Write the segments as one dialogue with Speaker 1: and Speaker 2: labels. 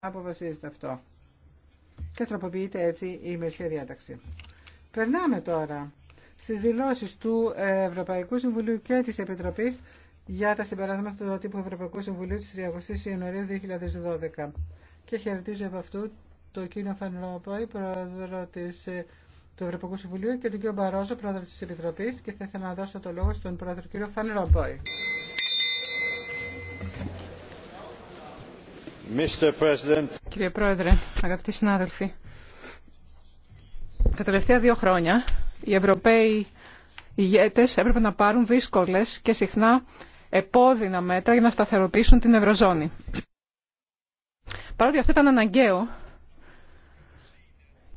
Speaker 1: αποφασίζεται αυτό. Και τροποποιείται έτσι η ημερησία διάταξη. Περνάμε τώρα στις δηλώσεις του Ευρωπαϊκού Συμβουλίου και της Επιτροπής για τα συμπεράσματα του τύπου Ευρωπαϊκού Συμβουλίου της 30 Ιανουαρίου 2012. Και χαιρετίζω από αυτού το κύριο Φανρόπαϊ, πρόεδρο της, ε, του Ευρωπαϊκού Συμβουλίου και τον κύριο Μπαρόζο, πρόεδρο της Επιτροπής και θα ήθελα να δώσω το λόγο στον πρόεδρο κύριο Φανρόπαϊ.
Speaker 2: Κύριε Πρόεδρε, αγαπητοί συνάδελφοι, τα τελευταία δύο χρόνια οι Ευρωπαίοι ηγέτες έπρεπε να πάρουν δύσκολες και συχνά επώδυνα μέτρα για να σταθεροποιήσουν την Ευρωζώνη. Παρότι αυτό ήταν αναγκαίο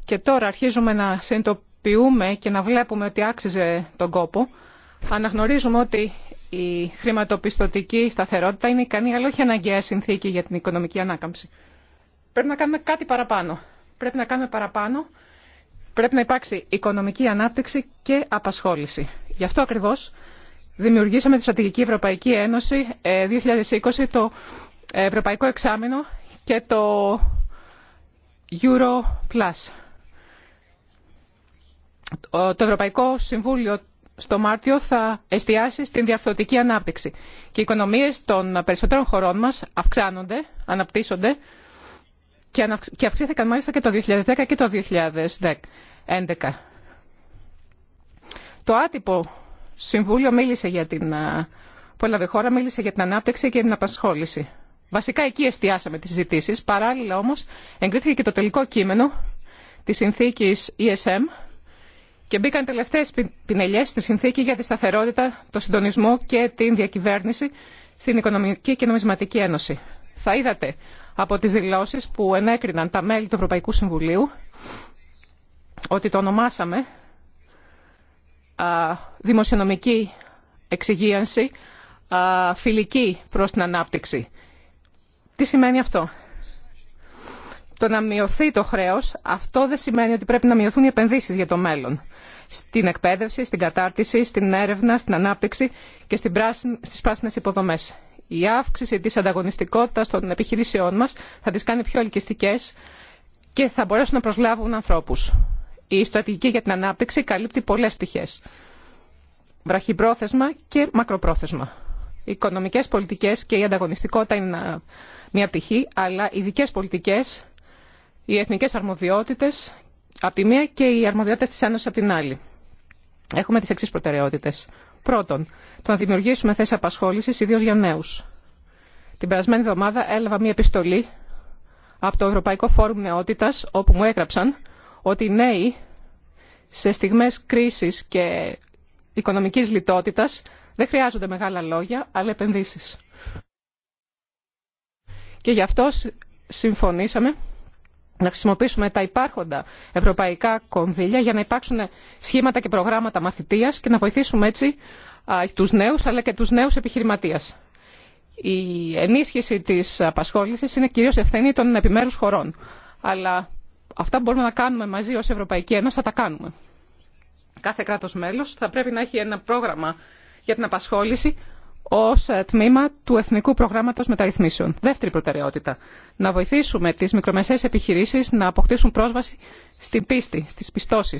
Speaker 2: και τώρα αρχίζουμε να συνειδητοποιούμε και να βλέπουμε ότι άξιζε τον κόπο, αναγνωρίζουμε ότι η χρηματοπιστωτική σταθερότητα είναι ικανή, αλλά όχι αναγκαία συνθήκη για την οικονομική ανάκαμψη. Πρέπει να κάνουμε κάτι παραπάνω. Πρέπει να κάνουμε παραπάνω. Πρέπει να υπάρξει οικονομική ανάπτυξη και απασχόληση. Γι' αυτό ακριβώς δημιουργήσαμε τη Στρατηγική Ευρωπαϊκή Ένωση 2020, ε, το Ευρωπαϊκό Εξάμεινο και το Euro Plus. Το Ευρωπαϊκό Συμβούλιο στο Μάρτιο θα εστιάσει στην διαρθρωτική ανάπτυξη. Και οι οικονομίες των περισσότερων χωρών μας αυξάνονται, αναπτύσσονται και αυξήθηκαν μάλιστα και το 2010 και το 2011. Το άτυπο Συμβούλιο μίλησε για την, που έλαβε χώρα μίλησε για την ανάπτυξη και την απασχόληση. Βασικά εκεί εστιάσαμε τις συζητήσεις. Παράλληλα όμως εγκρίθηκε και το τελικό κείμενο της συνθήκης ESM και μπήκαν τελευταίες πινελιές στη συνθήκη για τη σταθερότητα, το συντονισμό και την διακυβέρνηση στην Οικονομική και Νομισματική Ένωση. Θα είδατε από τις δηλώσεις που ενέκριναν τα μέλη του Ευρωπαϊκού Συμβουλίου ότι το ονομάσαμε δημοσιονομική εξυγίανση φιλική προς την ανάπτυξη. Τι σημαίνει αυτό το να μειωθεί το χρέο αυτό δεν σημαίνει ότι πρέπει να μειωθούν οι επενδύσει για το μέλλον. Στην εκπαίδευση, στην κατάρτιση, στην έρευνα, στην ανάπτυξη και στις πράσινε υποδομέ. Η αύξηση τη ανταγωνιστικότητα των επιχειρήσεών μα θα τι κάνει πιο ελκυστικέ και θα μπορέσουν να προσλάβουν ανθρώπου. Η στρατηγική για την ανάπτυξη καλύπτει πολλέ πτυχέ. Βραχυπρόθεσμα και μακροπρόθεσμα. Οι οικονομικέ πολιτικέ και η ανταγωνιστικότητα είναι μια πτυχή, αλλά ειδικέ πολιτικέ οι εθνικέ αρμοδιότητε, από τη μία και οι αρμοδιότητες της Ένωση από την άλλη. Έχουμε τις εξής προτεραιότητες. Πρώτον, το να δημιουργήσουμε θέσει απασχόληση ιδίως για νέου. Την περασμένη εβδομάδα έλαβα μία επιστολή από το Ευρωπαϊκό Φόρουμ νεότητα όπου μου έγραψαν ότι οι νέοι σε στιγμές κρίσης και οικονομική λιτότητας δεν χρειάζονται μεγάλα λόγια, αλλά επενδύσει. Και γι' αυτό συμφωνήσαμε να χρησιμοποιήσουμε τα υπάρχοντα ευρωπαϊκά κονδύλια για να υπάρξουν σχήματα και προγράμματα μαθητείας και να βοηθήσουμε έτσι τους νέους αλλά και τους νέους επιχειρηματίες. Η ενίσχυση της απασχόλησης είναι κυρίως ευθύνη των επιμέρους χωρών. Αλλά αυτά που μπορούμε να κάνουμε μαζί ως Ευρωπαϊκή Ένωση θα τα κάνουμε. Κάθε κράτος μέλος θα πρέπει να έχει ένα πρόγραμμα για την απασχόληση Ω ε, τμήμα του Εθνικού προγράμματο Μεταρρυθμίσεων. Δεύτερη προτεραιότητα, να βοηθήσουμε τι μικρομεσαίε επιχειρήσει να αποκτήσουν πρόσβαση στην πίστη, στι πιστώσει.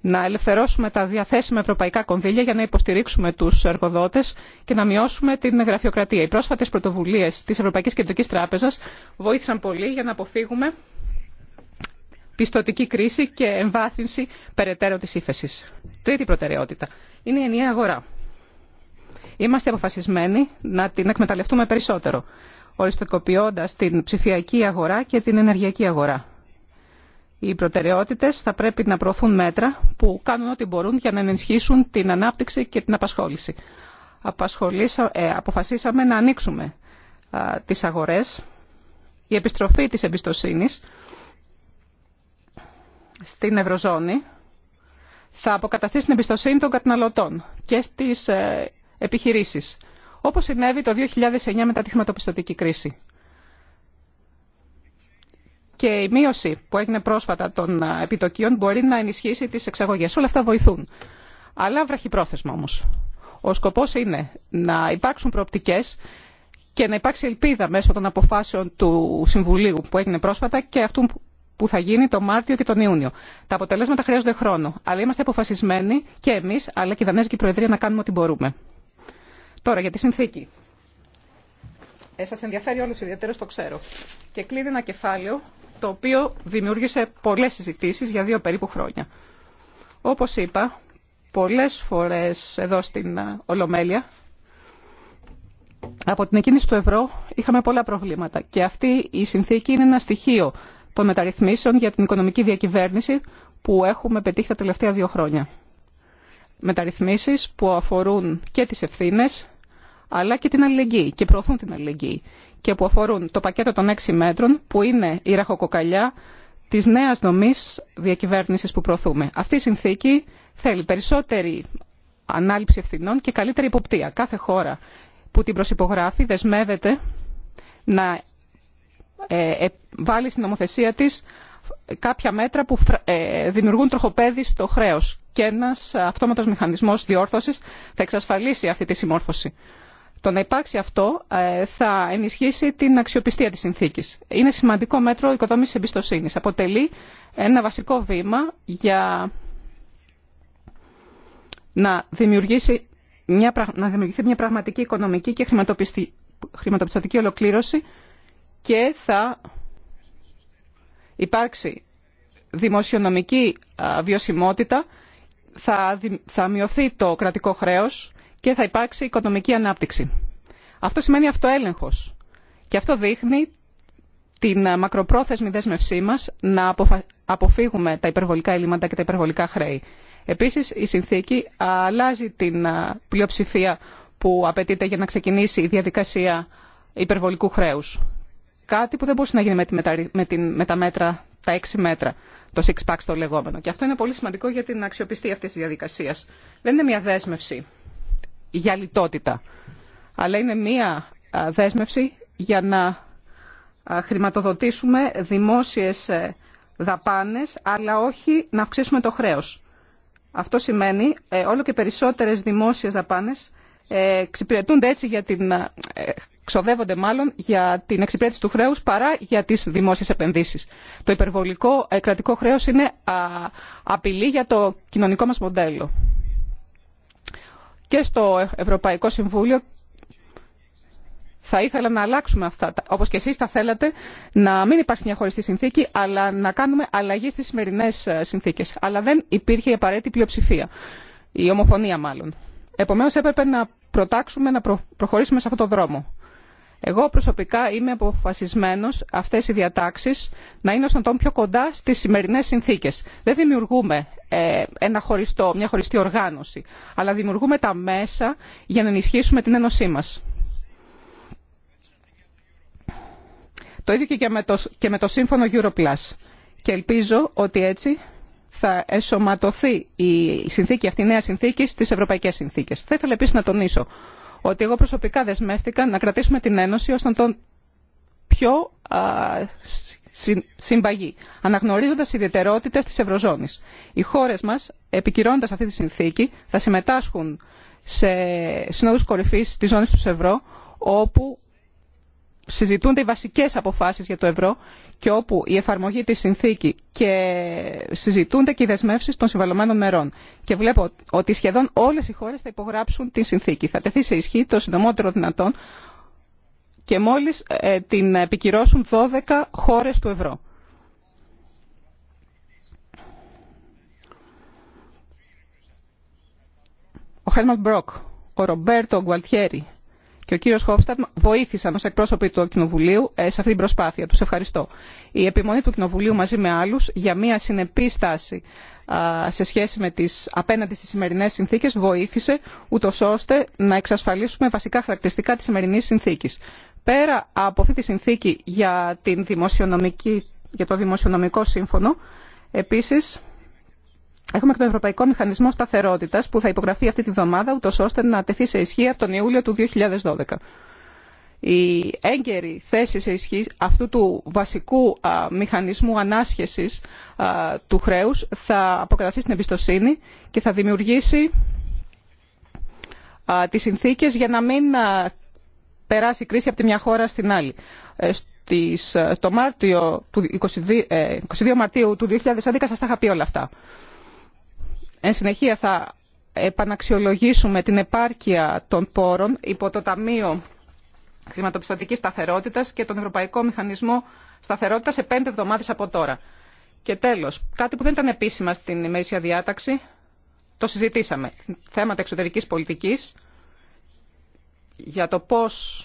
Speaker 2: Να ελευθερώσουμε τα διαθέσιμα ευρωπαϊκά κονδύλια για να υποστηρίξουμε του εργοδότε και να μειώσουμε την γραφειοκρατία. Οι πρόσφατε πρωτοβουλίε τη Ευρωπαϊκή Κεντρική Τράπεζα βοήθησαν πολύ για να αποφύγουμε πιστοτική κρίση και εμβάθυνση περαιτέρω τη ύφεση. Τρίτη προτεραιότητα είναι η ενιαία αγορά. Είμαστε αποφασισμένοι να την εκμεταλλευτούμε περισσότερο, οριστικόποιώντα την ψηφιακή αγορά και την ενεργειακή αγορά. Οι προτεραιότητες θα πρέπει να προωθούν μέτρα που κάνουν ό,τι μπορούν για να ενισχύσουν την ανάπτυξη και την απασχόληση. Ε, αποφασίσαμε να ανοίξουμε τις αγορές, η επιστροφή της εμπιστοσύνης στην Ευρωζώνη θα αποκαταστήσει την εμπιστοσύνη των καταναλωτών και στις ε, Επιχειρήσει. Όπω συνέβη το 2009 μετά τη χρηματοπιστωτική κρίση. Και η μείωση που έγινε πρόσφατα των επιτοκίων μπορεί να ενισχύσει τι εξαγωγέ. Όλα αυτά βοηθούν. Αλλά βραχυπρόθεσμα όμω. Ο σκοπό είναι να υπάρξουν προοπτικέ και να υπάρξει ελπίδα μέσω των αποφάσεων του Συμβουλίου που έγινε πρόσφατα και αυτού που θα γίνει το Μάρτιο και τον Ιούνιο. Τα αποτελέσματα χρειάζονται χρόνο, αλλά είμαστε αποφασισμένοι και εμεί, αλλά και η Δανέζικη Προεδρία να κάνουμε ό,τι μπορούμε. Τώρα για τη συνθήκη. Ε, σας ενδιαφέρει όλους ιδιαίτερως, το ξέρω. Και κλείνει ένα κεφάλαιο το οποίο δημιούργησε πολλές συζητήσεις για δύο περίπου χρόνια. Όπως είπα, πολλές φορές εδώ στην ε, Ολομέλεια, από την εκκίνηση του ευρώ είχαμε πολλά προβλήματα και αυτή η συνθήκη είναι ένα στοιχείο των μεταρρυθμίσεων για την οικονομική διακυβέρνηση που έχουμε πετύχει τα τελευταία δύο χρόνια. Μεταρρυθμίσεις που αφορούν και τις ευθύνες αλλά και την αλληλεγγύη και προωθούν την αλληλεγγύη και που αφορούν το πακέτο των έξι μέτρων που είναι η ραχοκοκαλιά της νέας δομής διακυβέρνησης που προωθούμε. Αυτή η συνθήκη θέλει περισσότερη ανάληψη ευθυνών και καλύτερη υποπτία. Κάθε χώρα που την προσυπογράφει δεσμεύεται να ε, ε, βάλει στην νομοθεσία της κάποια μέτρα που ε, δημιουργούν τροχοπέδι στο χρέος και ένας αυτόματος μηχανισμός διόρθωσης θα εξασφαλίσει αυτή τη συμμόρφωση. Το να υπάρξει αυτό ε, θα ενισχύσει την αξιοπιστία της συνθήκης. Είναι σημαντικό μέτρο οικοδόμησης εμπιστοσύνης. Αποτελεί ένα βασικό βήμα για να δημιουργήσει μια, να δημιουργηθεί μια πραγματική οικονομική και χρηματοπιστωτική ολοκλήρωση και θα υπάρξει δημοσιονομική βιωσιμότητα, θα, θα μειωθεί το κρατικό χρέος και θα υπάρξει οικονομική ανάπτυξη. Αυτό σημαίνει αυτοέλεγχος και αυτό δείχνει την μακροπρόθεσμη δέσμευσή μας να αποφύγουμε τα υπερβολικά ελλείμματα και τα υπερβολικά χρέη. Επίσης, η συνθήκη αλλάζει την πλειοψηφία που απαιτείται για να ξεκινήσει η διαδικασία υπερβολικού χρέους. Κάτι που δεν μπορούσε να γίνει με, με, την... τα μέτρα, τα έξι μέτρα, το six pack το λεγόμενο. Και αυτό είναι πολύ σημαντικό για την αξιοπιστία αυτής της διαδικασίας. Δεν είναι μια δέσμευση για λιτότητα. Αλλά είναι μία δέσμευση για να χρηματοδοτήσουμε δημόσιες ε, δαπάνες, αλλά όχι να αυξήσουμε το χρέος. Αυτό σημαίνει ε, όλο και περισσότερες δημόσιες δαπάνες ε, έτσι για την, ε, ξοδεύονται μάλλον για την εξυπηρέτηση του χρέους παρά για τις δημόσιες επενδύσεις. Το υπερβολικό ε, κρατικό χρέος είναι απειλή για το κοινωνικό μας μοντέλο και στο Ευρωπαϊκό Συμβούλιο θα ήθελα να αλλάξουμε αυτά, όπως και εσείς θα θέλατε, να μην υπάρχει μια χωριστή συνθήκη, αλλά να κάνουμε αλλαγή στις σημερινές ε, συνθήκες. Αλλά δεν υπήρχε η απαραίτητη πλειοψηφία, η ομοφωνία μάλλον. Επομένως έπρεπε να προτάξουμε να προχωρήσουμε σε αυτό το δρόμο. Εγώ προσωπικά είμαι αποφασισμένος αυτές οι διατάξει να είναι όσο τον πιο κοντά στις σημερινές συνθήκες. Δεν δημιουργούμε ε, ένα χωριστό, μια χωριστή οργάνωση, αλλά δημιουργούμε τα μέσα για να ενισχύσουμε την ένωσή μα. Το ίδιο και με το, και με το σύμφωνο Europlus. Και ελπίζω ότι έτσι θα εσωματωθεί η συνθήκη αυτή, η νέα συνθήκη στις ευρωπαϊκές συνθήκες. Θα ήθελα επίσης να τονίσω ότι εγώ προσωπικά δεσμεύτηκα να κρατήσουμε την Ένωση ως τον πιο α, συμπαγή, αναγνωρίζοντας ιδιαιτερότητες της Ευρωζώνης. Οι χώρες μας, επικυρώνοντας αυτή τη συνθήκη, θα συμμετάσχουν σε συνόδους κορυφής της ζώνης του Ευρώ, όπου συζητούνται οι βασικές αποφάσεις για το ευρώ και όπου η εφαρμογή της συνθήκη και συζητούνται και οι δεσμεύσεις των συμβαλωμένων μερών. Και βλέπω ότι σχεδόν όλες οι χώρες θα υπογράψουν τη συνθήκη. Θα τεθεί σε ισχύ το συντομότερο δυνατόν και μόλις ε, την επικυρώσουν 12 χώρες του ευρώ. Ο Χέλμαντ Μπροκ, ο Ρομπέρτο Γκουαλτιέρη, και ο κύριος Χόφστατ βοήθησαν ως εκπρόσωποι του Κοινοβουλίου ε, σε αυτή την προσπάθεια. Τους ευχαριστώ. Η επιμονή του Κοινοβουλίου μαζί με άλλους για μια συνεπή στάση σε σχέση με τις απέναντι στις σημερινές συνθήκες βοήθησε ούτω ώστε να εξασφαλίσουμε βασικά χαρακτηριστικά της σημερινής συνθήκης. Πέρα από αυτή τη συνθήκη για, για το δημοσιονομικό σύμφωνο, επίσης Έχουμε και τον Ευρωπαϊκό Μηχανισμό Σταθερότητα που θα υπογραφεί αυτή τη βδομάδα, ούτω ώστε να τεθεί σε ισχύ από τον Ιούλιο του 2012. Η έγκαιρη θέση σε ισχύ αυτού του βασικού μηχανισμού ανάσχεση του χρέου θα αποκαταστήσει την εμπιστοσύνη και θα δημιουργήσει τις συνθήκες για να μην περάσει η κρίση από τη μια χώρα στην άλλη. Ε, στις, το Μάρτιο, του 22, 22 ε, Μαρτίου του 2011 σας τα είχα πει όλα αυτά. Εν συνεχεία θα επαναξιολογήσουμε την επάρκεια των πόρων υπό το Ταμείο Χρηματοπιστωτικής Σταθερότητας και τον Ευρωπαϊκό Μηχανισμό Σταθερότητας σε πέντε εβδομάδες από τώρα. Και τέλος, κάτι που δεν ήταν επίσημα στην ημερήσια διάταξη, το συζητήσαμε. Θέματα εξωτερικής πολιτικής για το πώς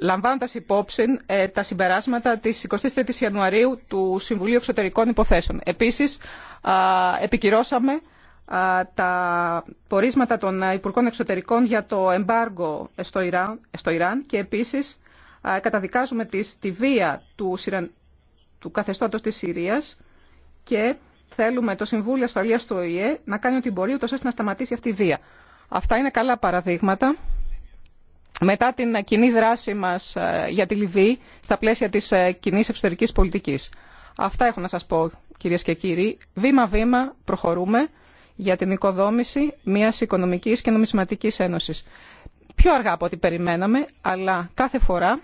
Speaker 2: Λαμβάνοντα υπόψη ε, τα συμπεράσματα της 23ης Ιανουαρίου του Συμβουλίου Εξωτερικών Υποθέσεων. Επίσης, επικυρώσαμε τα πορίσματα των Υπουργών Εξωτερικών για το εμπάργκο στο Ιράν, στο Ιράν και επίσης καταδικάζουμε τη, τη βία του, του καθεστώτος της Συρίας και θέλουμε το Συμβούλιο Ασφαλείας του ΟΗΕ να κάνει ό,τι μπορεί ούτως ώστε να σταματήσει αυτή η βία. Αυτά είναι καλά παραδείγματα μετά την κοινή δράση μα ε, για τη Λιβύη στα πλαίσια της ε, κοινή εξωτερικής πολιτική. Αυτά έχω να σας πω κυρίε και κύριοι. Βήμα-βήμα προχωρούμε για την οικοδόμηση μια οικονομική και νομισματικής ένωσης. Πιο αργά από ό,τι περιμέναμε, αλλά κάθε φορά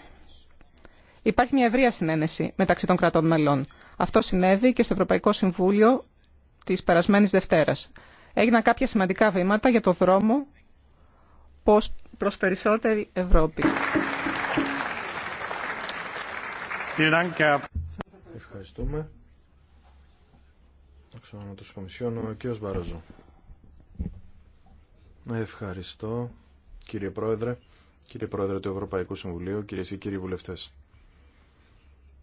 Speaker 2: υπάρχει μια ευρεία συνένεση μεταξύ των κρατών μελών. Αυτό συνέβη και στο Ευρωπαϊκό Συμβούλιο της περασμένης Δευτέρας. Έγιναν κάποια σημαντικά βήματα για το δρόμο πώς προς περισσότερη Ευρώπη.
Speaker 3: Ευχαριστούμε. ο Ευχαριστώ, κύριε Πρόεδρε, κύριε Πρόεδρε του Ευρωπαϊκού Συμβουλίου, κυρίε και κύριοι βουλευτέ.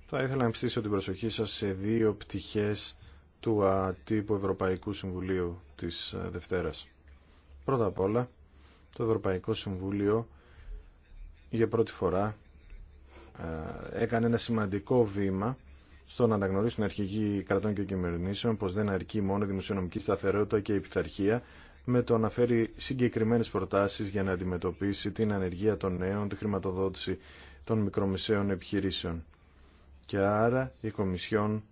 Speaker 3: Θα ήθελα να εμπιστήσω την προσοχή σας σε δύο πτυχές του ατύπου Ευρωπαϊκού Συμβουλίου της Δευτέρας. Πρώτα απ' όλα, το Ευρωπαϊκό Συμβούλιο για πρώτη φορά ε, έκανε ένα σημαντικό βήμα στο να αναγνωρίσουν αρχηγοί κρατών και κυβερνήσεων πως δεν αρκεί μόνο η δημοσιονομική σταθερότητα και η πειθαρχία με το να φέρει συγκεκριμένες προτάσεις για να αντιμετωπίσει την ανεργία των νέων, τη χρηματοδότηση των μικρομεσαίων επιχειρήσεων. Και άρα η Κομισιόν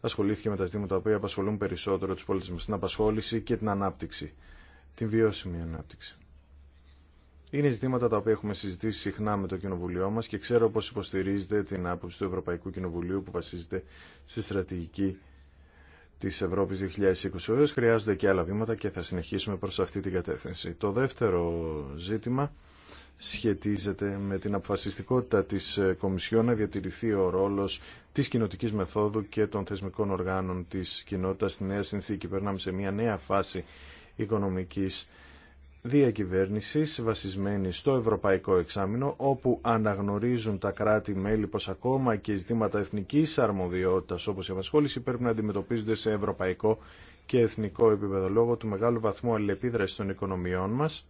Speaker 3: ασχολήθηκε με τα ζητήματα που απασχολούν περισσότερο τους πολίτες μας, την απασχόληση και την ανάπτυξη, την βιώσιμη ανάπτυξη. Είναι ζητήματα τα οποία έχουμε συζητήσει συχνά με το Κοινοβουλίο μα και ξέρω πω υποστηρίζετε την άποψη του Ευρωπαϊκού Κοινοβουλίου που βασίζεται στη στρατηγική τη Ευρώπη 2020. Βεβαίω χρειάζονται και άλλα βήματα και θα συνεχίσουμε προ αυτή την κατεύθυνση. Το δεύτερο ζήτημα σχετίζεται με την αποφασιστικότητα της ε, Κομισιόν να διατηρηθεί ο ρόλος της κοινοτικής μεθόδου και των θεσμικών οργάνων της κοινότητας στη νέα συνθήκη. Περνάμε σε μια νέα φάση οικονομικής διακυβέρνησης βασισμένη στο Ευρωπαϊκό Εξάμεινο όπου αναγνωρίζουν τα κράτη-μέλη πως ακόμα και ζητήματα εθνικής αρμοδιότητας όπως η απασχόληση πρέπει να αντιμετωπίζονται σε ευρωπαϊκό και εθνικό επίπεδο λόγω του μεγάλου βαθμού αλληλεπίδρασης των οικονομιών μας.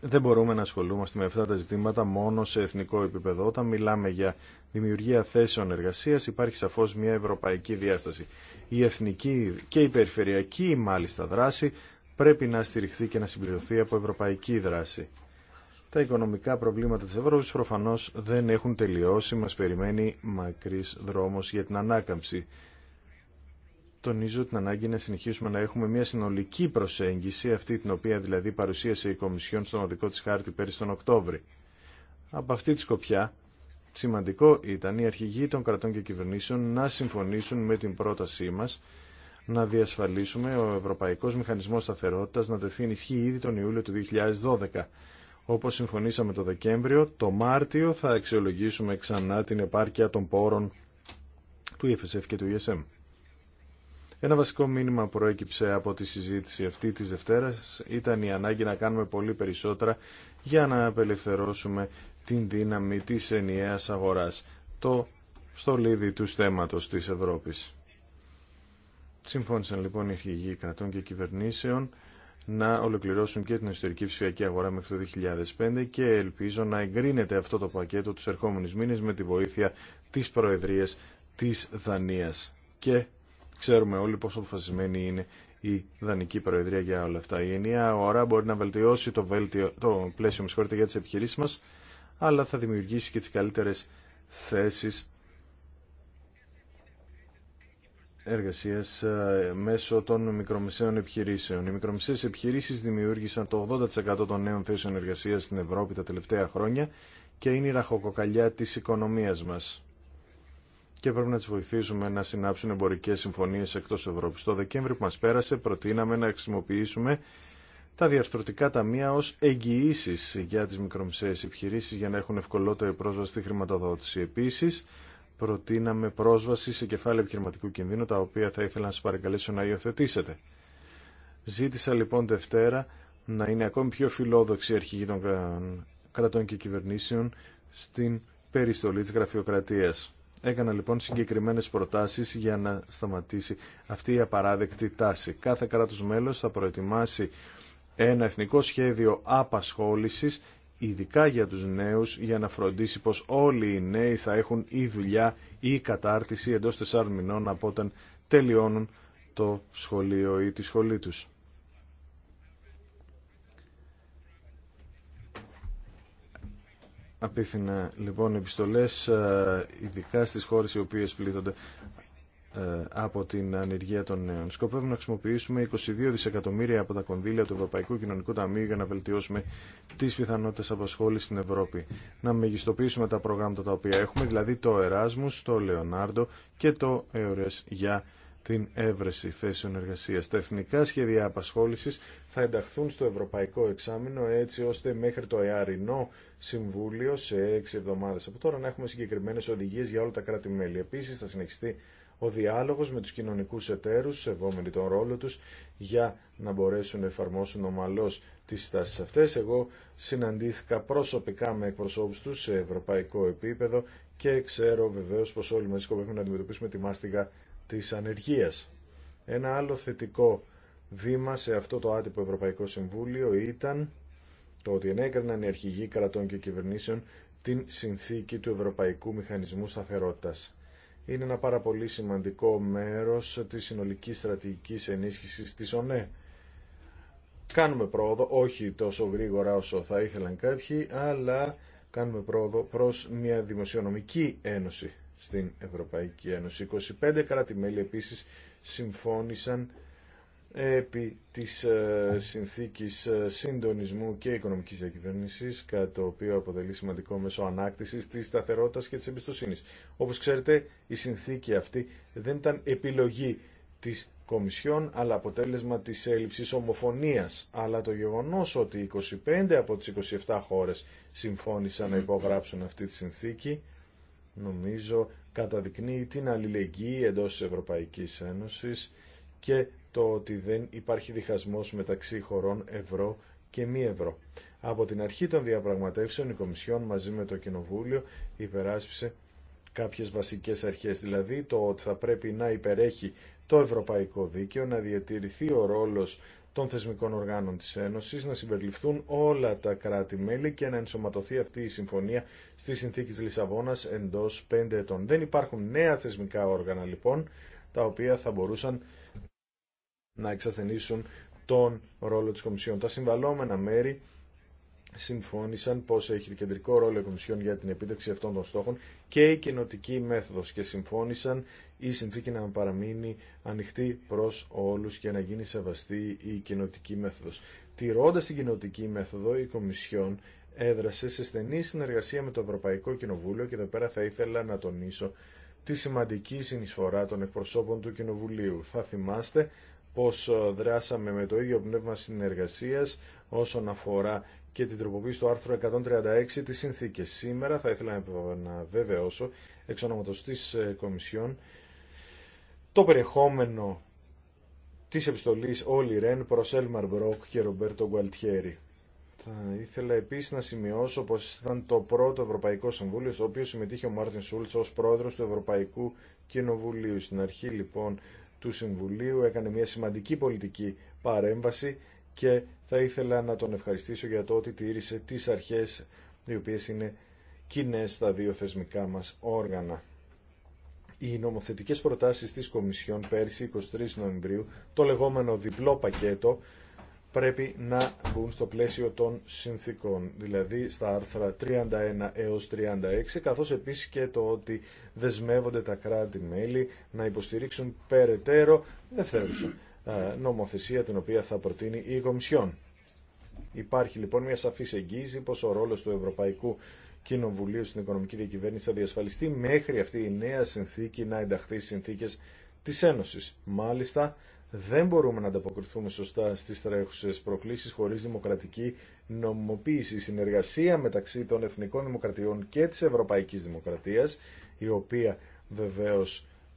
Speaker 3: Δεν μπορούμε να ασχολούμαστε με αυτά τα ζητήματα μόνο σε εθνικό επίπεδο. Όταν μιλάμε για δημιουργία θέσεων εργασίας υπάρχει σαφώς μια ευρωπαϊκή διάσταση. Η εθνική και η περιφερειακή μάλιστα δράση πρέπει να στηριχθεί και να συμπληρωθεί από ευρωπαϊκή δράση. Τα οικονομικά προβλήματα της Ευρώπης προφανώς δεν έχουν τελειώσει, μας περιμένει μακρύς δρόμος για την ανάκαμψη. Τονίζω την ανάγκη να συνεχίσουμε να έχουμε μια συνολική προσέγγιση, αυτή την οποία δηλαδή παρουσίασε η Κομισιόν στον οδικό της χάρτη πέρυσι τον Οκτώβρη. Από αυτή τη σκοπιά, σημαντικό ήταν οι αρχηγοί των κρατών και κυβερνήσεων να συμφωνήσουν με την πρότασή μας να διασφαλίσουμε ο Ευρωπαϊκός Μηχανισμός Σταθερότητας να τεθεί ενισχύ ήδη τον Ιούλιο του 2012. Όπως συμφωνήσαμε το Δεκέμβριο, το Μάρτιο θα αξιολογήσουμε ξανά την επάρκεια των πόρων του EFSF και του ESM. Ένα βασικό μήνυμα που προέκυψε από τη συζήτηση αυτή της Δευτέρας ήταν η ανάγκη να κάνουμε πολύ περισσότερα για να απελευθερώσουμε την δύναμη της ενιαίας αγοράς, το στολίδι του στέματος της Ευρώπης. Συμφώνησαν λοιπόν οι αρχηγοί κρατών και κυβερνήσεων να ολοκληρώσουν και την ιστορική ψηφιακή αγορά μέχρι το 2005 και ελπίζω να εγκρίνεται αυτό το πακέτο τους ερχόμενους μήνες με τη βοήθεια της Προεδρίας της Δανίας. Και ξέρουμε όλοι πόσο αποφασισμένη είναι η Δανική Προεδρία για όλα αυτά. Η ενιαία αγορά μπορεί να βελτιώσει το, βέλτιο, το πλαίσιο για τις επιχειρήσεις μας, αλλά θα δημιουργήσει και τις καλύτερες θέσεις Εργασία ε, μέσω των μικρομεσαίων επιχειρήσεων. Οι μικρομεσαίε επιχειρήσει δημιούργησαν το 80% των νέων θέσεων εργασία στην Ευρώπη τα τελευταία χρόνια και είναι η ραχοκοκαλιά τη οικονομία μα. Και πρέπει να τι βοηθήσουμε να συνάψουν εμπορικέ συμφωνίε εκτό Ευρώπη. Το Δεκέμβρη που μα πέρασε προτείναμε να χρησιμοποιήσουμε τα διαρθρωτικά ταμεία ω εγγυήσει για τι μικρομεσαίε επιχειρήσει για να έχουν ευκολότερη πρόσβαση στη χρηματοδότηση. Επίση προτείναμε πρόσβαση σε κεφάλαια επιχειρηματικού κινδύνου, τα οποία θα ήθελα να σα παρακαλέσω να υιοθετήσετε. Ζήτησα λοιπόν Δευτέρα να είναι ακόμη πιο φιλόδοξη η αρχηγή των κρατών και κυβερνήσεων στην περιστολή τη γραφειοκρατίας. Έκανα λοιπόν συγκεκριμένες προτάσεις για να σταματήσει αυτή η απαράδεκτη τάση. Κάθε κράτο μέλο θα προετοιμάσει ένα εθνικό σχέδιο απασχόλησης ειδικά για τους νέους για να φροντίσει πως όλοι οι νέοι θα έχουν ή δουλειά ή η κατάρτιση εντός τεσσάρων μηνών από όταν τελειώνουν το σχολείο ή τη σχολή τους. Απίθυνα λοιπόν επιστολές ε, ειδικά στις χώρες οι οποίες πλήττονται ε, από την ανεργία των νέων. Σκοπεύουμε να χρησιμοποιήσουμε 22 δισεκατομμύρια από τα κονδύλια του Ευρωπαϊκού Κοινωνικού Ταμείου για να βελτιώσουμε τι πιθανότητε απασχόληση στην Ευρώπη. Να μεγιστοποιήσουμε τα προγράμματα τα οποία έχουμε, δηλαδή το Εράσμου, το Λεωνάρντο και το ΕΟΡΕΣ για την έβρεση θέσεων εργασία. Τα εθνικά σχέδια απασχόληση θα ενταχθούν στο Ευρωπαϊκό Εξάμεινο έτσι ώστε μέχρι το ΕΑΡΙΝΟ Συμβούλιο σε 6 εβδομάδε από τώρα να έχουμε συγκεκριμένε οδηγίε για όλα τα κράτη-μέλη. Επίση θα συνεχιστεί ο διάλογος με τους κοινωνικούς εταίρους, σεβόμενοι τον ρόλο τους, για να μπορέσουν να εφαρμόσουν ομαλώς τις στάσεις αυτές. Εγώ συναντήθηκα προσωπικά με εκπροσώπους τους σε ευρωπαϊκό επίπεδο και ξέρω βεβαίως πως όλοι μαζί σκοπεύουμε να αντιμετωπίσουμε τη μάστιγα της ανεργίας. Ένα άλλο θετικό βήμα σε αυτό το άτυπο Ευρωπαϊκό Συμβούλιο ήταν το ότι ενέκριναν οι αρχηγοί κρατών και κυβερνήσεων την συνθήκη του Ευρωπαϊκού Μηχανισμού Σταθερότητας είναι ένα πάρα πολύ σημαντικό μέρος της συνολικής στρατηγικής ενίσχυσης της ΟΝΕ. Κάνουμε πρόοδο, όχι τόσο γρήγορα όσο θα ήθελαν κάποιοι, αλλά κάνουμε πρόοδο προς μια δημοσιονομική ένωση στην Ευρωπαϊκή Ένωση. 25 κράτη-μέλη επίσης συμφώνησαν επί της ε, συνθήκης ε, συντονισμού και οικονομικής διακυβέρνησης, κατά το οποίο αποτελεί σημαντικό μέσο ανάκτησης της σταθερότητας και της εμπιστοσύνης. Όπως ξέρετε, η συνθήκη αυτή δεν ήταν επιλογή της Κομισιόν, αλλά αποτέλεσμα της έλλειψης ομοφωνίας. Αλλά το γεγονός ότι 25 από τις 27 χώρες συμφώνησαν να υπογράψουν αυτή τη συνθήκη, νομίζω καταδεικνύει την αλληλεγγύη εντός της Ευρωπαϊκής Ένωσης και το ότι δεν υπάρχει διχασμός μεταξύ χωρών ευρώ και μη ευρώ. Από την αρχή των διαπραγματεύσεων η Κομισιόν μαζί με το Κοινοβούλιο υπεράσπισε κάποιες βασικές αρχές, δηλαδή το ότι θα πρέπει να υπερέχει το ευρωπαϊκό δίκαιο, να διατηρηθεί ο ρόλος των θεσμικών οργάνων της Ένωσης, να συμπεριληφθούν όλα τα κράτη-μέλη και να ενσωματωθεί αυτή η συμφωνία στη συνθήκη της Λισαβόνας εντός πέντε ετών. Δεν υπάρχουν νέα θεσμικά όργανα λοιπόν, τα οποία θα μπορούσαν να εξασθενήσουν τον ρόλο της Κομισιόν. Τα συμβαλόμενα μέρη συμφώνησαν πως έχει κεντρικό ρόλο η Κομισιόν για την επίτευξη αυτών των στόχων και η κοινοτική μέθοδος και συμφώνησαν η συνθήκη να παραμείνει ανοιχτή προς όλους και να γίνει σεβαστή η κοινοτική μέθοδος. Τηρώντας την κοινοτική μέθοδο, η Κομισιόν έδρασε σε στενή συνεργασία με το Ευρωπαϊκό Κοινοβούλιο και εδώ πέρα θα ήθελα να τονίσω τη σημαντική συνεισφορά των εκπροσώπων του Κοινοβουλίου. Θα θυμάστε πως ε, δράσαμε με το ίδιο πνεύμα συνεργασίας όσον αφορά και την τροποποίηση του άρθρου 136 της συνθήκης. Σήμερα θα ήθελα να βεβαιώσω εξ ονόματος της ε, Κομισιόν το περιεχόμενο της επιστολής Όλη Ρεν προς Έλμαρ Μπρόκ και Ρομπέρτο Γκουαλτιέρη. Θα ήθελα επίσης να σημειώσω πως ήταν το πρώτο Ευρωπαϊκό Συμβούλιο στο οποίο συμμετείχε ο Μάρτιν Σούλτς ως πρόεδρος του Ευρωπαϊκού Κοινοβουλίου. Στην αρχή λοιπόν του Συμβουλίου έκανε μια σημαντική πολιτική παρέμβαση και θα ήθελα να τον ευχαριστήσω για το ότι τήρησε τις αρχές οι οποίες είναι κοινέ στα δύο θεσμικά μας όργανα. Οι νομοθετικές προτάσεις της Κομισιόν πέρσι 23 Νοεμβρίου, το λεγόμενο διπλό πακέτο, πρέπει να μπουν στο πλαίσιο των συνθήκων, δηλαδή στα άρθρα 31 έως 36, καθώς επίσης και το ότι δεσμεύονται τα κράτη-μέλη να υποστηρίξουν περαιτέρω δευτερεύουσα ε, νομοθεσία την οποία θα προτείνει η Κομισιόν. Υπάρχει λοιπόν μια σαφής εγγύηση πως ο ρόλος του Ευρωπαϊκού Κοινοβουλίου στην οικονομική διακυβέρνηση θα διασφαλιστεί μέχρι αυτή η νέα συνθήκη να ενταχθεί στις συνθήκες της Ένωσης. Μάλιστα, δεν μπορούμε να ανταποκριθούμε σωστά στις τρέχουσε προκλήσεις χωρίς δημοκρατική νομιμοποίηση. συνεργασία μεταξύ των εθνικών δημοκρατιών και τη Ευρωπαϊκή Δημοκρατία, η οποία βεβαίω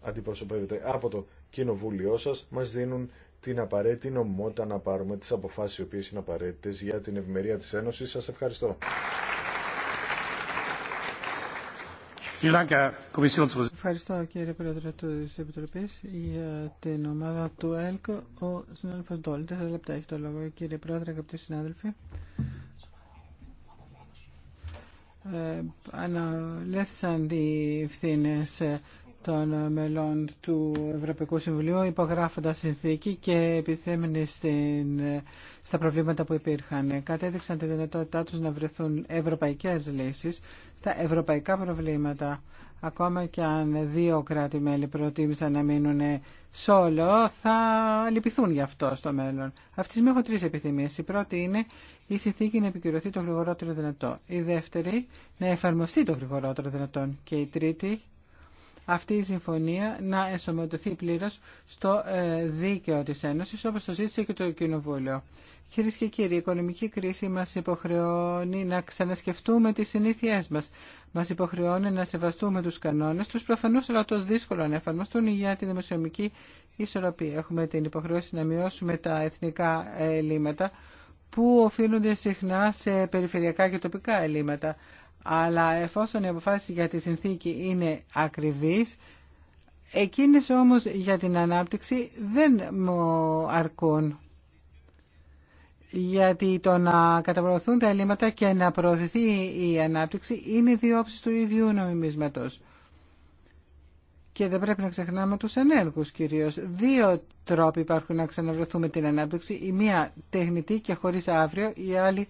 Speaker 3: αντιπροσωπεύεται από το κοινοβούλιο σας, μας δίνουν την απαραίτητη νομιμότητα να πάρουμε τις αποφάσεις οι οποίες είναι απαραίτητε για την ευημερία τη Ένωση. Σα ευχαριστώ.
Speaker 1: Ευχαριστώ κύριε Πρόεδρε τη Επιτροπή για την ομάδα του ΕΛΚ. Ο συνάδελφο Ντόλ, τέσσερα λεπτά έχει το λόγο. Κύριε Πρόεδρε, αγαπητοί συνάδελφοι. Ε, αναλέθησαν οι ευθύνε ε, των μελών του Ευρωπαϊκού Συμβουλίου υπογράφοντας συνθήκη και επιθέμενοι στην, στα προβλήματα που υπήρχαν. Κατέδειξαν τη δυνατότητά τους να βρεθούν ευρωπαϊκές λύσεις στα ευρωπαϊκά προβλήματα. Ακόμα και αν δύο κράτη-μέλη προτίμησαν να μείνουν σόλο, θα λυπηθούν γι' αυτό στο μέλλον. Αυτή τη έχω τρει επιθυμίε. Η πρώτη είναι η συνθήκη να επικυρωθεί το γρηγορότερο δυνατό. Η δεύτερη να εφαρμοστεί το γρηγορότερο δυνατόν. Και η τρίτη αυτή η συμφωνία να ενσωματωθεί πλήρω στο ε, δίκαιο τη Ένωση, όπω το ζήτησε και το Κοινοβούλιο. Κυρίε και κύριοι, η οικονομική κρίση μα υποχρεώνει να ξανασκεφτούμε τι συνήθειέ μα. Μα υποχρεώνει να σεβαστούμε του κανόνε, του προφανώ αλλά το δύσκολο να εφαρμοστούν για τη δημοσιονομική ισορροπία. Έχουμε την υποχρέωση να μειώσουμε τα εθνικά ελλείμματα που οφείλονται συχνά σε περιφερειακά και τοπικά ελλείμματα αλλά εφόσον η αποφάση για τη συνθήκη είναι ακριβής, εκείνες όμως για την ανάπτυξη δεν μου αρκούν. Γιατί το να καταπροωθούν τα ελλείμματα και να προωθηθεί η ανάπτυξη είναι δύο όψεις του ίδιου νομιμίσματος. Και δεν πρέπει να ξεχνάμε τους ενέργους κυρίως. Δύο τρόποι υπάρχουν να ξαναβρεθούμε την ανάπτυξη. Η μία τεχνητή και χωρίς αύριο, η άλλη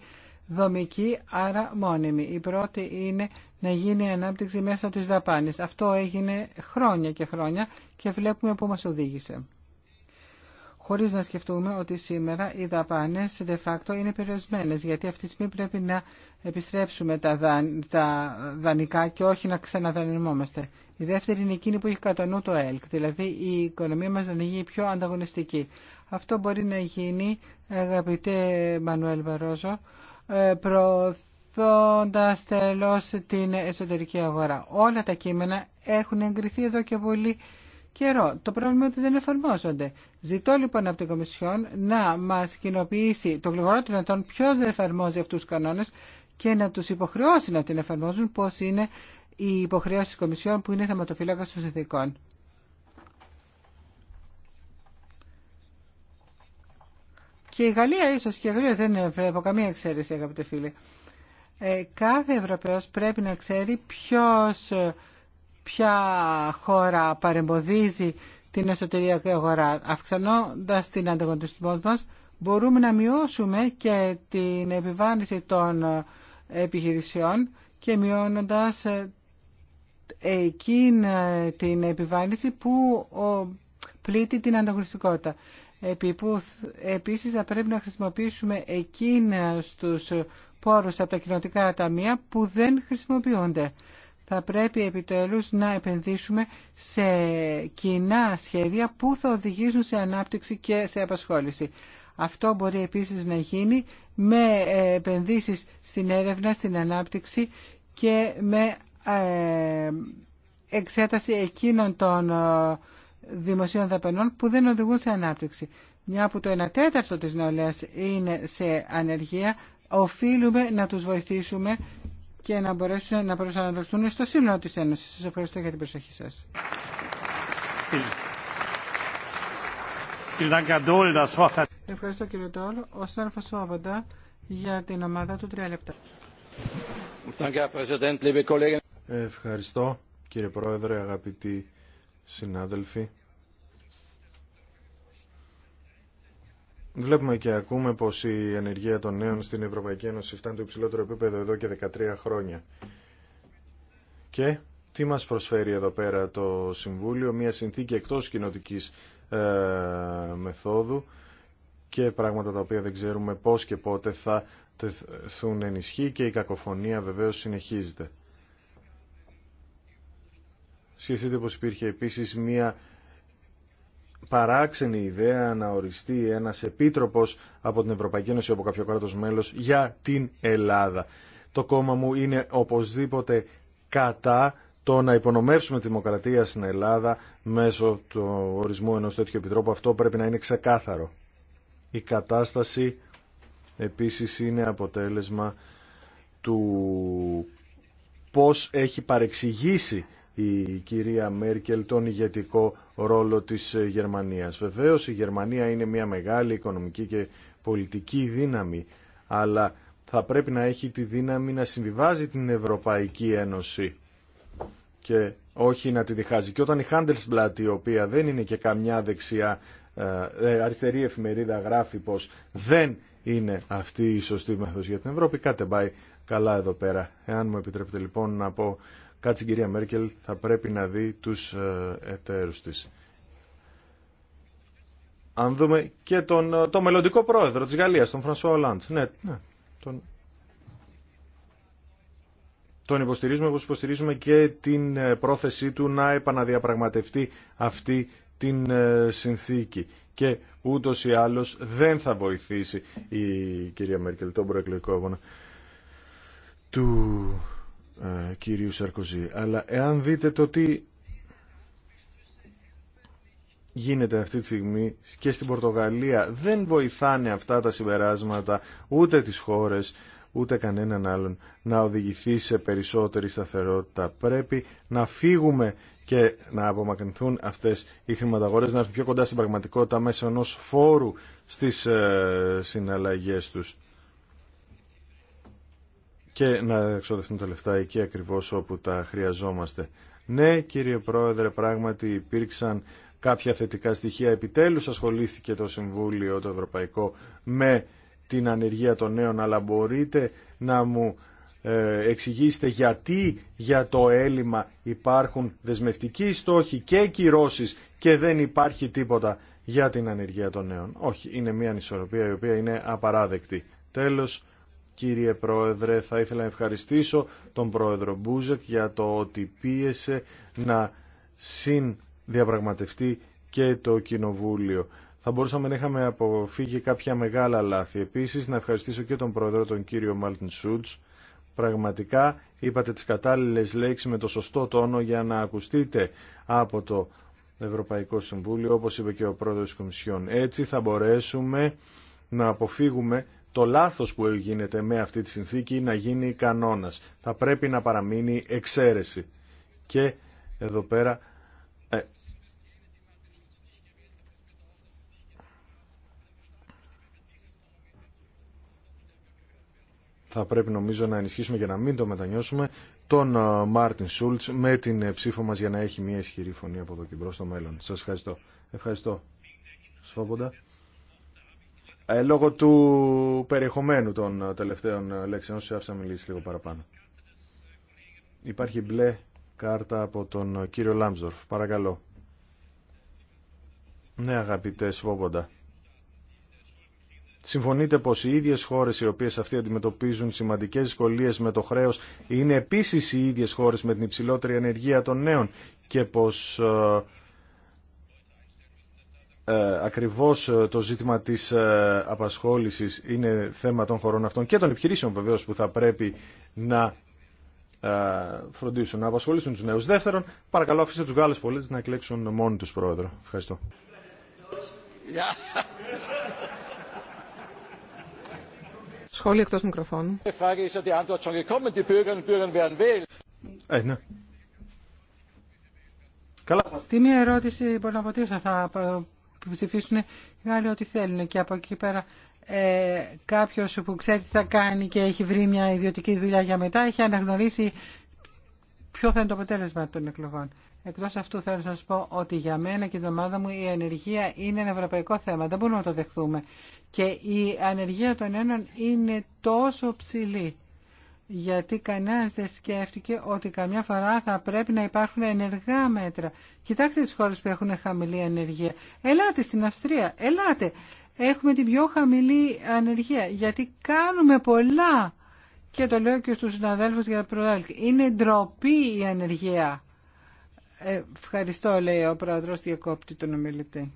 Speaker 1: δομική, άρα μόνιμη. Η πρώτη είναι να γίνει η ανάπτυξη μέσα της δαπάνης. Αυτό έγινε χρόνια και χρόνια και βλέπουμε που μας οδήγησε. Χωρίς να σκεφτούμε ότι σήμερα οι δαπάνες de facto είναι περιορισμένες, γιατί αυτή τη στιγμή πρέπει να επιστρέψουμε τα, τα δανεικά και όχι να ξαναδανειμόμαστε. Η δεύτερη είναι εκείνη που έχει κατά νου το ΕΛΚ, δηλαδή η οικονομία μας να γίνει πιο ανταγωνιστική. Αυτό μπορεί να γίνει, αγαπητέ Μανουέλ Μπαρόζο, ε, προωθώντας τέλο την εσωτερική αγορά. Όλα τα κείμενα έχουν εγκριθεί εδώ και πολύ καιρό. Το πρόβλημα είναι ότι δεν εφαρμόζονται. Ζητώ λοιπόν από την Κομισιόν να μας κοινοποιήσει το γλυγορό των ετών ποιο δεν εφαρμόζει αυτούς τους κανόνες και να τους υποχρεώσει να την εφαρμόζουν πώς είναι η υποχρέωση της Κομισιόν που είναι θεματοφύλακα των συνθήκων. Και η Γαλλία ίσω και η Γαλλία δεν από καμία εξαίρεση αγαπητοί φίλε Ε, κάθε Ευρωπαίος πρέπει να ξέρει ποιος, ποια χώρα παρεμποδίζει την εσωτερική αγορά. Αυξανώντα την ανταγωνισμό μα, μπορούμε να μειώσουμε και την επιβάρυνση των ε, επιχειρησιών και μειώνοντα ε, εκείνη ε, την επιβάρυνση που πλήττει την ανταγωνιστικότητα επί επίσης θα πρέπει να χρησιμοποιήσουμε εκείνα τους πόρους από τα κοινωτικά ταμεία που δεν χρησιμοποιούνται. Θα πρέπει επιτέλους να επενδύσουμε σε κοινά σχέδια που θα οδηγήσουν σε ανάπτυξη και σε απασχόληση. Αυτό μπορεί επίσης να γίνει με ε, επενδύσεις στην έρευνα, στην ανάπτυξη και με ε, εξέταση εκείνων των ε, δημοσίων δαπανών που δεν οδηγούν σε ανάπτυξη. Μια που το 1 τέταρτο της νεολαίας είναι σε ανεργία, οφείλουμε να τους βοηθήσουμε και να μπορέσουν να προσανατολιστούν στο σύνολο της Ένωσης. Σας ευχαριστώ για την προσοχή σας. Ευχαριστώ κύριε Τόλ. Ο Σάρφος Σόβοντα για την ομάδα του 3 λεπτά.
Speaker 3: Ευχαριστώ κύριε Πρόεδρε, αγαπητοί συνάδελφοι. Βλέπουμε και ακούμε πως η ενεργεία των νέων στην Ευρωπαϊκή Ένωση φτάνει το υψηλότερο επίπεδο εδώ και 13 χρόνια. Και τι μας προσφέρει εδώ πέρα το Συμβούλιο, μια συνθήκη εκτός κοινοτικής ε, μεθόδου και πράγματα τα οποία δεν ξέρουμε πώς και πότε θα τεθούν ενισχύ και η κακοφωνία βεβαίως συνεχίζεται. Σκεφτείτε πως υπήρχε επίσης μία παράξενη ιδέα να οριστεί ένας επίτροπος από την Ευρωπαϊκή Ένωση από κάποιο κράτος μέλος για την Ελλάδα. Το κόμμα μου είναι οπωσδήποτε κατά το να υπονομεύσουμε τη δημοκρατία στην Ελλάδα μέσω του ορισμού ενός τέτοιου επιτρόπου. Αυτό πρέπει να είναι ξεκάθαρο. Η κατάσταση επίσης είναι αποτέλεσμα του πώς έχει παρεξηγήσει η κυρία Μέρκελ τον ηγετικό ρόλο της Γερμανίας. Βεβαίως η Γερμανία είναι μια μεγάλη οικονομική και πολιτική δύναμη, αλλά θα πρέπει να έχει τη δύναμη να συμβιβάζει την Ευρωπαϊκή Ένωση και όχι να τη διχάζει. Και όταν η Handelsblatt, η οποία δεν είναι και καμιά δεξιά ε, ε, αριστερή εφημερίδα, γράφει πως δεν είναι αυτή η σωστή μέθοδος για την Ευρώπη, κάτε πάει καλά εδώ πέρα. Εάν μου επιτρέπετε λοιπόν να πω Κάτσε, η κυρία Μέρκελ θα πρέπει να δει τους ε, εταίρους της. Αν δούμε και τον ε, το μελλοντικό πρόεδρο της Γαλλίας, τον Φρανσουά Ολάντ. Ναι, ναι, τον... τον υποστηρίζουμε όπως υποστηρίζουμε και την ε, πρόθεσή του να επαναδιαπραγματευτεί αυτή την συνθήκη. Και ούτως ή άλλως δεν θα βοηθήσει η κυρία Μέρκελ τον προεκλογικό αγώνα του ε, κυρίου Σαρκοζή. Αλλά εάν δείτε το τι γίνεται αυτή τη στιγμή και στην Πορτογαλία, δεν βοηθάνε αυτά τα συμπεράσματα ούτε τις χώρες, ούτε κανέναν άλλον να οδηγηθεί σε περισσότερη σταθερότητα. Πρέπει να φύγουμε και να απομακρυνθούν αυτές οι χρηματαγορές, να έρθουν πιο κοντά στην πραγματικότητα μέσα ενός φόρου στις ε, συναλλαγές τους και να εξοδευτούν τα λεφτά εκεί ακριβώς όπου τα χρειαζόμαστε. Ναι, κύριε Πρόεδρε, πράγματι υπήρξαν κάποια θετικά στοιχεία. Επιτέλους ασχολήθηκε το Συμβούλιο το Ευρωπαϊκό με την ανεργία των νέων, αλλά μπορείτε να μου ε, εξηγήσετε γιατί για το έλλειμμα υπάρχουν δεσμευτικοί στόχοι και κυρώσεις και δεν υπάρχει τίποτα για την ανεργία των νέων. Όχι, είναι μια ανισορροπία η οποία είναι απαράδεκτη. Τέλος, κύριε Πρόεδρε. Θα ήθελα να ευχαριστήσω τον Πρόεδρο Μπούζεκ για το ότι πίεσε να συνδιαπραγματευτεί και το Κοινοβούλιο. Θα μπορούσαμε να είχαμε αποφύγει κάποια μεγάλα λάθη. Επίσης, να ευχαριστήσω και τον Πρόεδρο, τον κύριο Μάλτιν Σούτς. Πραγματικά είπατε τις κατάλληλες λέξεις με το σωστό τόνο για να ακουστείτε από το Ευρωπαϊκό Συμβούλιο, όπως είπε και ο Πρόεδρος της Κομισιόν. Έτσι θα μπορέσουμε να αποφύγουμε το λάθος που γίνεται με αυτή τη συνθήκη να γίνει κανόνας. Θα πρέπει να παραμείνει εξαίρεση. Και εδώ πέρα... Ε, θα πρέπει νομίζω να ενισχύσουμε και να μην το μετανιώσουμε τον ε, Μάρτιν Σούλτς με την ε, ψήφο μας για να έχει μια ισχυρή φωνή από εδώ και μπρος στο μέλλον. Σας ευχαριστώ. Ευχαριστώ. Σφόποντα. Ε, λόγω του περιεχομένου των ε, τελευταίων ε, λέξεων, σε άφησα μιλήσει λίγο παραπάνω. Υπάρχει μπλε κάρτα από τον κύριο Λάμπζορφ. Παρακαλώ. Ναι, αγαπητέ Σβόμποντα. Συμφωνείτε πως οι ίδιες χώρες οι οποίες αυτοί αντιμετωπίζουν σημαντικές δυσκολίες με το χρέος είναι επίσης οι ίδιες χώρες με την υψηλότερη ενεργεία των νέων και πως ε, ακριβώς ε, το ζήτημα της ε, απασχόλησης είναι θέμα των χωρών αυτών και των επιχειρήσεων βεβαίως που θα πρέπει να φροντίσουν να απασχολήσουν τους νέους. Δεύτερον, παρακαλώ αφήστε τους Γάλλους πολίτες να εκλέξουν μόνοι τους πρόεδρο. Ευχαριστώ. Σχόλιο εκτός μικροφώνου. Ναι.
Speaker 1: Στη μία ερώτηση που να θα ψηφίσουν οι Γάλλοι ό,τι θέλουν και από εκεί πέρα ε, κάποιος που ξέρει τι θα κάνει και έχει βρει μια ιδιωτική δουλειά για μετά έχει αναγνωρίσει ποιο θα είναι το αποτέλεσμα των εκλογών. Εκτός αυτού θέλω να σα πω ότι για μένα και την ομάδα μου η ανεργία είναι ένα ευρωπαϊκό θέμα. Δεν μπορούμε να το δεχθούμε. Και η ανεργία των ένων είναι τόσο ψηλή γιατί κανένας δεν σκέφτηκε ότι καμιά φορά θα πρέπει να υπάρχουν ενεργά μέτρα. Κοιτάξτε τις χώρες που έχουν χαμηλή ανεργία. Ελάτε στην Αυστρία, ελάτε. Έχουμε την πιο χαμηλή ανεργία, γιατί κάνουμε πολλά. Και το λέω και στους συναδέλφους για προάλληλη. Είναι ντροπή η ανεργία. Ε, ευχαριστώ, λέει ο πρόεδρος, διακόπτη τον ομιλητή.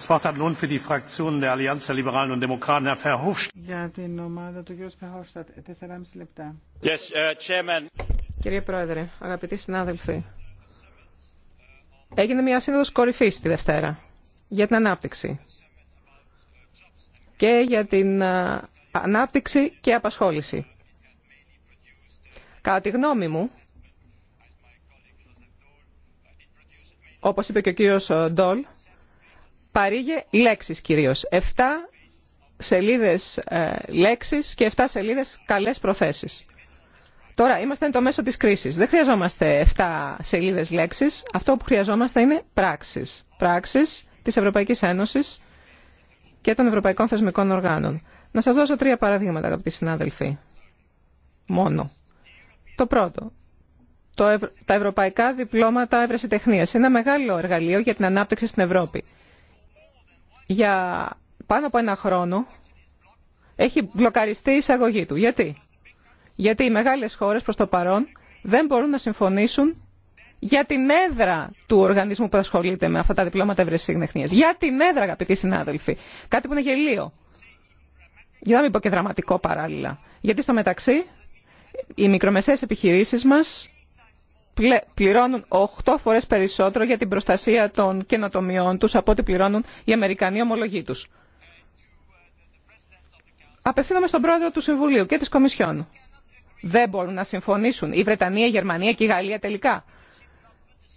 Speaker 4: Das Wort hat nun für die Fraktion der Allianz der Liberalen und Demokraten Herr Verhofstadt.
Speaker 2: Για την ομάδα του
Speaker 1: Yes, uh, chairman.
Speaker 2: Κύριε Πρόεδρε, αγαπητοί συνάδελφοι, έγινε μια σύνοδος κορυφής τη Δευτέρα για την ανάπτυξη και για την ανάπτυξη και απασχόληση. Κατά τη γνώμη μου, όπως είπε και ο κύριος Ντόλ, παρήγε λέξεις κυρίως. Εφτά σελίδες ε, λέξεις και εφτά σελίδες καλές προθέσεις. Τώρα είμαστε το μέσο της κρίσης. Δεν χρειαζόμαστε 7 σελίδες λέξεις. Αυτό που χρειαζόμαστε είναι πράξεις. Πράξεις της Ευρωπαϊκής Ένωσης και των Ευρωπαϊκών Θεσμικών Οργάνων. Να σας δώσω τρία παραδείγματα, αγαπητοί συνάδελφοι. Μόνο. Το πρώτο. Το Τα ευρωπαϊκά διπλώματα ευρεσιτεχνίας είναι ένα μεγάλο εργαλείο για την ανάπτυξη στην Ευρώπη για πάνω από ένα χρόνο έχει μπλοκαριστεί η εισαγωγή του. Γιατί? Γιατί οι μεγάλες χώρες προς το παρόν δεν μπορούν να συμφωνήσουν για την έδρα του οργανισμού που ασχολείται με αυτά τα διπλώματα ευρεσίγνεχνίας. Για την έδρα, αγαπητοί συνάδελφοι. Κάτι που είναι γελίο. Για να μην πω και δραματικό παράλληλα. Γιατί στο μεταξύ οι μικρομεσαίες επιχειρήσεις μας πληρώνουν 8 φορές περισσότερο για την προστασία των καινοτομιών τους από ό,τι πληρώνουν οι Αμερικανοί ομολογοί τους. Απευθύνομαι στον πρόεδρο του Συμβουλίου και της Κομισιόν. Δεν μπορούν να συμφωνήσουν η Βρετανία, η Γερμανία και η Γαλλία τελικά.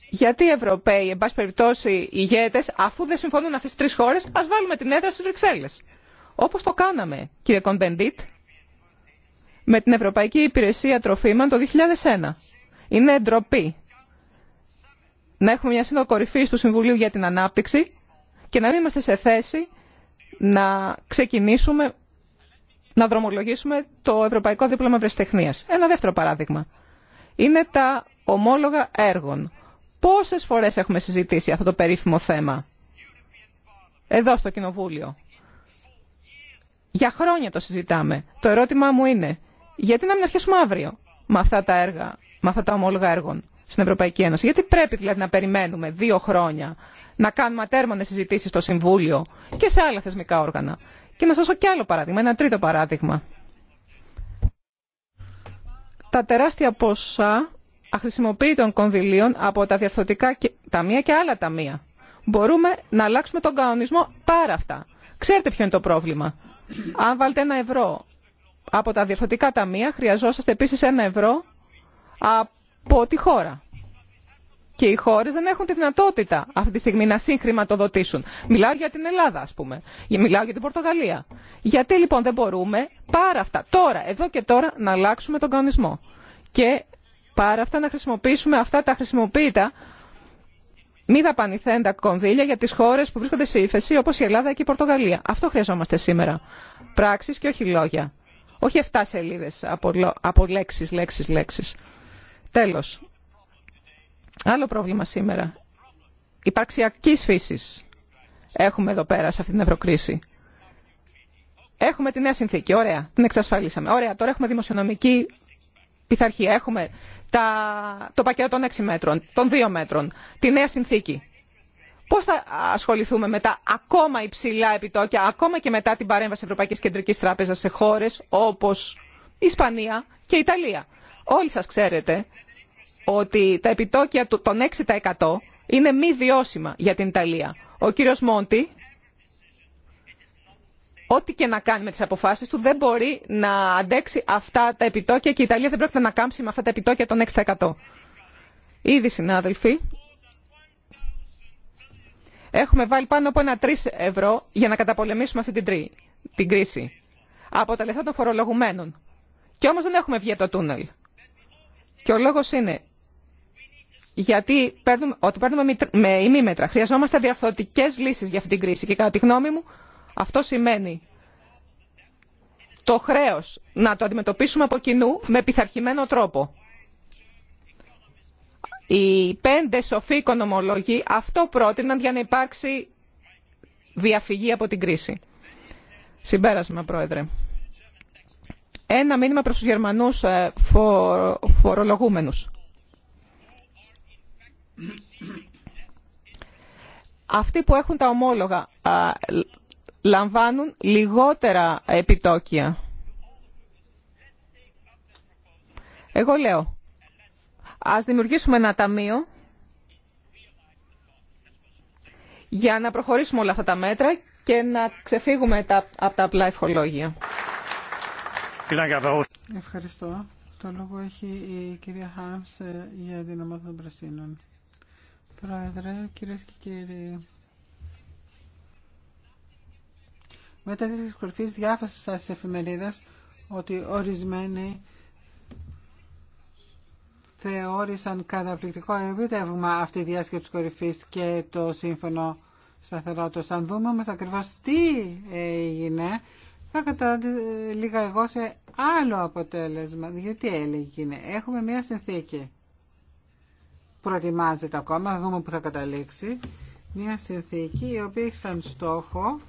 Speaker 2: Γιατί οι Ευρωπαίοι, εν πάση περιπτώσει οι ηγέτες, αφού δεν συμφωνούν αυτές τις τρεις χώρες, ας βάλουμε την έδρα στις Βρυξέλλες. Όπως το κάναμε, κύριε Κονπεντίτ, με την Ευρωπαϊκή Υπηρεσία Τροφίμων το 2001 είναι ντροπή να έχουμε μια σύνοδο κορυφή του Συμβουλίου για την Ανάπτυξη και να είμαστε σε θέση να ξεκινήσουμε να δρομολογήσουμε το Ευρωπαϊκό Δίπλωμα Ευρεσιτεχνίας. Ένα δεύτερο παράδειγμα. Είναι τα ομόλογα έργων. Πόσες φορές έχουμε συζητήσει αυτό το περίφημο θέμα εδώ στο Κοινοβούλιο. Για χρόνια το συζητάμε. Το ερώτημά μου είναι, γιατί να μην αρχίσουμε αύριο με αυτά τα έργα με αυτά τα ομόλογα έργων στην Ευρωπαϊκή Ένωση. Γιατί πρέπει δηλαδή να περιμένουμε δύο χρόνια να κάνουμε ατέρμονες συζητήσεις στο Συμβούλιο και σε άλλα θεσμικά όργανα. Και να σας δώσω κι άλλο παράδειγμα, ένα τρίτο παράδειγμα. Τα τεράστια ποσά αχρησιμοποιητών κονδυλίων από τα διαρθωτικά ταμεία και άλλα ταμεία. Μπορούμε να αλλάξουμε τον κανονισμό πάρα αυτά. Ξέρετε ποιο είναι το πρόβλημα. Αν βάλετε ένα ευρώ από τα διαρθωτικά ταμεία, χρειαζόσαστε επίση ένα ευρώ από τη χώρα. Και οι χώρε δεν έχουν τη δυνατότητα αυτή τη στιγμή να συγχρηματοδοτήσουν. Μιλάω για την Ελλάδα, α πούμε. Μιλάω για την Πορτογαλία. Γιατί λοιπόν δεν μπορούμε πάρα αυτά, τώρα, εδώ και τώρα, να αλλάξουμε τον κανονισμό. Και πάρα αυτά να χρησιμοποιήσουμε αυτά τα χρησιμοποιητά μη δαπανηθέντα κονδύλια για τι χώρε που βρίσκονται σε ύφεση, όπω η Ελλάδα και η Πορτογαλία. Αυτό χρειαζόμαστε σήμερα. Πράξει και όχι λόγια. Όχι 7 σελίδε από λέξει, λέξει, λέξει. Τέλος, άλλο πρόβλημα σήμερα. Υπαρξιακής φύσης έχουμε εδώ πέρα σε αυτή την ευρωκρίση. Έχουμε τη νέα συνθήκη, ωραία, την εξασφαλίσαμε. Ωραία, τώρα έχουμε δημοσιονομική πειθαρχία, έχουμε τα... το πακέτο των 6 μέτρων, των 2 μέτρων, τη νέα συνθήκη. Πώ θα ασχοληθούμε με τα ακόμα υψηλά επιτόκια, ακόμα και μετά την παρέμβαση Ευρωπαϊκή Κεντρική Τράπεζα σε χώρε όπω Ισπανία και η Ιταλία. Όλοι σας ξέρετε ότι τα επιτόκια των 6% είναι μη βιώσιμα για την Ιταλία. Ο κύριος Μόντι, ό,τι και να κάνει με τις αποφάσεις του, δεν μπορεί να αντέξει αυτά τα επιτόκια και η Ιταλία δεν πρόκειται να κάμψει με αυτά τα επιτόκια των 6%. Ήδη, συνάδελφοι, έχουμε βάλει πάνω από ένα 3 ευρώ για να καταπολεμήσουμε αυτή την, την κρίση. Από τα λεφτά των φορολογουμένων. Και όμως δεν έχουμε βγει από το τούνελ. Και ο λόγος είναι γιατί παίρνουμε, ότι παίρνουμε με ημίμετρα. Χρειαζόμαστε διαφορετικές λύσεις για αυτή την κρίση. Και κατά τη γνώμη μου αυτό σημαίνει το χρέος να το αντιμετωπίσουμε από κοινού με πειθαρχημένο τρόπο. Οι πέντε σοφοί οικονομολόγοι αυτό πρότειναν για να υπάρξει διαφυγή από την κρίση. Συμπέρασμα, Πρόεδρε ένα μήνυμα προς τους Γερμανούς ε, φορολογούμενους. Αυτοί που έχουν τα ομόλογα ε, λαμβάνουν λιγότερα επιτόκια. Εγώ λέω, ας δημιουργήσουμε ένα ταμείο για να προχωρήσουμε όλα αυτά τα μέτρα και να ξεφύγουμε από τα απλά ευχολόγια.
Speaker 1: Ευχαριστώ. Το λόγο έχει η κυρία Χάμς ε, για την ομάδα των Πρασίνων. Πρόεδρε, κυρίε και κύριοι. Μετά τη κορφή διάφασα στι εφημερίδε ότι ορισμένοι θεώρησαν καταπληκτικό επιτεύγμα αυτή η διάσκεψη κορυφή και το σύμφωνο σταθερότητα. Αν δούμε όμω ακριβώ τι έγινε, θα λίγα εγώ σε άλλο αποτέλεσμα. Γιατί έλεγε Έχουμε μια συνθήκη. Προετοιμάζεται ακόμα, θα δούμε που θα καταλήξει. Μια συνθήκη η οποία έχει σαν στόχο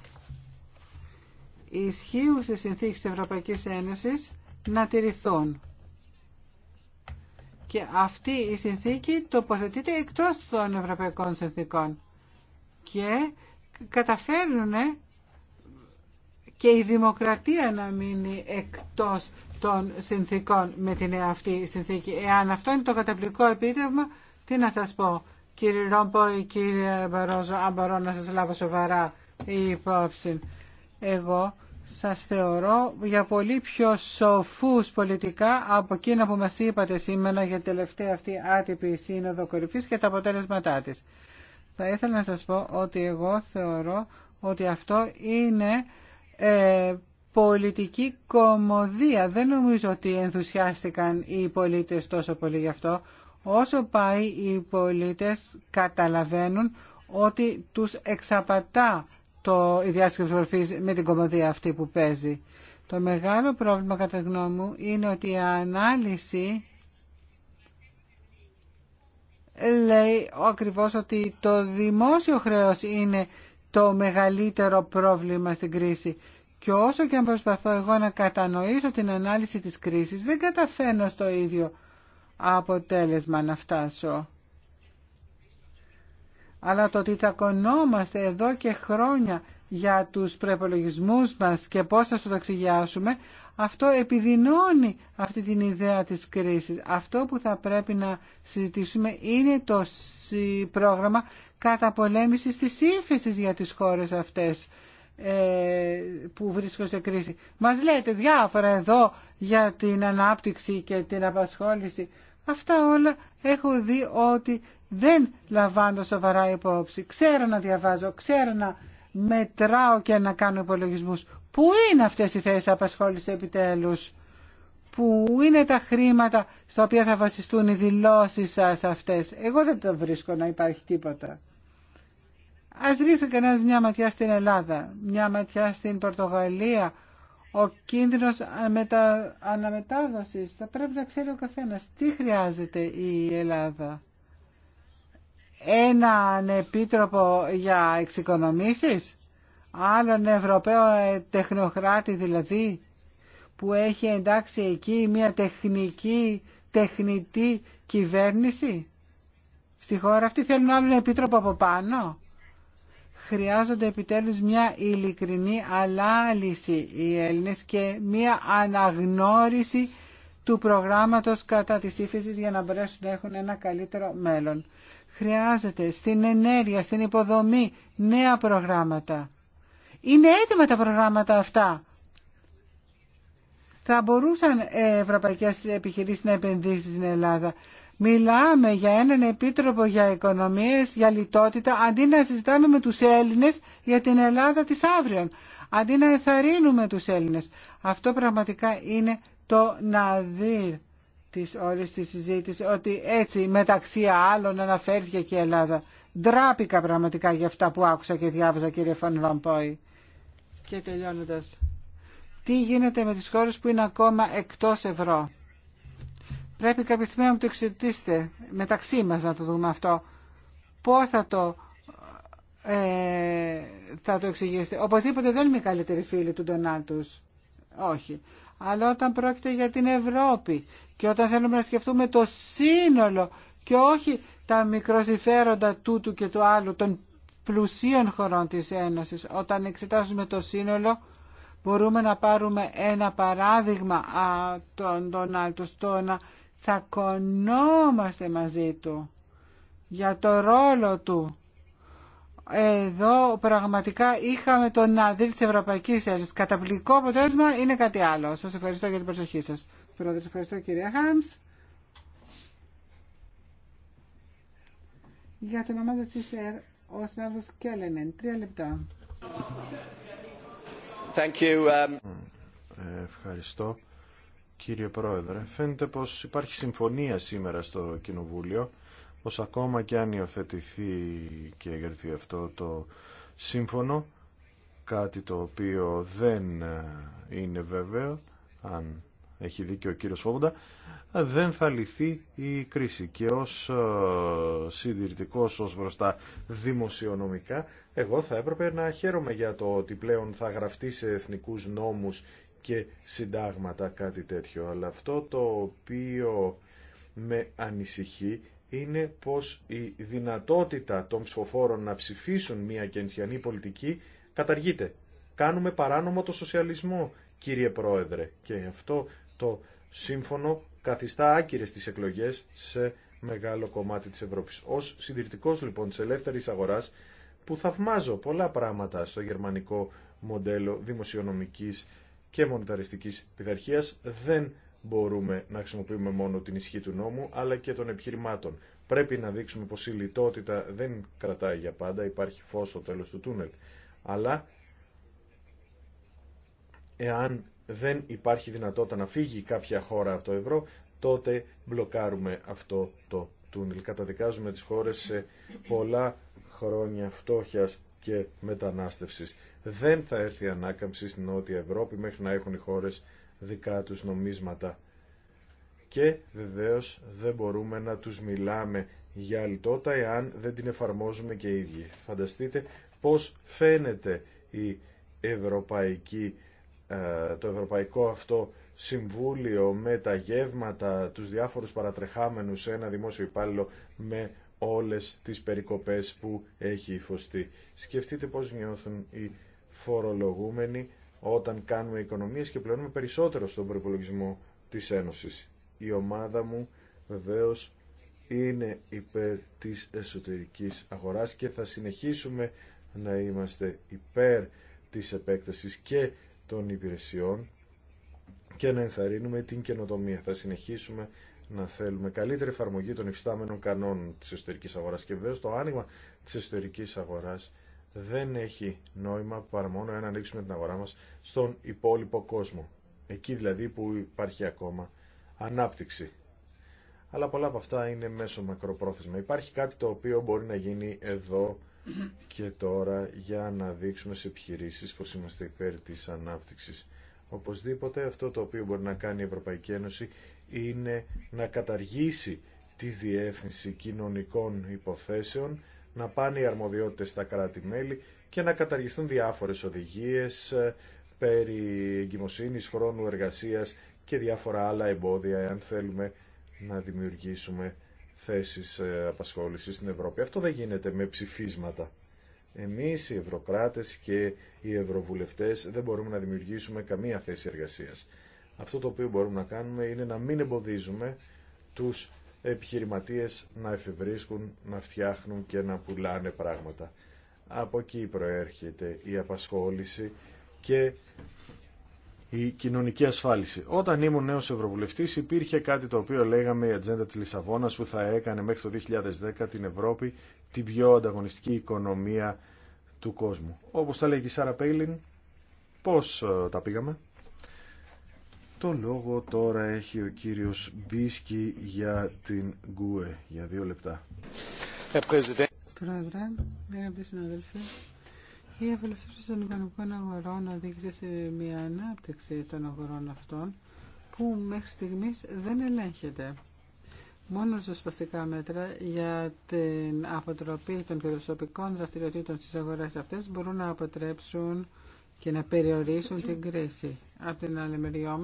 Speaker 1: οι ισχύουσες συνθήκες της Ευρωπαϊκής Ένωσης να τηρηθούν. Και αυτή η συνθήκη τοποθετείται εκτός των ευρωπαϊκών συνθήκων. Και καταφέρνουν και η δημοκρατία να μείνει εκτός των συνθήκων με την αυτή συνθήκη. Εάν αυτό είναι το καταπληκτικό επίτευγμα, τι να σας πω. Κύριε Ρόμπο ή κύριε Μπαρόζο, αν μπορώ να σας λάβω σοβαρά η υπόψη. Εγώ σας θεωρώ για πολύ πιο σοφούς πολιτικά από εκείνα που μας είπατε σήμερα για τελευταία αυτή άτυπη σύνοδο κορυφής και τα αποτέλεσματά της. Θα ήθελα να σας πω ότι εγώ θεωρώ ότι αυτό είναι ε, πολιτική κομμωδία. Δεν νομίζω ότι ενθουσιάστηκαν οι πολίτες τόσο πολύ γι' αυτό. Όσο πάει οι πολίτες καταλαβαίνουν ότι τους εξαπατά το, η διάσκεψη με την κομμωδία αυτή που παίζει. Το μεγάλο πρόβλημα κατά γνώμη είναι ότι η ανάλυση λέει ακριβώς ότι το δημόσιο χρέος είναι το μεγαλύτερο πρόβλημα στην κρίση. Και όσο και αν προσπαθώ εγώ να κατανοήσω την ανάλυση της κρίσης, δεν καταφέρνω στο ίδιο αποτέλεσμα να φτάσω. Αλλά το ότι τσακωνόμαστε εδώ και χρόνια για τους προπολογισμού μας και πώς θα σου το εξηγιάσουμε, αυτό επιδεινώνει αυτή την ιδέα της κρίσης. Αυτό που θα πρέπει να συζητήσουμε είναι το πρόγραμμα καταπολέμησης της ύφεσης για τις χώρες αυτές ε, που βρίσκονται σε κρίση. Μας λέτε διάφορα εδώ για την ανάπτυξη και την απασχόληση. Αυτά όλα έχω δει ότι δεν λαμβάνω σοβαρά υπόψη. Ξέρω να διαβάζω, ξέρω να μετράω και να κάνω υπολογισμούς. Πού είναι αυτές οι θέσεις απασχόλησης επιτέλους. Πού είναι τα χρήματα στα οποία θα βασιστούν οι δηλώσεις σας αυτές. Εγώ δεν το βρίσκω να υπάρχει τίποτα. Ας ρίξει κανένας μια ματιά στην Ελλάδα, μια ματιά στην Πορτογαλία. Ο κίνδυνος μετα... αναμετάδοσης θα πρέπει να ξέρει ο καθένας τι χρειάζεται η Ελλάδα. Έναν επίτροπο για εξοικονομήσεις, άλλον Ευρωπαίο τεχνοκράτη δηλαδή που έχει εντάξει εκεί μια τεχνική, τεχνητή κυβέρνηση στη χώρα αυτή. Θέλουν άλλον επίτροπο από πάνω. Χρειάζονται επιτέλους μια ειλικρινή ανάλυση οι Έλληνες και μια αναγνώριση του προγράμματος κατά τη ύφεσης για να μπορέσουν να έχουν ένα καλύτερο μέλλον. Χρειάζεται στην ενέργεια, στην υποδομή νέα προγράμματα. Είναι έτοιμα τα προγράμματα αυτά θα μπορούσαν ευρωπαϊκές επιχειρήσεις να επενδύσουν στην Ελλάδα. Μιλάμε για έναν επίτροπο για οικονομίες, για λιτότητα, αντί να συζητάμε με τους Έλληνες για την Ελλάδα τη αύριο, αντί να εθαρρύνουμε τους Έλληνες. Αυτό πραγματικά είναι το να δει τη όλη τη συζήτηση, ότι έτσι μεταξύ άλλων αναφέρθηκε και η Ελλάδα. Ντράπηκα πραγματικά για αυτά που άκουσα και διάβαζα κύριε Φαν Και τελειώνοντας τι γίνεται με τις χώρες που είναι ακόμα εκτός ευρώ. Πρέπει κάποια στιγμή να το εξετήσετε μεταξύ μας να το δούμε αυτό. Πώς θα το, ε, θα το εξηγήσετε. Οπωσδήποτε δεν είμαι η καλύτερη φίλη του Ντονάλτους. Όχι. Αλλά όταν πρόκειται για την Ευρώπη και όταν θέλουμε να σκεφτούμε το σύνολο και όχι τα μικροσυφέροντα τούτου και του άλλου των πλουσίων χωρών της Ένωσης, όταν εξετάζουμε το σύνολο Μπορούμε να πάρουμε ένα παράδειγμα από τον Ντονάλτο στο να τσακωνόμαστε μαζί του για το ρόλο του. Εδώ πραγματικά είχαμε τον Ναδίλ της Ευρωπαϊκής Ένωση. Καταπληκτικό αποτέλεσμα είναι κάτι άλλο. Σας ευχαριστώ για την προσοχή σας. ευχαριστώ κυρία Χάμς. Για το ομάδα της ΕΡ, ο συνάδελφος Κέλενεν. Τρία λεπτά.
Speaker 3: Um, Ευχαριστώ. Κύριε Πρόεδρε, φαίνεται πως υπάρχει συμφωνία σήμερα στο Κοινοβούλιο πως ακόμα και αν υιοθετηθεί και εγκριθεί αυτό το σύμφωνο, κάτι το οποίο δεν ε, είναι βέβαιο, αν έχει δίκιο ο κύριος Φόβοντα, δεν θα λυθεί η κρίση. Και ως ε, συντηρητικός, ως μπροστά δημοσιονομικά, εγώ θα έπρεπε να χαίρομαι για το ότι πλέον θα γραφτεί σε εθνικούς νόμους και συντάγματα κάτι τέτοιο. Αλλά αυτό το οποίο με ανησυχεί είναι πως η δυνατότητα των ψηφοφόρων να ψηφίσουν μια κεντσιανή πολιτική καταργείται. Κάνουμε παράνομο το σοσιαλισμό, κύριε Πρόεδρε. Και αυτό το σύμφωνο καθιστά άκυρες τις εκλογές σε μεγάλο κομμάτι της Ευρώπης. Ως συντηρητικός λοιπόν της ελεύθερης αγοράς που θαυμάζω πολλά πράγματα στο γερμανικό μοντέλο δημοσιονομικής και μονεταριστικής πειθαρχίας δεν μπορούμε να χρησιμοποιούμε μόνο την ισχύ του νόμου αλλά και των επιχειρημάτων. Πρέπει να δείξουμε πως η λιτότητα δεν κρατάει για πάντα, υπάρχει φως στο τέλος του τούνελ. Αλλά εάν δεν υπάρχει δυνατότητα να φύγει κάποια χώρα από το ευρώ, τότε μπλοκάρουμε αυτό το τούνελ. Καταδικάζουμε τις χώρες σε πολλά χρόνια φτώχειας και μετανάστευσης. Δεν θα έρθει ανάκαμψη στην Νότια Ευρώπη μέχρι να έχουν οι χώρες δικά τους νομίσματα. Και βεβαίως δεν μπορούμε να τους μιλάμε για λιτότητα εάν δεν την εφαρμόζουμε και οι ίδιοι. Φανταστείτε πώς φαίνεται η ευρωπαϊκή ε, το Ευρωπαϊκό αυτό Συμβούλιο με τα γεύματα, τους διάφορους παρατρεχάμενους σε ένα δημόσιο υπάλληλο με όλες τις περικοπές που έχει υφωστεί. Σκεφτείτε πώς νιώθουν οι φορολογούμενοι όταν κάνουμε οικονομίες και πληρώνουμε περισσότερο στον προπολογισμό της Ένωσης. Η ομάδα μου βεβαίως είναι υπέρ της εσωτερικής αγοράς και θα συνεχίσουμε να είμαστε υπέρ της επέκτασης και των υπηρεσιών και να ενθαρρύνουμε την καινοτομία. Θα συνεχίσουμε να θέλουμε καλύτερη εφαρμογή των υφιστάμενων κανόνων της εσωτερικής αγοράς και βέβαια το άνοιγμα της εσωτερικής αγοράς δεν έχει νόημα παρά μόνο να ανοίξουμε την αγορά μας στον υπόλοιπο κόσμο. Εκεί δηλαδή που υπάρχει ακόμα ανάπτυξη. Αλλά πολλά από αυτά είναι μέσω μακροπρόθεσμα. Υπάρχει κάτι το οποίο μπορεί να γίνει εδώ και τώρα για να δείξουμε σε επιχειρήσεις πως είμαστε υπέρ της ανάπτυξης. Οπωσδήποτε αυτό το οποίο μπορεί να κάνει η Ευρωπαϊκή Ένωση είναι να καταργήσει τη διεύθυνση κοινωνικών υποθέσεων, να πάνε οι αρμοδιότητες στα κράτη-μέλη και να καταργηθούν διάφορες οδηγίες ε, περί εγκυμοσύνης, χρόνου εργασίας και διάφορα άλλα εμπόδια εάν θέλουμε να δημιουργήσουμε θέσεις ε, απασχόλησης στην Ευρώπη. Αυτό δεν γίνεται με ψηφίσματα. Εμείς οι ευρωκράτες και οι ευρωβουλευτές δεν μπορούμε να δημιουργήσουμε καμία θέση εργασίας. Αυτό το οποίο μπορούμε να κάνουμε είναι να μην εμποδίζουμε τους επιχειρηματίες να εφευρίσκουν, να φτιάχνουν και να πουλάνε πράγματα. Από εκεί προέρχεται η απασχόληση και η κοινωνική ασφάλιση. Όταν ήμουν νέος Ευρωβουλευτής υπήρχε κάτι το οποίο λέγαμε η ατζέντα τη Λισαβόνα που θα έκανε μέχρι το 2010 την Ευρώπη την πιο ανταγωνιστική οικονομία του κόσμου. Όπως τα λέει η Σάρα Πέιλιν, πώς ε, τα πήγαμε. Το λόγο τώρα έχει ο κύριος Μπίσκι για την Γκουε για δύο λεπτά. Ε,
Speaker 1: Πρόεδρε, η απελευθέρωση των οικονομικών αγορών οδήγησε σε μια ανάπτυξη των αγορών αυτών που μέχρι στιγμής δεν ελέγχεται. Μόνο ζωσπαστικά μέτρα για την αποτροπή των κερδοσκοπικών δραστηριοτήτων στις αγορές αυτές μπορούν να αποτρέψουν και να περιορίσουν την κρίση. Από την άλλη μεριά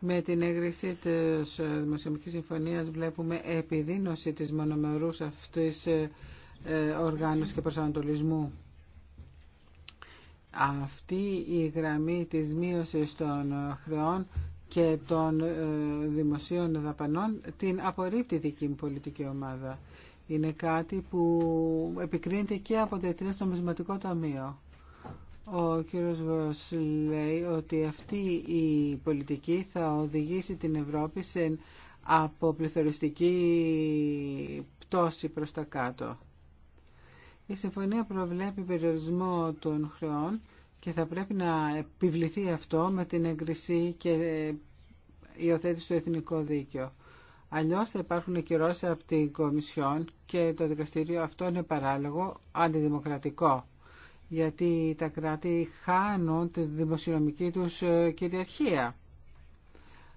Speaker 1: με την έγκριση της δημοσιονομική Συμφωνίας βλέπουμε επιδείνωση της μονομερούς αυτής ε, οργάνωσης και προσανατολισμού αυτή η γραμμή της μείωσης των χρεών και των ε, δημοσίων δαπανών την απορρίπτει δική μου πολιτική ομάδα. Είναι κάτι που επικρίνεται και από το Εθνές Νομισματικό Ταμείο. Ο κύριος Βος λέει ότι αυτή η πολιτική θα οδηγήσει την Ευρώπη σε αποπληθωριστική πτώση προς τα κάτω. Η συμφωνία προβλέπει περιορισμό των χρεών και θα πρέπει να επιβληθεί αυτό με την έγκριση και υιοθέτηση του εθνικού δίκαιου. Αλλιώ θα υπάρχουν κυρώσει από την Κομισιόν και το δικαστήριο αυτό είναι παράλογο, αντιδημοκρατικό. Γιατί τα κράτη χάνουν τη δημοσιονομική τους ε, κυριαρχία.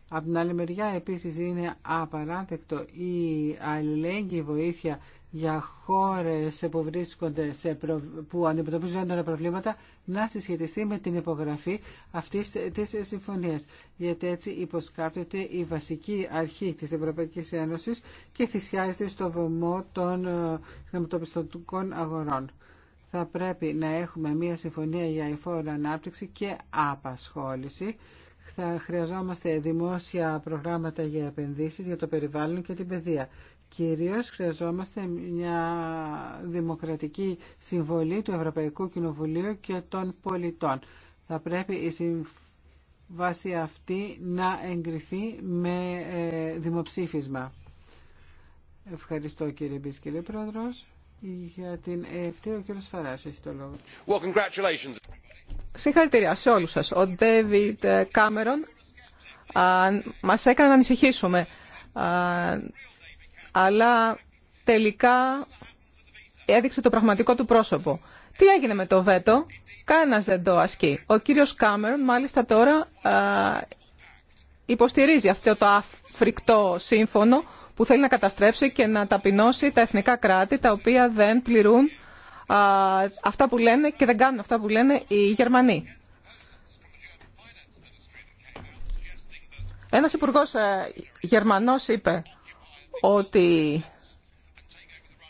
Speaker 1: Από την άλλη μεριά επίσης είναι απαράδεκτο η αλληλέγγυη βοήθεια για χώρες που βρίσκονται προ... που αντιμετωπίζουν έντονα προβλήματα να συσχετιστεί με την υπογραφή αυτής της συμφωνίας. Γιατί έτσι υποσκάπτεται η βασική αρχή της Ευρωπαϊκής Ένωσης και θυσιάζεται στο βωμό των ε, χρηματοπιστωτικών αγορών. Θα πρέπει να έχουμε μια συμφωνία για υφόρο ανάπτυξη και απασχόληση. Θα χρειαζόμαστε δημόσια προγράμματα για επενδύσεις για το περιβάλλον και την παιδεία. Κυρίως χρειαζόμαστε μια δημοκρατική συμβολή του Ευρωπαϊκού Κοινοβουλίου και των πολιτών. Θα πρέπει η συμβάση αυτή να εγκριθεί με ε, δημοψήφισμα. Ευχαριστώ κύριε Μπίς, κύριε Πρόεδρος. Για την ευθύ ο κύριος Φαράς έχει το λόγο.
Speaker 5: Well,
Speaker 2: Συγχαρητήρια σε όλους σας. Ο Ντέβιτ Κάμερον μας έκανε να ανησυχήσουμε αλλά τελικά έδειξε το πραγματικό του πρόσωπο. Τι έγινε με το βέτο, κανένας δεν το ασκεί. Ο κύριος Κάμερον μάλιστα τώρα υποστηρίζει αυτό το αφρικτό σύμφωνο που θέλει να καταστρέψει και να ταπεινώσει τα εθνικά κράτη τα οποία δεν πληρούν αυτά που λένε και δεν κάνουν αυτά που λένε οι Γερμανοί. Ένας υπουργός ε, Γερμανός είπε ότι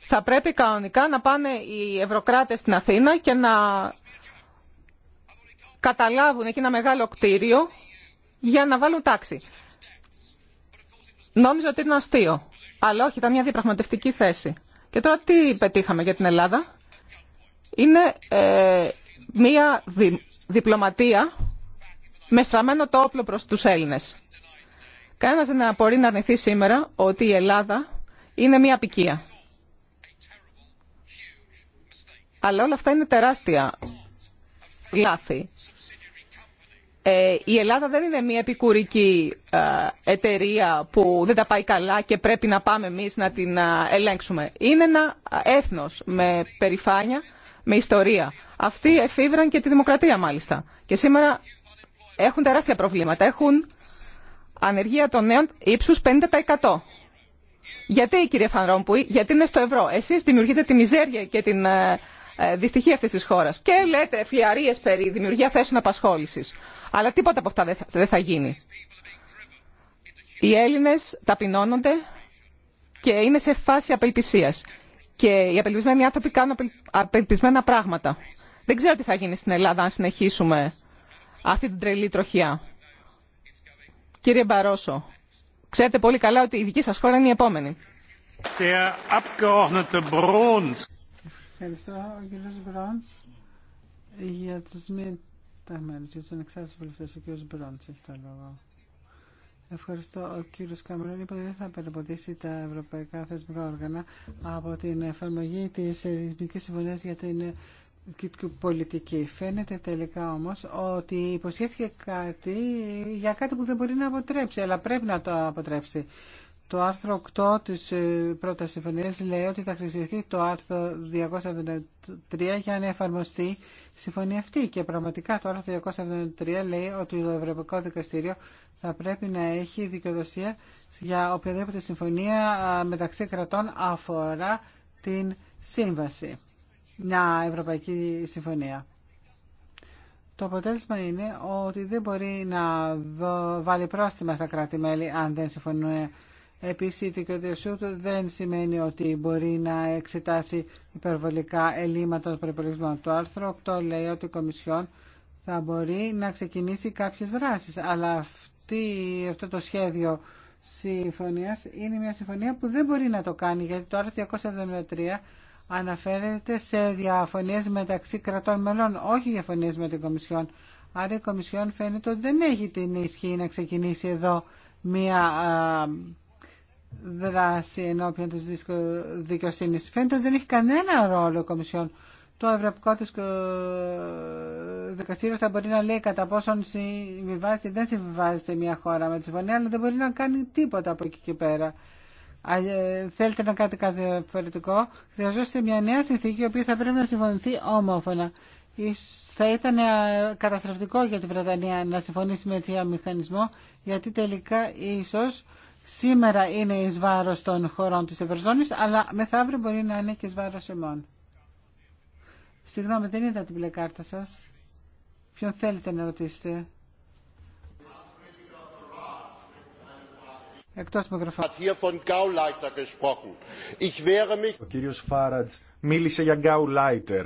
Speaker 2: θα πρέπει κανονικά να πάνε οι ευρωκράτες στην Αθήνα και να καταλάβουν εκεί ένα μεγάλο κτίριο για να βάλουν τάξη. Νόμιζα ότι ήταν αστείο, αλλά όχι, ήταν μια διαπραγματευτική θέση. Και τώρα τι πετύχαμε για την Ελλάδα. Είναι ε, μια διπλωματία με στραμμένο το όπλο προς τους Έλληνες. Κανένα δεν μπορεί να αρνηθεί σήμερα ότι η Ελλάδα είναι μια απικία. Αλλά όλα αυτά είναι τεράστια λάθη. Ε, η Ελλάδα δεν είναι μια επικουρική ε, εταιρεία που δεν τα πάει καλά και πρέπει να πάμε εμείς να την ε, ελέγξουμε. Είναι ένα έθνος με περηφάνεια, με ιστορία. Αυτοί εφήβραν και τη δημοκρατία μάλιστα. Και σήμερα έχουν τεράστια προβλήματα. Έχουν ανεργία των νέων ύψου 50%. Γιατί, κύριε Φανρόμπου, γιατί είναι στο ευρώ. Εσείς δημιουργείτε τη μιζέρια και την ε, ε, δυστυχία αυτής της χώρας. Και λέτε φλιαρίε περί δημιουργία θέσεων απασχόλησης. Αλλά τίποτα από αυτά δεν θα γίνει. Οι Έλληνε ταπεινώνονται και είναι σε φάση απελπισία. Και οι απελπισμένοι άνθρωποι κάνουν απελπισμένα πράγματα. Δεν ξέρω τι θα γίνει στην Ελλάδα αν συνεχίσουμε αυτή την τρελή τροχιά. Κύριε Μπαρόσο, ξέρετε πολύ καλά ότι η δική σας χώρα είναι η επόμενη.
Speaker 4: Ευχαριστώ,
Speaker 1: κύριε κύριος Μπρόντς. Για τους μη ταγμένους, για τους ανεξάρτητους βουλευτές, ο κύριος Μπρόντς έχει το λόγο. Ευχαριστώ. Ο κύριο Καμερών είπε ότι δεν θα περιποτήσει τα ευρωπαϊκά θεσμικά όργανα από την εφαρμογή τη Εθνική Συμφωνία για την πολιτική. Φαίνεται τελικά όμως ότι υποσχέθηκε κάτι για κάτι που δεν μπορεί να αποτρέψει, αλλά πρέπει να το αποτρέψει. Το άρθρο 8 της ε, πρώτας συμφωνίας λέει ότι θα χρησιμοποιηθεί το άρθρο 273 για να εφαρμοστεί η συμφωνία αυτή και πραγματικά το άρθρο 273 λέει ότι το Ευρωπαϊκό Δικαστήριο θα πρέπει να έχει δικαιοδοσία για οποιαδήποτε συμφωνία ε, μεταξύ κρατών αφορά την σύμβαση μια Ευρωπαϊκή Συμφωνία. Το αποτέλεσμα είναι ότι δεν μπορεί να βάλει πρόστιμα στα κράτη-μέλη αν δεν συμφωνούν. Επίσης, η δικαιοδοσία δεν σημαίνει ότι μπορεί να εξετάσει υπερβολικά ελλείμματα των προπολογισμών. Το άρθρο 8 λέει ότι η Κομισιόν θα μπορεί να ξεκινήσει κάποιες δράσεις, αλλά αυτή, αυτό το σχέδιο συμφωνίας είναι μια συμφωνία που δεν μπορεί να το κάνει, γιατί το άρθρο 273 αναφέρεται σε διαφωνίες μεταξύ κρατών μελών, όχι διαφωνίες με την Κομισιόν. Άρα η Κομισιόν φαίνεται ότι δεν έχει την ισχύ να ξεκινήσει εδώ μία δράση ενώπιον της δικαιοσύνης. Φαίνεται ότι δεν έχει κανένα ρόλο η Κομισιόν. Το Ευρωπαϊκό Δικαστήριο θα μπορεί να λέει κατά πόσον συμβιβάζεται ή δεν συμβιβάζεται μια χώρα με τη συμφωνία, αλλά δεν μπορεί να κάνει τίποτα από εκεί και πέρα. Ε, θέλετε να κάνετε κάτι διαφορετικό, χρειαζόστε μια νέα συνθήκη, η οποία θα πρέπει να συμφωνηθεί ομόφωνα. Θα ήταν ε, καταστροφικό για τη Βρετανία να συμφωνήσει με τέτοιο μηχανισμό, γιατί τελικά ίσως σήμερα είναι ει βάρο των χωρών τη Ευρωζώνη, αλλά μεθαύριο μπορεί να είναι και ει βάρο εμών. Συγγνώμη, δεν είδα την πλεκάρτα κάρτα σας. Ποιον θέλετε να ρωτήσετε.
Speaker 3: Ο κύριος Φάρατς μίλησε για Γκάουλάιτερ.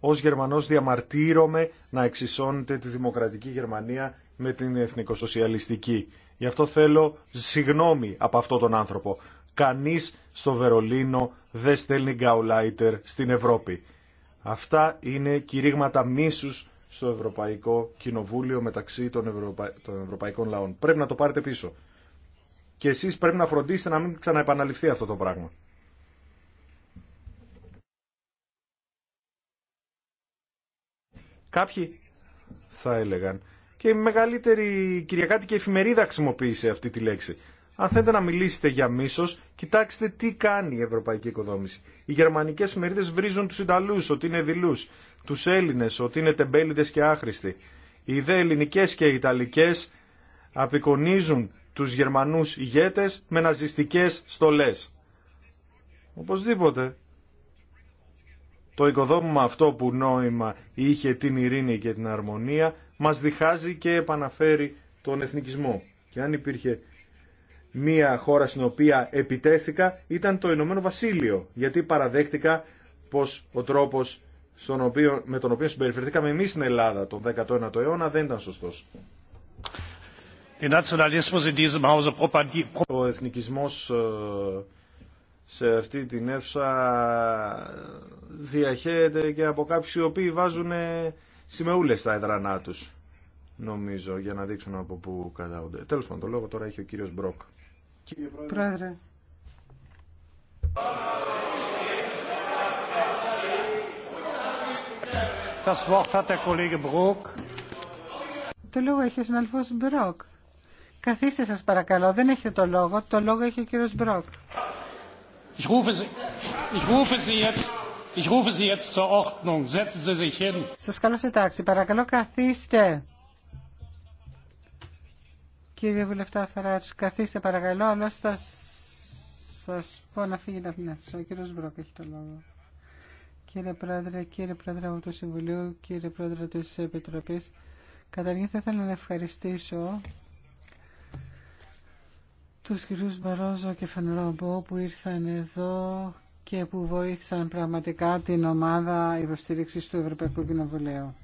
Speaker 3: Ως Γερμανός διαμαρτύρομαι να εξισώνεται τη δημοκρατική Γερμανία με την εθνικοσοσιαλιστική. Γι' αυτό θέλω συγνώμη από αυτόν τον άνθρωπο. Κανείς στο Βερολίνο δεν στέλνει Γκάουλάιτερ στην Ευρώπη. Αυτά είναι κηρύγματα μίσους στο Ευρωπαϊκό Κοινοβούλιο μεταξύ των, των Ευρωπαϊκών λαών. Πρέπει να το πάρετε πίσω και εσείς πρέπει να φροντίσετε να μην ξαναεπαναληφθεί αυτό το πράγμα. Κάποιοι θα έλεγαν. Και η μεγαλύτερη κυριακάτικη εφημερίδα χρησιμοποίησε αυτή τη λέξη. Αν θέλετε να μιλήσετε για μίσος, κοιτάξτε τι κάνει η ευρωπαϊκή οικοδόμηση. Οι γερμανικές εφημερίδες βρίζουν τους Ιταλούς ότι είναι δειλούς, τους Έλληνες ότι είναι τεμπέληδες και άχρηστοι. Οι δε ελληνικές και οι ιταλικές απεικονίζουν τους Γερμανούς ηγέτες με ναζιστικές στολές. Οπωσδήποτε. Το οικοδόμημα αυτό που νόημα είχε την ειρήνη και την αρμονία μας διχάζει και επαναφέρει τον εθνικισμό. Και αν υπήρχε μία χώρα στην οποία επιτέθηκα ήταν το Ηνωμένο Βασίλειο γιατί παραδέχτηκα πως ο τρόπος στον οποίο, με τον οποίο συμπεριφερθήκαμε εμείς στην Ελλάδα τον 19ο αιώνα δεν ήταν σωστός. Ο εθνικισμός ε, σε αυτή την αίθουσα ε, διαχέεται και από κάποιους οι οποίοι βάζουν ε, σημεούλες στα έδρανά τους νομίζω για να δείξουν από πού κατάγονται. Τέλος πάντων το λόγο τώρα έχει ο κύριος Μπρόκ. Κύριε
Speaker 1: Πρόεδρε.
Speaker 4: Das Wort hat der Kollege
Speaker 1: Το λόγο έχει ο συναλφός Μπρόκ. Καθίστε σας παρακαλώ, δεν έχετε το λόγο. Το λόγο έχει ο κύριος Μπρόκ.
Speaker 4: Ich rufe Sie, jetzt, zur Ordnung. Setzen Sie sich hin.
Speaker 1: Σας καλώ σε τάξη. Παρακαλώ καθίστε. Κύριε Βουλευτά Φαράτσου, καθίστε παρακαλώ, αλλά θα σας πω να φύγετε από την αίθουσα. Ο κύριος Μπρόκ έχει το λόγο. Κύριε Πρόεδρε, κύριε Πρόεδρε του Συμβουλίου, κύριε Πρόεδρε της Επιτροπής, καταρχήν θα ήθελα να ευχαριστήσω τους κυρίους Μπαρόζο και Φενρόμπο που ήρθαν εδώ και που βοήθησαν πραγματικά την ομάδα υποστήριξη του Ευρωπαϊκού Κοινοβουλίου.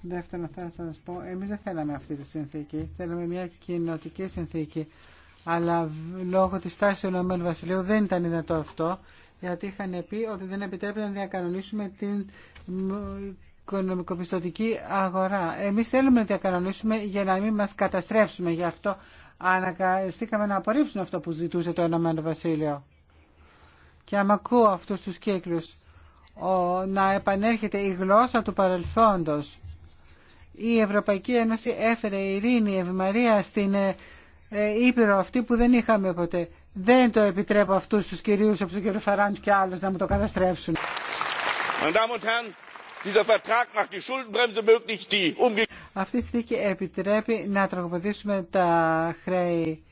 Speaker 1: Δεύτερον, θα σας πω, εμείς δεν θέλαμε αυτή τη συνθήκη, θέλαμε μια κοινωτική συνθήκη, αλλά λόγω της τάσης του Ηνωμένου Βασιλείου δεν ήταν δυνατό αυτό, γιατί είχαν πει ότι δεν επιτρέπει να διακανονίσουμε την, οικονομικοπιστωτική αγορά. Εμείς θέλουμε να διακανονίσουμε για να μην μας καταστρέψουμε. Γι' αυτό αναγκαστήκαμε να απορρίψουμε αυτό που ζητούσε το Ηνωμένο Βασίλειο. Και άμα ακούω αυτούς τους κύκλους, να επανέρχεται η γλώσσα του παρελθόντος. Η Ευρωπαϊκή Ένωση έφερε ειρήνη, ευημαρία στην ε, ε, Ήπειρο αυτή που δεν είχαμε ποτέ. Δεν το επιτρέπω αυτούς τους κυρίους από ο κ. Φαράντ και άλλους να μου το καταστρέψουν. Αυτή η συνθήκη επιτρέπει να τραγουδήσουμε τα χρέη.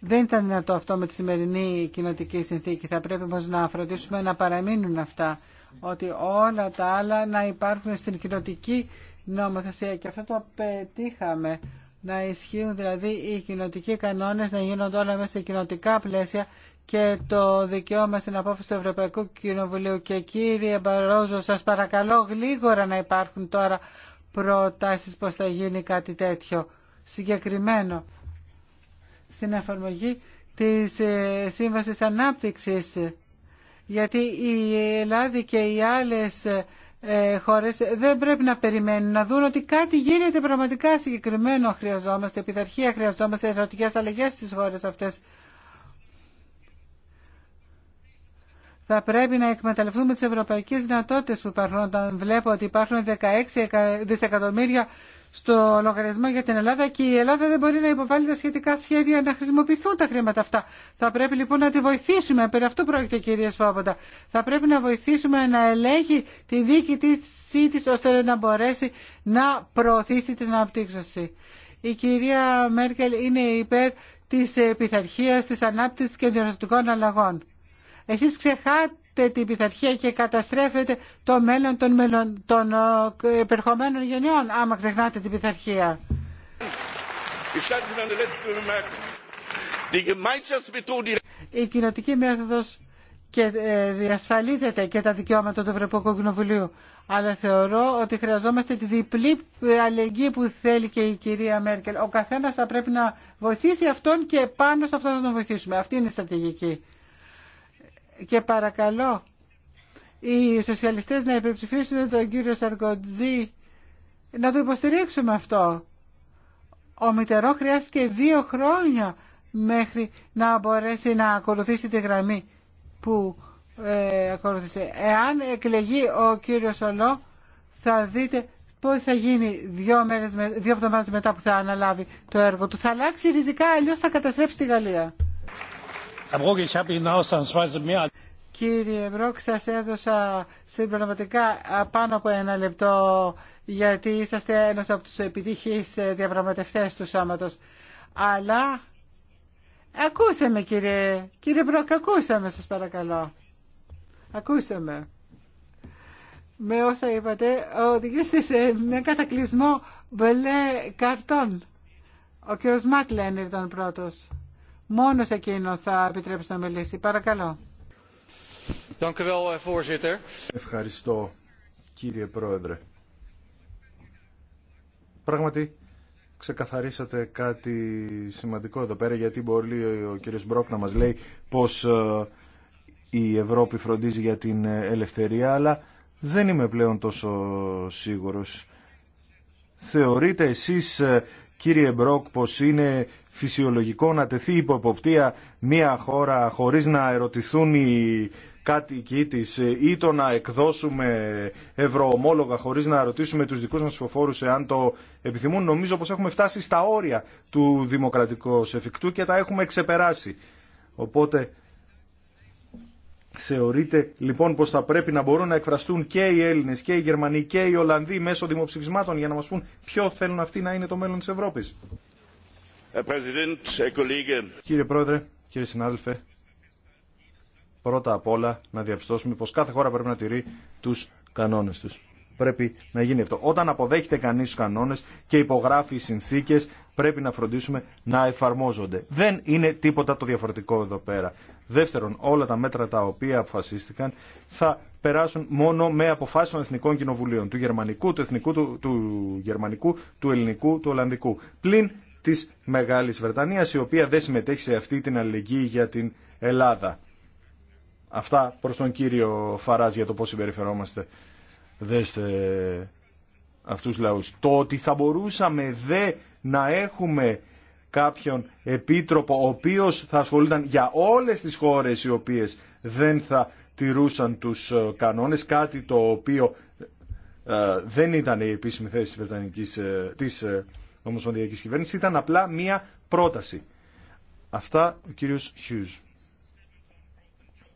Speaker 1: Δεν ήταν δυνατό αυτό με τη σημερινή κοινοτική συνθήκη. Θα πρέπει όμως να φροντίσουμε να παραμείνουν αυτά. Ότι όλα τα άλλα να υπάρχουν στην κοινοτική νομοθεσία. Και αυτό το πετύχαμε. Να ισχύουν δηλαδή οι κοινοτικοί κανόνες, να γίνονται όλα μέσα σε κοινοτικά πλαίσια και το δικαίωμα στην απόφαση του Ευρωπαϊκού Κοινοβουλίου. Και κύριε Μπαρόζο, σας παρακαλώ γλίγορα να υπάρχουν τώρα προτάσεις πως θα γίνει κάτι τέτοιο συγκεκριμένο στην εφαρμογή της ε, Σύμβασης Ανάπτυξης γιατί η Ελλάδα και οι άλλες ε, χώρες δεν πρέπει να περιμένουν να δουν ότι κάτι γίνεται πραγματικά συγκεκριμένο χρειαζόμαστε, επιταρχία χρειαζόμαστε, ερωτικές αλλαγές στις χώρες αυτές θα πρέπει να εκμεταλλευτούμε τις ευρωπαϊκές δυνατότητες που υπάρχουν. Όταν βλέπω ότι υπάρχουν 16 δισεκατομμύρια στο λογαριασμό για την Ελλάδα και η Ελλάδα δεν μπορεί να υποβάλει τα σχετικά σχέδια να χρησιμοποιηθούν τα χρήματα αυτά. Θα πρέπει λοιπόν να τη βοηθήσουμε, περί αυτού πρόκειται κυρία Σφόποντα. Θα πρέπει να βοηθήσουμε να ελέγχει τη δίκη της ώστε να μπορέσει να προωθήσει την αναπτύξωση. Η κυρία Μέρκελ είναι υπέρ της ε, πειθαρχίας, της ανάπτυξης και διορθωτικών αλλαγών. Εσείς ξεχάτε την πειθαρχία και καταστρέφετε το μέλλον των, υπερχομένων των ε, επερχομένων γενιών άμα ξεχνάτε την πειθαρχία. Η κοινοτική μέθοδος και ε, διασφαλίζεται και τα δικαιώματα του Ευρωπαϊκού Κοινοβουλίου. Αλλά θεωρώ ότι χρειαζόμαστε τη διπλή ε, αλληλεγγύη που θέλει και η κυρία Μέρκελ. Ο καθένας θα πρέπει να βοηθήσει αυτόν και πάνω σε αυτό θα τον βοηθήσουμε. Αυτή είναι η στρατηγική και παρακαλώ οι σοσιαλιστές να υπερψηφίσουν τον κύριο Σαρκοτζή να το υποστηρίξουμε αυτό. Ο Μητερό χρειάστηκε δύο χρόνια μέχρι να μπορέσει να ακολουθήσει τη γραμμή που ε, ακολουθήσε. Εάν εκλεγεί ο κύριος Ολό θα δείτε πώς θα γίνει δύο, μέρες, δύο εβδομάδες μετά που θα αναλάβει το έργο του. Θα αλλάξει ριζικά, αλλιώς θα καταστρέψει τη Γαλλία. Κύριε Μπρόκ, σα έδωσα συμπληρωματικά πάνω από ένα λεπτό, γιατί είσαστε ένα από ε, του επιτυχεί διαπραγματευτέ του σώματο. Αλλά. Ακούστε με, κύριε. Κύριε Μπρόκ, ακούστε με, σα παρακαλώ. Ακούστε με. Με όσα είπατε, οδηγήστε σε ένα κατακλυσμό μπλε καρτών. Ο κύριος Μάτλεν ήταν πρώτος. Μόνο σε εκείνο θα επιτρέψει να μιλήσει. Παρακαλώ. Eh,
Speaker 3: Ευχαριστώ κύριε Πρόεδρε. Πράγματι, ξεκαθαρίσατε κάτι σημαντικό εδώ πέρα, γιατί μπορεί ο κύριος Μπρόκ να μας λέει πως ε, η Ευρώπη φροντίζει για την ε, ελευθερία, αλλά δεν είμαι πλέον τόσο σίγουρος. Θεωρείτε εσείς ε, κύριε Μπρόκ, πως είναι φυσιολογικό να τεθεί υπό εποπτεία μια χώρα χωρίς να ερωτηθούν οι κάτοικοί τη ή το να εκδώσουμε ευρωομόλογα χωρίς να ρωτήσουμε τους δικούς μας ψηφοφόρου εάν το επιθυμούν. Νομίζω πως έχουμε φτάσει στα όρια του δημοκρατικού εφικτού και τα έχουμε ξεπεράσει. Οπότε Ξεωρείτε λοιπόν πως θα πρέπει να μπορούν να εκφραστούν και οι Έλληνες και οι Γερμανοί και οι Ολλανδοί μέσω δημοψηφισμάτων για να μας πούν ποιο θέλουν αυτοί να είναι το μέλλον της Ευρώπης. Κύριε Πρόεδρε, κύριε συνάδελφε, πρώτα απ' όλα να διαπιστώσουμε πως κάθε χώρα πρέπει να τηρεί τους κανόνες τους πρέπει να γίνει αυτό. Όταν αποδέχεται κανεί του κανόνε και υπογράφει οι συνθήκε, πρέπει να φροντίσουμε να εφαρμόζονται. Δεν είναι τίποτα το διαφορετικό εδώ πέρα. Δεύτερον, όλα τα μέτρα τα οποία αποφασίστηκαν θα περάσουν μόνο με αποφάσει των εθνικών κοινοβουλίων. Του γερμανικού, του εθνικού, του, του γερμανικού, του ελληνικού, του ολλανδικού. Πλην τη Μεγάλη Βρετανία, η οποία δεν συμμετέχει σε αυτή την αλληλεγγύη για την Ελλάδα. Αυτά προς τον κύριο Φαράζ για το πώς συμπεριφερόμαστε δέστε αυτούς λαούς. Το ότι θα μπορούσαμε δε να έχουμε κάποιον επίτροπο ο οποίος θα ασχολούνταν για όλες τις χώρες οι οποίες δεν θα τηρούσαν τους ε, κανόνες, κάτι το οποίο ε, δεν ήταν η επίσημη θέση της, Βρετανικής, ε, της Ομοσπονδιακής Κυβέρνησης, ήταν απλά μία πρόταση. Αυτά ο κύριος Χιούζ.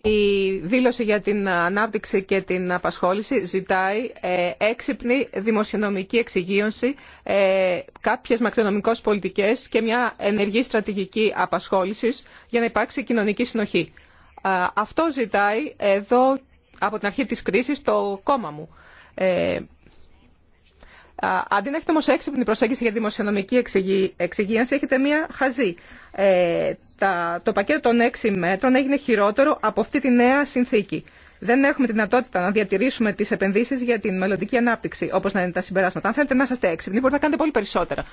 Speaker 2: Η δήλωση για την ανάπτυξη και την απασχόληση ζητάει ε, έξυπνη δημοσιονομική εξυγίωση, ε, κάποιες μακρονομικές πολιτικές και μια ενεργή στρατηγική απασχόλησης για να υπάρξει κοινωνική συνοχή. Αυτό ζητάει εδώ από την αρχή της κρίσης το κόμμα μου. Ε, Αντί να έχετε όμω έξυπνη προσέγγιση για δημοσιονομική εξυγίανση, έχετε μία χαζή. Ε, το πακέτο των έξι μέτρων έγινε χειρότερο από αυτή τη νέα συνθήκη. Δεν έχουμε τη δυνατότητα να διατηρήσουμε τι επενδύσει για την μελλοντική ανάπτυξη, όπω να είναι τα συμπεράσματα. Αν θέλετε να είστε έξυπνοι, μπορείτε να κάνετε πολύ περισσότερα.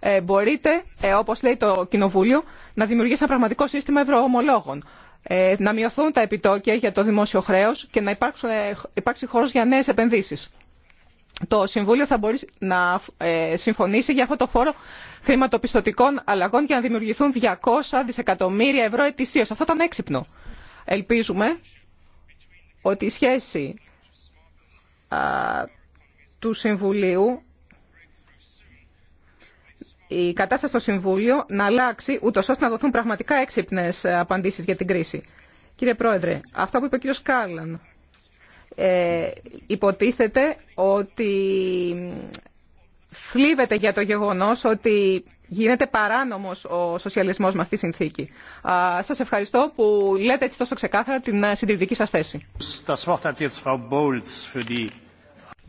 Speaker 2: Ε, μπορείτε, ε, όπω λέει το Κοινοβούλιο, να δημιουργήσετε ένα πραγματικό σύστημα ευρωομολόγων. Ε, να μειωθούν τα επιτόκια για το δημόσιο χρέο και να ε, υπάρξει χώρο για νέε επενδύσει το Συμβούλιο θα μπορεί να ε, συμφωνήσει για αυτό το φόρο χρηματοπιστωτικών αλλαγών και να δημιουργηθούν 200 δισεκατομμύρια ευρώ ετησίως. Αυτό ήταν έξυπνο. Ελπίζουμε ότι η σχέση του Συμβουλίου, η κατάσταση στο Συμβούλιο να αλλάξει, ούτω ώστε να δοθούν πραγματικά έξυπνες ε, απαντήσεις για την κρίση. Κύριε Πρόεδρε, αυτό που είπε ο κ. Κάλλαν, ε, υποτίθεται ότι θλίβεται για το γεγονός ότι γίνεται παράνομος ο σοσιαλισμός με αυτή τη συνθήκη. Α, σας ευχαριστώ που λέτε έτσι τόσο ξεκάθαρα την ε, συντηρητική σας θέση.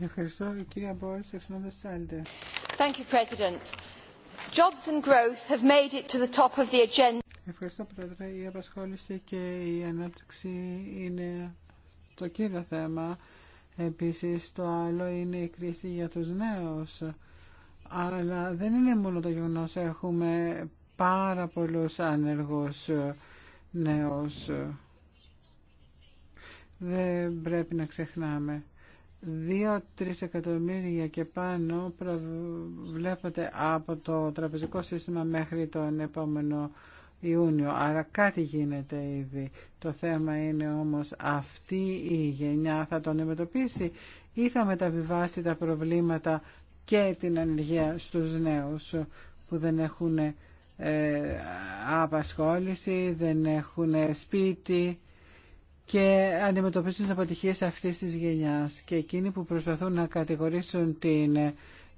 Speaker 1: Ευχαριστώ, η κυρία Μπόλς, ευθυνόντας Σάλντε.
Speaker 6: Thank you, President. Jobs and growth have made it to the top of the agenda. Ευχαριστώ, Πρόεδρε. Η
Speaker 1: απασχόληση και η ανάπτυξη είναι το κύριο θέμα. Επίσης το άλλο είναι η κρίση για τους νέους. Αλλά δεν είναι μόνο το γεγονός έχουμε πάρα πολλούς άνεργους νέους. Δεν πρέπει να ξεχναμε δυο 2-3 εκατομμύρια και πάνω βλέπετε από το τραπεζικό σύστημα μέχρι τον επόμενο Ιούνιο, άρα κάτι γίνεται ήδη. Το θέμα είναι όμως αυτή η γενιά θα τον αντιμετωπίσει ή θα μεταβιβάσει τα προβλήματα και την ανεργία στους νέους που δεν έχουν ε, απασχόληση, δεν έχουν σπίτι και αντιμετωπίζουν τις αποτυχίες αυτής της γενιάς. Και εκείνοι που προσπαθούν να κατηγορήσουν την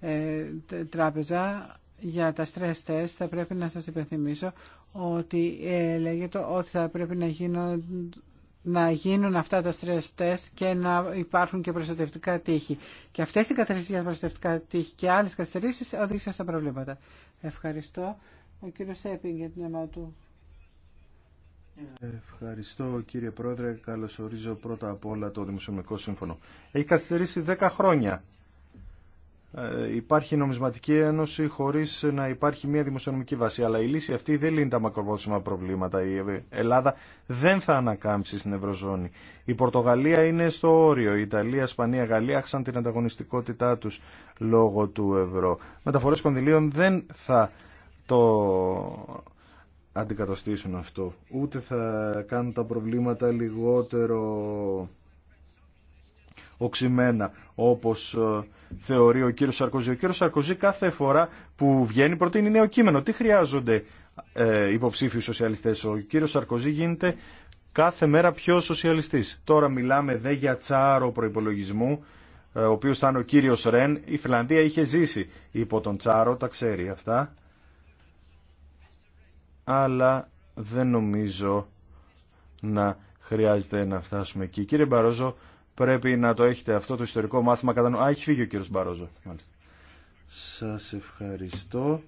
Speaker 1: ε, τράπεζα για τα stress test θα πρέπει να σας υπενθυμίσω ότι ε, λέγεται ότι θα πρέπει να γίνουν, να γίνουν αυτά τα stress test και να υπάρχουν και προστατευτικά τείχη. Και αυτές οι καθαρίσεις για προστατευτικά τείχη και άλλες καθυστερήσεις οδήγησαν στα προβλήματα. Ευχαριστώ. Ο κύριος Σέπιν για την αίμα του.
Speaker 3: Ευχαριστώ κύριε Πρόεδρε. Καλωσορίζω πρώτα απ' όλα το Δημοσιονομικό Σύμφωνο. Έχει καθυστερήσει 10 χρόνια ε, υπάρχει νομισματική ένωση χωρίς να υπάρχει μια δημοσιονομική βάση. Αλλά η λύση αυτή δεν λύνει τα μακροπρόθεσμα προβλήματα. Η Ελλάδα δεν θα ανακάμψει στην Ευρωζώνη. Η Πορτογαλία είναι στο όριο. Η Ιταλία, Ισπανία, Γαλλία άξαν την ανταγωνιστικότητά τους λόγω του ευρώ. Μεταφορές κονδυλίων δεν θα το αντικαταστήσουν αυτό. Ούτε θα κάνουν τα προβλήματα λιγότερο οξυμένα όπως ε, θεωρεί ο κύριος Σαρκοζή. Ο κύριος Σαρκοζή κάθε φορά που βγαίνει προτείνει νέο κείμενο. Τι χρειάζονται ε, υποψήφιοι σοσιαλιστές. Ο κύριος Σαρκοζή γίνεται κάθε μέρα πιο σοσιαλιστής. Τώρα μιλάμε δε για τσάρο προπολογισμού, ε, ο οποίος ήταν ο κύριος Ρεν. Η Φιλανδία είχε ζήσει υπό τον τσάρο, τα ξέρει αυτά. Αλλά δεν νομίζω να χρειάζεται να φτάσουμε εκεί. Κύριε Μπαρόζο, Πρέπει να το έχετε αυτό το ιστορικό μάθημα κατά νου. Α, έχει φύγει ο κύριος Μπαρόζο. Μάλιστα. Σας ευχαριστώ.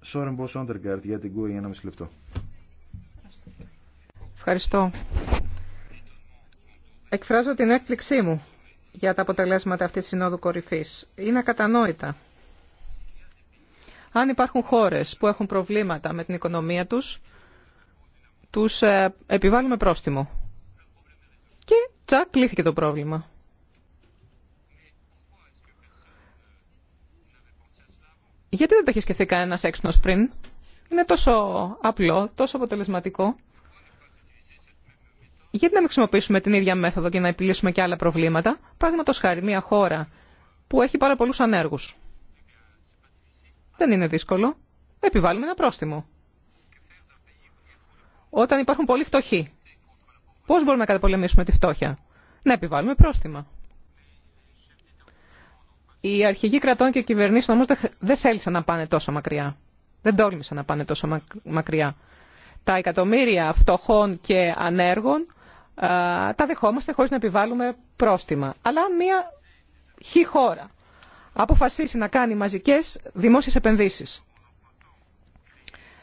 Speaker 3: Σόρεν Μπος Όντεργκαρτ για την ΚΟΕ για ένα
Speaker 2: Ευχαριστώ. Εκφράζω την έκπληξή μου για τα αποτελέσματα αυτής της Συνόδου Κορυφής. Είναι ακατανόητα. Αν υπάρχουν χώρες που έχουν προβλήματα με την οικονομία τους, τους ε, επιβάλλουμε πρόστιμο. Τσακ, λύθηκε το πρόβλημα. Γιατί δεν το έχει σκεφτεί κανένα έξυπνο πριν. Είναι τόσο απλό, τόσο αποτελεσματικό. Γιατί να μην χρησιμοποιήσουμε την ίδια μέθοδο και να επιλύσουμε και άλλα προβλήματα. Παραδείγματο χάρη, μια χώρα που έχει πάρα πολλού ανέργου. Δεν είναι δύσκολο. Επιβάλλουμε ένα πρόστιμο. Όταν υπάρχουν πολλοί φτωχοί. Πώ μπορούμε να καταπολεμήσουμε τη φτώχεια. Να επιβάλλουμε πρόστιμα. Οι αρχηγοί κρατών και κυβερνήσεων όμω δεν θέλησαν να πάνε τόσο μακριά. Δεν τόλμησαν να πάνε τόσο μακριά. Τα εκατομμύρια φτωχών και ανέργων τα δεχόμαστε χωρί να επιβάλλουμε πρόστιμα. Αλλά αν μια χή χώρα αποφασίσει να κάνει μαζικές δημόσιε επενδύσει.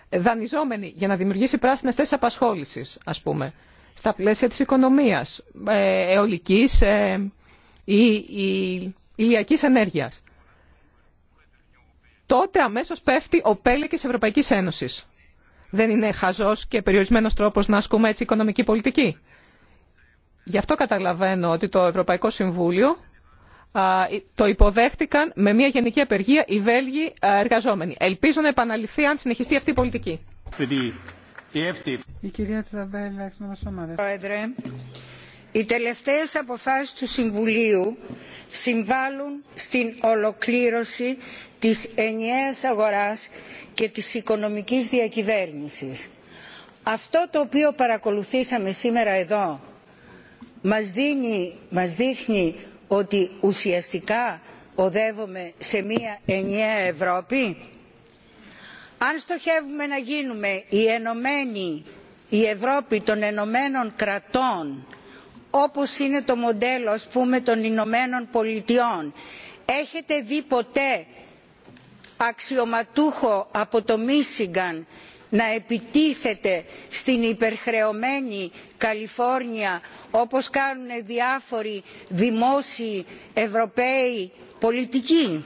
Speaker 2: δανειζόμενη για να δημιουργήσει πράσινε θέσεις απασχόληση, α πούμε, στα πλαίσια της οικονομίας, ε, αιωλικής ε, ή ηλιακής ενέργειας. Τότε αμέσως πέφτει ο πέλεκης Ευρωπαϊκής Ένωσης. Δεν είναι χαζός και περιορισμένος τρόπος να ασκούμε έτσι οικονομική πολιτική. Γι' αυτό καταλαβαίνω ότι το Ευρωπαϊκό Συμβούλιο το υποδέχτηκαν με μια γενική απεργία οι Βέλγοι εργαζόμενοι. Ελπίζω να επαναληφθεί αν συνεχιστεί αυτή η πολιτική. Η κυρία οι
Speaker 6: τελευταίες αποφάσεις του Συμβουλίου συμβάλλουν στην ολοκλήρωση της ενιαίας αγοράς και της οικονομικής διακυβέρνησης. Αυτό το οποίο παρακολουθήσαμε σήμερα εδώ μας, δίνει, μας δείχνει ότι ουσιαστικά οδεύουμε σε μια ενιαία Ευρώπη αν στοχεύουμε να γίνουμε η ενωμένη η ευρώπη των ενωμένων κρατών όπως είναι το μοντέλο πούμε των ηνωμένων πολιτειών έχετε δει ποτέ αξιωματούχο από το μίσιγκαν να επιτίθεται στην υπερχρεωμένη καλιφόρνια όπως κάνουν διάφοροι δημόσιοι ευρωπαίοι πολιτικοί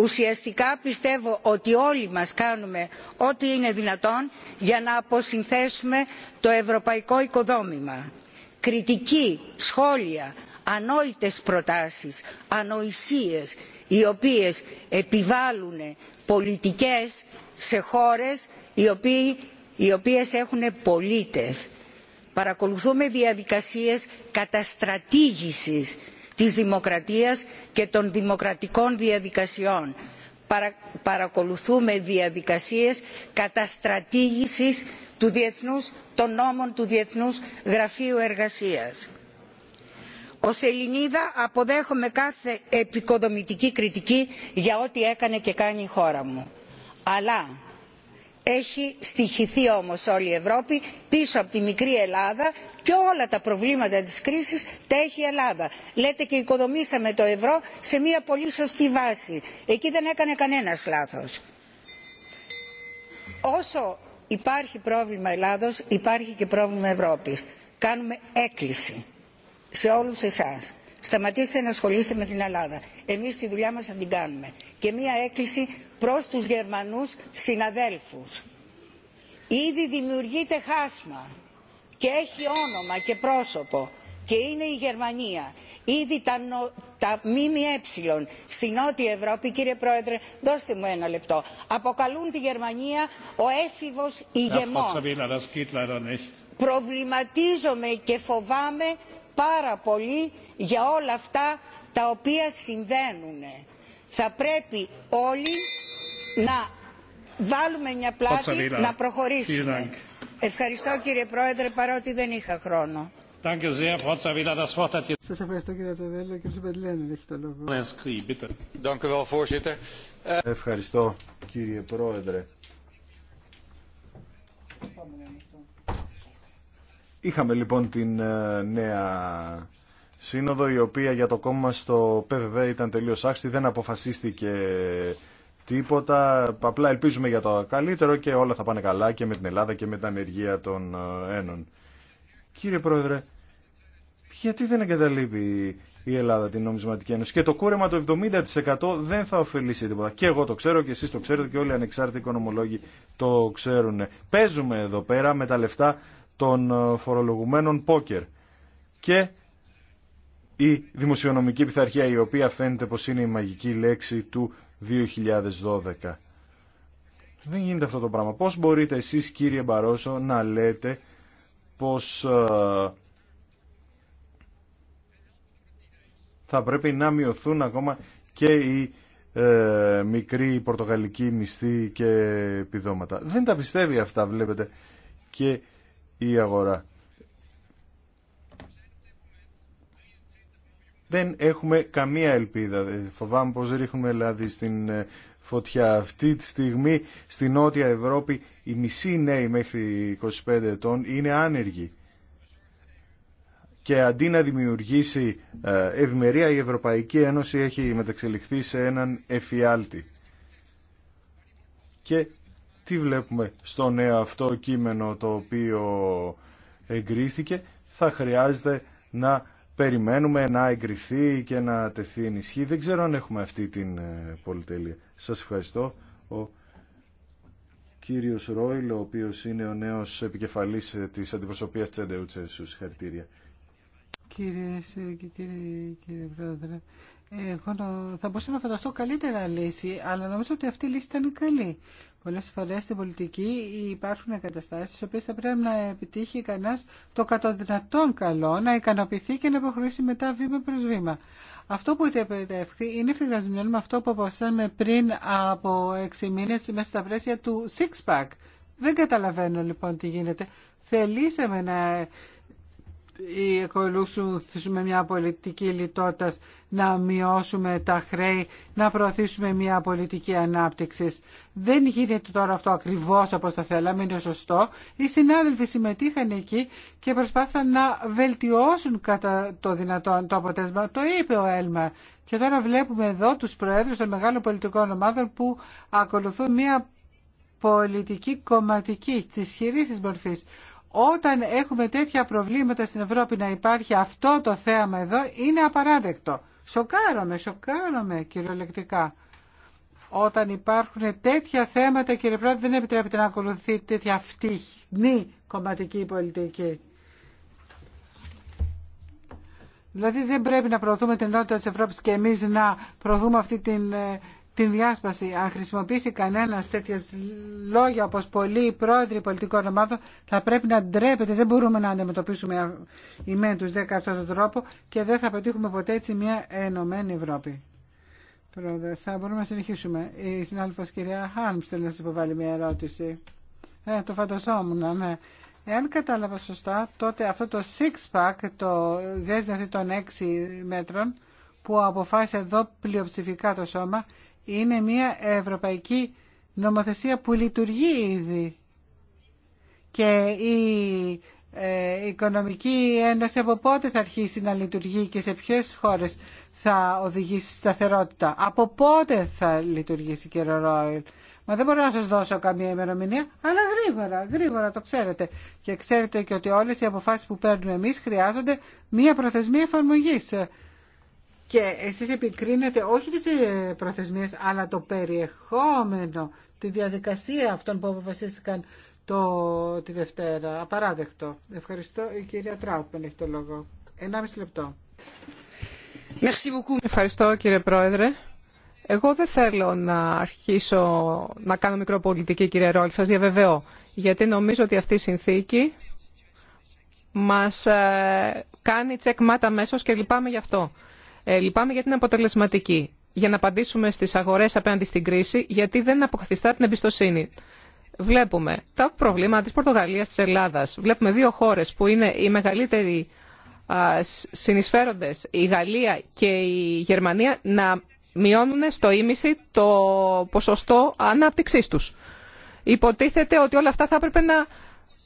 Speaker 6: ουσιαστικά πιστεύω ότι όλοι μας κάνουμε ό,τι είναι δυνατόν για να αποσυνθέσουμε το ευρωπαϊκό οικοδόμημα. κριτική σχόλια ανόητες προτάσεις ανοησίες οι οποίες επιβάλλουν πολιτικές σε χώρες οι, οποίοι, οι οποίες έχουν πολίτες. παρακολουθούμε διαδικασίες καταστρατήγησης της δημοκρατίας και των δημοκρατικών διαδικασιών. παρακολουθούμε διαδικασίες καταστρατήγησης του των νόμων του Διεθνούς Γραφείου Εργασίας. Ως Ελληνίδα αποδέχομαι κάθε επικοδομητική κριτική για ό,τι έκανε και κάνει η χώρα μου. Αλλά έχει στοιχηθεί όμως όλη η Ευρώπη πίσω από τη μικρή Ελλάδα και όλα τα προβλήματα της κρίσης τα έχει η Ελλάδα. Λέτε και οικοδομήσαμε το ευρώ σε μια πολύ σωστή βάση. Εκεί δεν έκανε κανένας λάθος. Όσο υπάρχει πρόβλημα Ελλάδος υπάρχει και πρόβλημα Ευρώπης. Κάνουμε έκκληση σε όλους εσάς Σταματήστε να ασχολείστε με την Ελλάδα. Εμείς τη δουλειά μας θα την κάνουμε. Και μία έκκληση προς τους Γερμανούς συναδέλφους. Ήδη δημιουργείται χάσμα και έχει όνομα και πρόσωπο και είναι η Γερμανία. Ήδη τα, νο... τα ΜΜΕ στην Νότια Ευρώπη, κύριε Πρόεδρε, δώστε μου ένα λεπτό, αποκαλούν τη Γερμανία ο έφηβος ηγεμόν. Προβληματίζομαι και φοβάμαι πάρα πολύ για όλα αυτά τα οποία συμβαίνουν. Θα πρέπει όλοι να βάλουμε μια πλάτη να προχωρήσουμε. Ευχαριστώ κύριε Πρόεδρε παρότι δεν είχα χρόνο.
Speaker 4: Ευχαριστώ
Speaker 3: κύριε Πρόεδρε. Είχαμε λοιπόν την ε, νέα σύνοδο η οποία για το κόμμα στο ΠΒΒ ήταν τελείως άξιτη, δεν αποφασίστηκε τίποτα. Απλά ελπίζουμε για το καλύτερο και όλα θα πάνε καλά και με την Ελλάδα και με την ανεργία των ε, ένων. Κύριε Πρόεδρε, γιατί δεν εγκαταλείπει η Ελλάδα την νομισματική ένωση και το κούρεμα το 70% δεν θα ωφελήσει τίποτα. Και εγώ το ξέρω και εσείς το ξέρετε και όλοι οι ανεξάρτητοι οικονομολόγοι το ξέρουν. Παίζουμε εδώ πέρα με τα λεφτά των ε, φορολογουμένων πόκερ και η δημοσιονομική πειθαρχία η οποία φαίνεται πως είναι η μαγική λέξη του 2012. Δεν γίνεται αυτό το πράγμα. Πώς μπορείτε εσείς κύριε Μπαρόσο να λέτε πως ε, θα πρέπει να μειωθούν ακόμα και οι ε, μικροί πορτογαλικοί μισθοί και επιδόματα. Δεν τα πιστεύει αυτά βλέπετε και η αγορά. Δεν έχουμε καμία ελπίδα. Φοβάμαι πως ρίχνουμε λάδι στην ε, φωτιά. Αυτή τη στιγμή στη Νότια Ευρώπη οι μισοί νέοι μέχρι 25 ετών είναι άνεργοι. Και αντί να δημιουργήσει ε, ευημερία η Ευρωπαϊκή Ένωση έχει μεταξελιχθεί σε έναν εφιάλτη. Και τι βλέπουμε στο νέο αυτό κείμενο το οποίο εγκρίθηκε, θα χρειάζεται να περιμένουμε να εγκριθεί και να τεθεί ενισχύ. Δεν ξέρω αν έχουμε αυτή την ε, πολυτέλεια. Σας ευχαριστώ. Ο κύριος Ρόιλ, ο οποίος είναι ο νέος επικεφαλής ε, της αντιπροσωπείας της σου συγχαρητήρια.
Speaker 1: Κυρίες και κύριοι, κύριε Πρόεδρε, εγώ θα μπορούσα να φανταστώ καλύτερα λύση, αλλά νομίζω ότι αυτή η λύση ήταν καλή. Πολλέ φορέ στην πολιτική υπάρχουν καταστάσει στις οποίες θα πρέπει να επιτύχει κανένα το κατοδυνατόν καλό, να ικανοποιηθεί και να προχωρήσει μετά βήμα προ βήμα. Αυτό που είτε επιτευχθεί είναι φυλασμιόν με αυτό που αποφασίσαμε πριν από 6 μήνε μέσα στα πλαίσια του Six Pack. Δεν καταλαβαίνω λοιπόν τι γίνεται. Θελήσαμε να ή ακολουθήσουμε μια πολιτική λιτότητας, να μειώσουμε τα χρέη, να προωθήσουμε μια πολιτική ανάπτυξη. Δεν γίνεται τώρα αυτό ακριβώς όπως το θέλαμε, είναι σωστό. Οι συνάδελφοι συμμετείχαν εκεί και προσπάθησαν να βελτιώσουν κατά το δυνατόν το αποτέλεσμα. Το είπε ο Έλμαρ. Και τώρα βλέπουμε εδώ τους προέδρους των μεγάλων πολιτικών ομάδων που ακολουθούν μια πολιτική κομματική της χειρής της μορφής όταν έχουμε τέτοια προβλήματα στην Ευρώπη να υπάρχει αυτό το θέαμα εδώ είναι απαράδεκτο. Σοκάρομαι, σοκάρομαι κυριολεκτικά. Όταν υπάρχουν τέτοια θέματα, κύριε Πρόεδρε, δεν επιτρέπεται να ακολουθεί τέτοια φτυχνή κομματική πολιτική. Δηλαδή δεν πρέπει να προωθούμε την ενότητα της Ευρώπης και εμείς να προωθούμε αυτή την ε, την διάσπαση. Αν χρησιμοποιήσει κανένα τέτοια λόγια όπω πολλοί πρόεδροι πολιτικών ομάδων, θα πρέπει να ντρέπεται. Δεν μπορούμε να αντιμετωπίσουμε οι μεν του 10 αυτόν τον τρόπο και δεν θα πετύχουμε ποτέ έτσι μια ενωμένη Ευρώπη. Πρόεδρε, θα μπορούμε να συνεχίσουμε. Η συνάδελφο κυρία Χάρμ θέλει να σα υποβάλει μια ερώτηση. Ε, το φανταζόμουν, ναι. Εάν κατάλαβα σωστά, τότε αυτό το six-pack, το δέσμευτη των 6 μέτρων, που αποφάσισε εδώ πλειοψηφικά το σώμα, είναι μια ευρωπαϊκή νομοθεσία που λειτουργεί ήδη και ε, η οικονομική ένωση από πότε θα αρχίσει να λειτουργεί και σε ποιες χώρες θα οδηγήσει σταθερότητα. Από πότε θα λειτουργήσει και ρορόιλ. Μα δεν μπορώ να σας δώσω καμία ημερομηνία, αλλά γρήγορα, γρήγορα το ξέρετε. Και ξέρετε και ότι όλες οι αποφάσεις που παίρνουμε εμείς χρειάζονται μία προθεσμία εφαρμογής και εσείς επικρίνετε όχι τις ε, προθεσμίες αλλά το περιεχόμενο, τη διαδικασία αυτών που αποφασίστηκαν το, τη Δευτέρα. Απαράδεκτο. Ευχαριστώ. Η κυρία Τράουπεν έχει το λόγο. Ένα μισή λεπτό.
Speaker 2: Ευχαριστώ κύριε Πρόεδρε. Εγώ δεν θέλω να αρχίσω να κάνω μικροπολιτική κυρία Ρόλη, σας διαβεβαιώ. Γιατί νομίζω ότι αυτή η συνθήκη μας ε, κάνει τσεκμάτα μάτα και λυπάμαι γι' αυτό. Ε, λυπάμαι για την αποτελεσματική. Για να απαντήσουμε στις αγορές απέναντι στην κρίση, γιατί δεν αποκαθιστά την εμπιστοσύνη. Βλέπουμε τα προβλήματα της Πορτογαλίας, της Ελλάδας. Βλέπουμε δύο χώρες που είναι οι μεγαλύτεροι συνεισφέροντες, η Γαλλία και η Γερμανία, να μειώνουν στο ίμιση το ποσοστό ανάπτυξής τους. Υποτίθεται ότι όλα αυτά θα έπρεπε, να,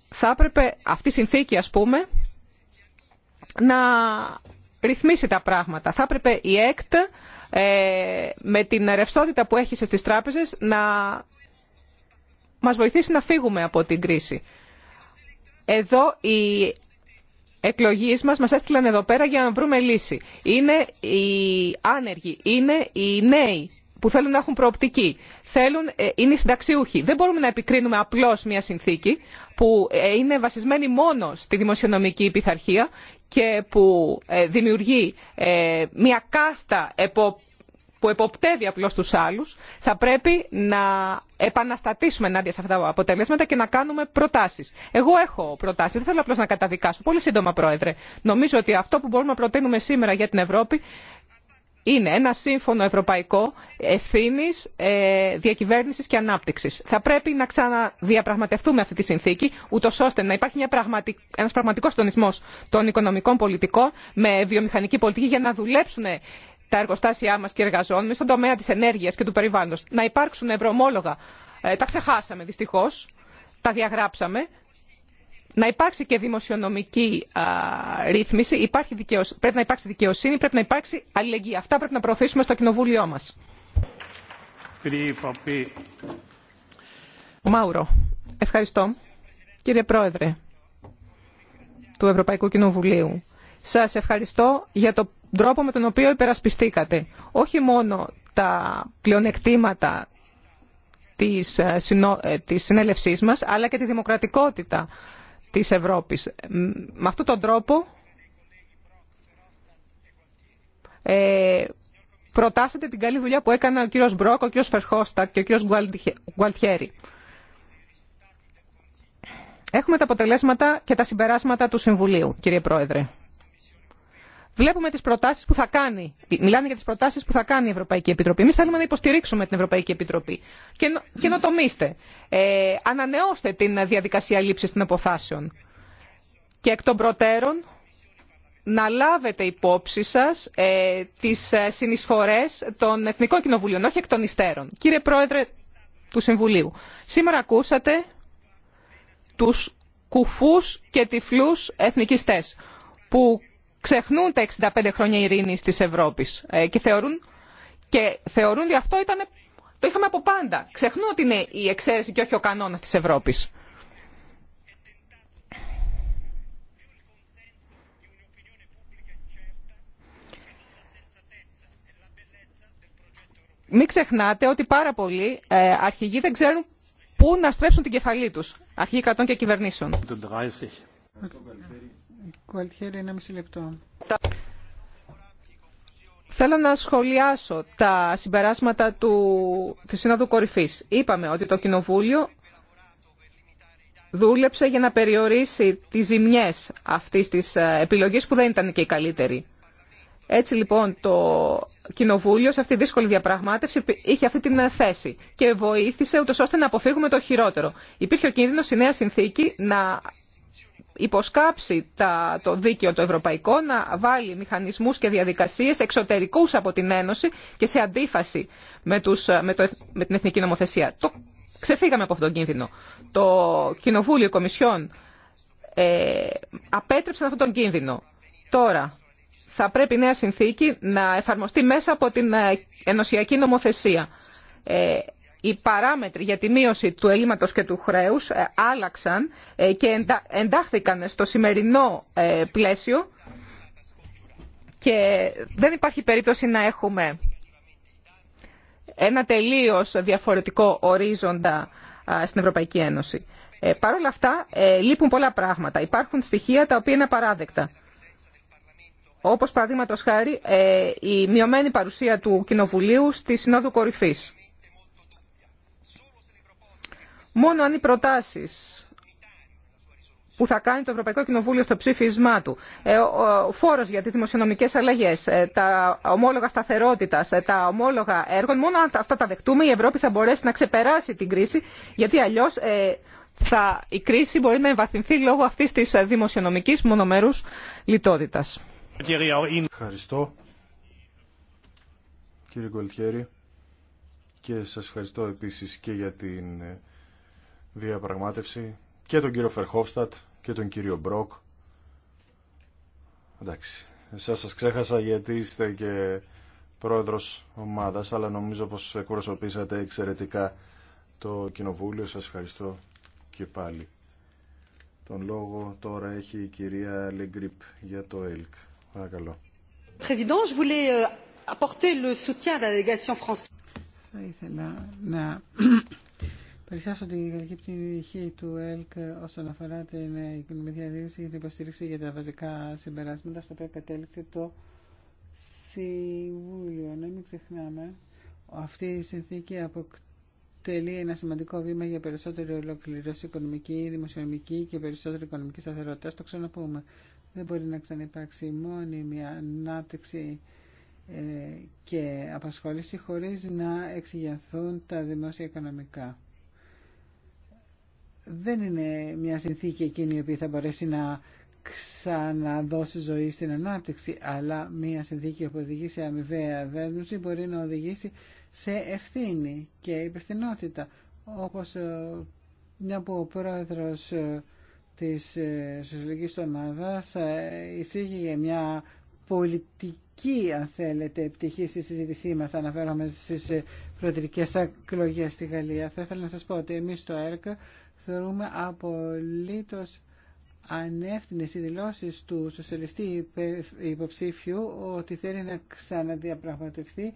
Speaker 2: θα έπρεπε αυτή η συνθήκη, ας πούμε, να ρυθμίσει τα πράγματα. Θα έπρεπε η ΕΚΤ ε, με την ρευστότητα που έχει στις τράπεζες να μας βοηθήσει να φύγουμε από την κρίση. Εδώ οι εκλογείς μας μας έστειλαν εδώ πέρα για να βρούμε λύση. Είναι οι άνεργοι, είναι οι νέοι που θέλουν να έχουν προοπτική, θέλουν, ε, είναι οι συνταξιούχοι. Δεν μπορούμε να επικρίνουμε απλώς μια συνθήκη που ε, είναι βασισμένη μόνο στη δημοσιονομική πειθαρχία και που ε, δημιουργεί ε, μια κάστα που εποπτεύει απλώς τους άλλους, θα πρέπει να επαναστατήσουμε ενάντια σε αυτά τα αποτελέσματα και να κάνουμε προτάσεις. Εγώ έχω προτάσεις, δεν θέλω απλώς να καταδικάσω. Πολύ σύντομα, Πρόεδρε. Νομίζω ότι αυτό που μπορούμε να προτείνουμε σήμερα για την Ευρώπη είναι ένα σύμφωνο ευρωπαϊκό ευθύνη ε, διακυβέρνησης διακυβέρνηση και ανάπτυξη. Θα πρέπει να ξαναδιαπραγματευτούμε αυτή τη συνθήκη, ούτω ώστε να υπάρχει ένα πραγματικό συντονισμό των οικονομικών πολιτικών με βιομηχανική πολιτική για να δουλέψουν τα εργοστάσια μα και οι εργαζόμενοι στον τομέα τη ενέργεια και του περιβάλλοντο. Να υπάρξουν ευρωομόλογα. Ε, τα ξεχάσαμε δυστυχώ, τα διαγράψαμε να υπάρξει και δημοσιονομική ρύθμιση, υπάρχει πρέπει να υπάρξει δικαιοσύνη, πρέπει να υπάρξει αλληλεγγύη. Αυτά πρέπει να προωθήσουμε στο κοινοβούλιο μας. Μάουρο, ευχαριστώ. Κύριε Πρόεδρε του Ευρωπαϊκού Κοινοβουλίου, σας ευχαριστώ για τον τρόπο με τον οποίο υπερασπιστήκατε όχι μόνο τα πλεονεκτήματα της ε, ε, συνέλευσής μας, αλλά και τη δημοκρατικότητα της Ευρώπης. Με αυτόν τον τρόπο ε, την καλή δουλειά που έκανα ο κύριος Μπρόκ, ο κύριος Φερχώστα και ο κύριος Γκουαλτιέρη. Έχουμε τα αποτελέσματα και τα συμπεράσματα του Συμβουλίου, κύριε Πρόεδρε. Βλέπουμε τι προτάσει που θα κάνει. Μιλάνε για τι προτάσει που θα κάνει η Ευρωπαϊκή Επιτροπή. Εμεί θέλουμε να υποστηρίξουμε την Ευρωπαϊκή Επιτροπή. καινοτομήστε. Ε, ανανεώστε την διαδικασία λήψη των αποφάσεων Και εκ των προτέρων να λάβετε υπόψη σα ε, τις ε, των Εθνικών Κοινοβουλίων, όχι εκ των υστέρων. Κύριε Πρόεδρε του Συμβουλίου, σήμερα ακούσατε του κουφού και τυφλού εθνικιστέ που ξεχνούν τα 65 χρόνια ειρήνης της Ευρώπης ε, και θεωρούν, και θεωρούν ότι αυτό ήταν, το είχαμε από πάντα. Ξεχνούν ότι είναι η εξαίρεση και όχι ο κανόνα τη Ευρώπης. Μην ξεχνάτε ότι πάρα πολλοί ε, αρχηγοί δεν ξέρουν πού να στρέψουν την κεφαλή τους, αρχηγοί κρατών και κυβερνήσεων ένα μισή λεπτό. Θέλω να σχολιάσω τα συμπεράσματα του, της Σύνοδου Κορυφής. Είπαμε ότι το Κοινοβούλιο δούλεψε για να περιορίσει τις ζημιές αυτής της ε, επιλογής που δεν ήταν και η καλύτερη. Έτσι λοιπόν το Κοινοβούλιο σε αυτή τη δύσκολη διαπραγμάτευση είχε αυτή την ε, θέση και βοήθησε ούτως ώστε να αποφύγουμε το χειρότερο. Υπήρχε ο κίνδυνος η νέα συνθήκη να υποσκάψει το δίκαιο το ευρωπαϊκό, να βάλει μηχανισμούς και διαδικασίες εξωτερικούς από την Ένωση και σε αντίφαση με, τους, με, το, την εθνική νομοθεσία. Το, ξεφύγαμε από αυτόν τον κίνδυνο. Το Κοινοβούλιο Κομισιόν ε, απέτρεψε αυτόν τον κίνδυνο. Τώρα θα πρέπει η νέα συνθήκη να εφαρμοστεί μέσα από την ε, ενωσιακή νομοθεσία. Ε, οι παράμετροι για τη μείωση του ελλείμματος και του χρέους ε, άλλαξαν ε, και εντάχθηκαν στο σημερινό ε, πλαίσιο και δεν υπάρχει περίπτωση να έχουμε ένα τελείως διαφορετικό ορίζοντα στην Ευρωπαϊκή Ένωση. Ε, Παρ' όλα αυτά, λείπουν πολλά πράγματα. Υπάρχουν στοιχεία τα οποία είναι απαράδεκτα. Όπως, παραδείγματος χάρη, η μειωμένη παρουσία του Κοινοβουλίου στη Συνόδου Κορυφής μόνο αν οι προτάσεις που θα κάνει το Ευρωπαϊκό Κοινοβούλιο στο ψήφισμά του, ε, ο φόρος για τις δημοσιονομικές αλλαγές, ε, τα ομόλογα σταθερότητας, ε, τα ομόλογα έργων, μόνο αν αυτά τα δεχτούμε η Ευρώπη θα μπορέσει να ξεπεράσει την κρίση, γιατί αλλιώς θα, η κρίση μπορεί να εμβαθυνθεί λόγω αυτής της δημοσιονομικής μονομερούς λιτότητας.
Speaker 3: Ευχαριστώ κύριε Κολτιέρη και σας ευχαριστώ επίσης και για την διαπραγμάτευση και τον κύριο Φερχόφστατ και τον κύριο Μπρόκ. Εντάξει, σας σας ξέχασα γιατί είστε και πρόεδρος ομάδας, αλλά νομίζω πως εκπροσωπήσατε εξαιρετικά το κοινοβούλιο. Σας ευχαριστώ και πάλι. Τον λόγο τώρα έχει η κυρία Λεγκρίπ για το ΕΛΚ. Παρακαλώ.
Speaker 6: Θα
Speaker 1: ήθελα να Πλησιάσω την γαλλική πτυχή του ΕΛΚ όσον αφορά την οικονομική διαδίκηση και την υποστήριξη για τα βασικά συμπεράσματα στο οποίο κατέληξε το Συμβούλιο. Να μην ξεχνάμε, αυτή η συνθήκη αποτελεί ένα σημαντικό βήμα για περισσότερη ολοκληρώση οικονομική, δημοσιονομική και περισσότερη οικονομική σταθερότητα. Το ξαναπούμε. Δεν μπορεί να ξανυπάρξει μόνιμη ανάπτυξη ε, και απασχόληση χωρίς να εξηγιαθούν τα δημόσια οικονομικά δεν είναι μια συνθήκη εκείνη η οποία θα μπορέσει να ξαναδώσει ζωή στην ανάπτυξη, αλλά μια συνθήκη που οδηγεί σε αμοιβαία δέσμευση μπορεί να οδηγήσει σε ευθύνη και υπευθυνότητα, όπως ε, μια που ο πρόεδρος ε, της ε, Σοσιαλικής Ομάδας εισήγηγε μια πολιτική, αν θέλετε, πτυχή στη συζήτησή μας, αναφέρομαι στις προεδρικές εκλογέ στη Γαλλία. Θα ήθελα να σας πω ότι εμείς στο ΕΡΚ θεωρούμε απολύτως ανεύθυνες οι δηλώσεις του σοσιαλιστή υποψήφιου ότι θέλει να ξαναδιαπραγματευτεί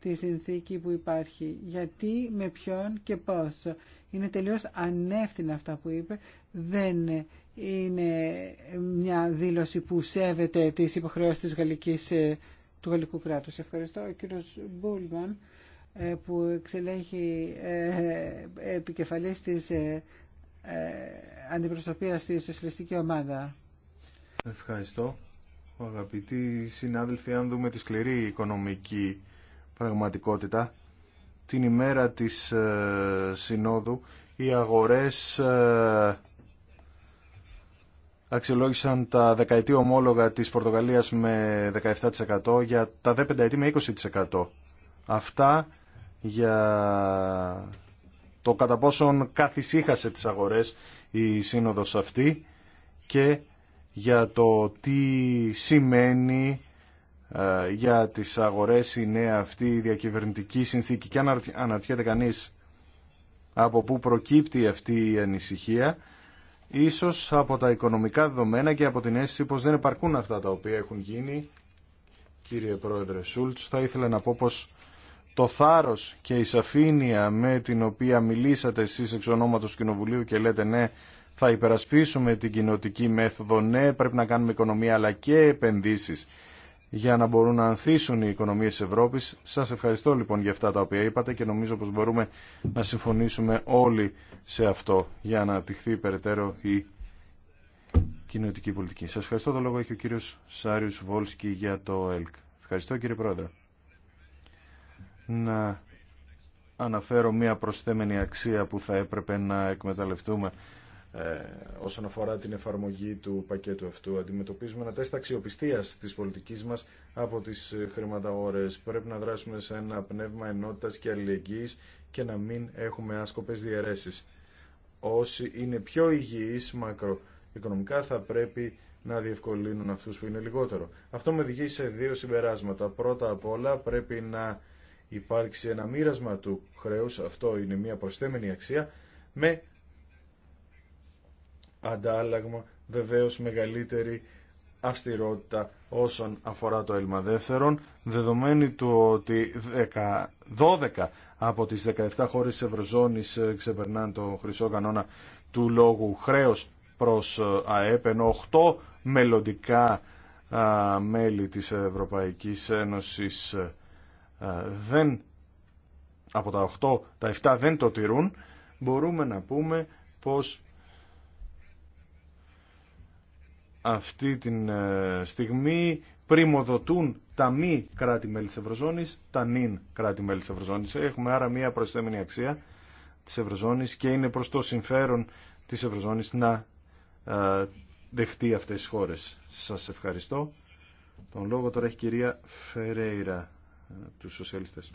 Speaker 1: τη συνθήκη που υπάρχει. Γιατί, με ποιον και πώς. Είναι τελείως ανεύθυνα αυτά που είπε. Δεν είναι μια δήλωση που σέβεται τις υποχρεώσεις της γαλλικής, ε, του γαλλικού κράτους. Ευχαριστώ. Ο κύριος Μπούλμαν ε, που εξελέγει ε, επικεφαλής της ε, αντιπροσωπεία στη σοσιαλιστική ομάδα.
Speaker 3: Ευχαριστώ. Αγαπητοί συνάδελφοι, αν δούμε τη σκληρή οικονομική πραγματικότητα, την ημέρα της ε, Συνόδου οι αγορές ε, αξιολόγησαν τα δεκαετή ομόλογα της Πορτογαλίας με 17% για τα δε πενταετή με 20%. Αυτά για το κατά πόσον καθυσίχασε τις αγορές η σύνοδος αυτή και για το τι σημαίνει ε, για τις αγορές η νέα αυτή η διακυβερνητική συνθήκη. Και αν αναρωτιέται κανείς από πού προκύπτει αυτή η ανησυχία, ίσως από τα οικονομικά δεδομένα και από την αίσθηση πως δεν επαρκούν αυτά τα οποία έχουν γίνει. Κύριε Πρόεδρε Σούλτς, θα ήθελα να πω πως το θάρρος και η σαφήνεια με την οποία μιλήσατε εσείς εξ ονόματος Κοινοβουλίου και λέτε ναι, θα υπερασπίσουμε την κοινοτική μέθοδο, ναι, πρέπει να κάνουμε οικονομία αλλά και επενδύσεις για να μπορούν να ανθίσουν οι οικονομίες της Ευρώπης. Σας ευχαριστώ λοιπόν για αυτά τα οποία είπατε και νομίζω πως μπορούμε να συμφωνήσουμε όλοι σε αυτό για να τυχθεί περαιτέρω η κοινωτική πολιτική. Σας ευχαριστώ. Το λόγο έχει ο κύριος Σάριος Βόλσκι για το ΕΛΚ. Ευχαριστώ κύριε Πρόεδρε να αναφέρω μία προσθέμενη αξία που θα έπρεπε να εκμεταλλευτούμε ε, όσον αφορά την εφαρμογή του πακέτου αυτού. Αντιμετωπίζουμε ένα τεστ αξιοπιστία τη πολιτική μα από τι χρηματαγορέ. Πρέπει να δράσουμε σε ένα πνεύμα ενότητα και αλληλεγγύη και να μην έχουμε άσκοπε διαιρέσει. Όσοι είναι πιο υγιεί μακροοικονομικά θα πρέπει να διευκολύνουν αυτού που είναι λιγότερο. Αυτό με οδηγεί σε δύο συμπεράσματα. Πρώτα απ' όλα πρέπει να υπάρξει ένα μοίρασμα του χρέους, αυτό είναι μια προσθέμενη αξία, με αντάλλαγμα βεβαίως μεγαλύτερη αυστηρότητα όσον αφορά το έλμα δεύτερον, δεδομένη του ότι 12 από τις 17 χώρες της Ευρωζώνης ε, ξεπερνάνε το χρυσό κανόνα του λόγου χρέος προς ε, ΑΕΠ, ενώ 8 μελλοντικά μέλη της Ευρωπαϊκής Ένωσης ε, δεν, από τα 8, τα 7 δεν το τηρούν, μπορούμε να πούμε πως αυτή την ε, στιγμή πριμοδοτούν τα μη κράτη-μέλη της Ευρωζώνης, τα νυν κράτη-μέλη της Ευρωζώνης. Έχουμε άρα μία προσθέμενη αξία της Ευρωζώνης και είναι προς το συμφέρον της Ευρωζώνης να ε, δεχτεί αυτές τις χώρες. Σας ευχαριστώ. Τον λόγο τώρα έχει κυρία Φερέιρα τους σοσιαλιστές.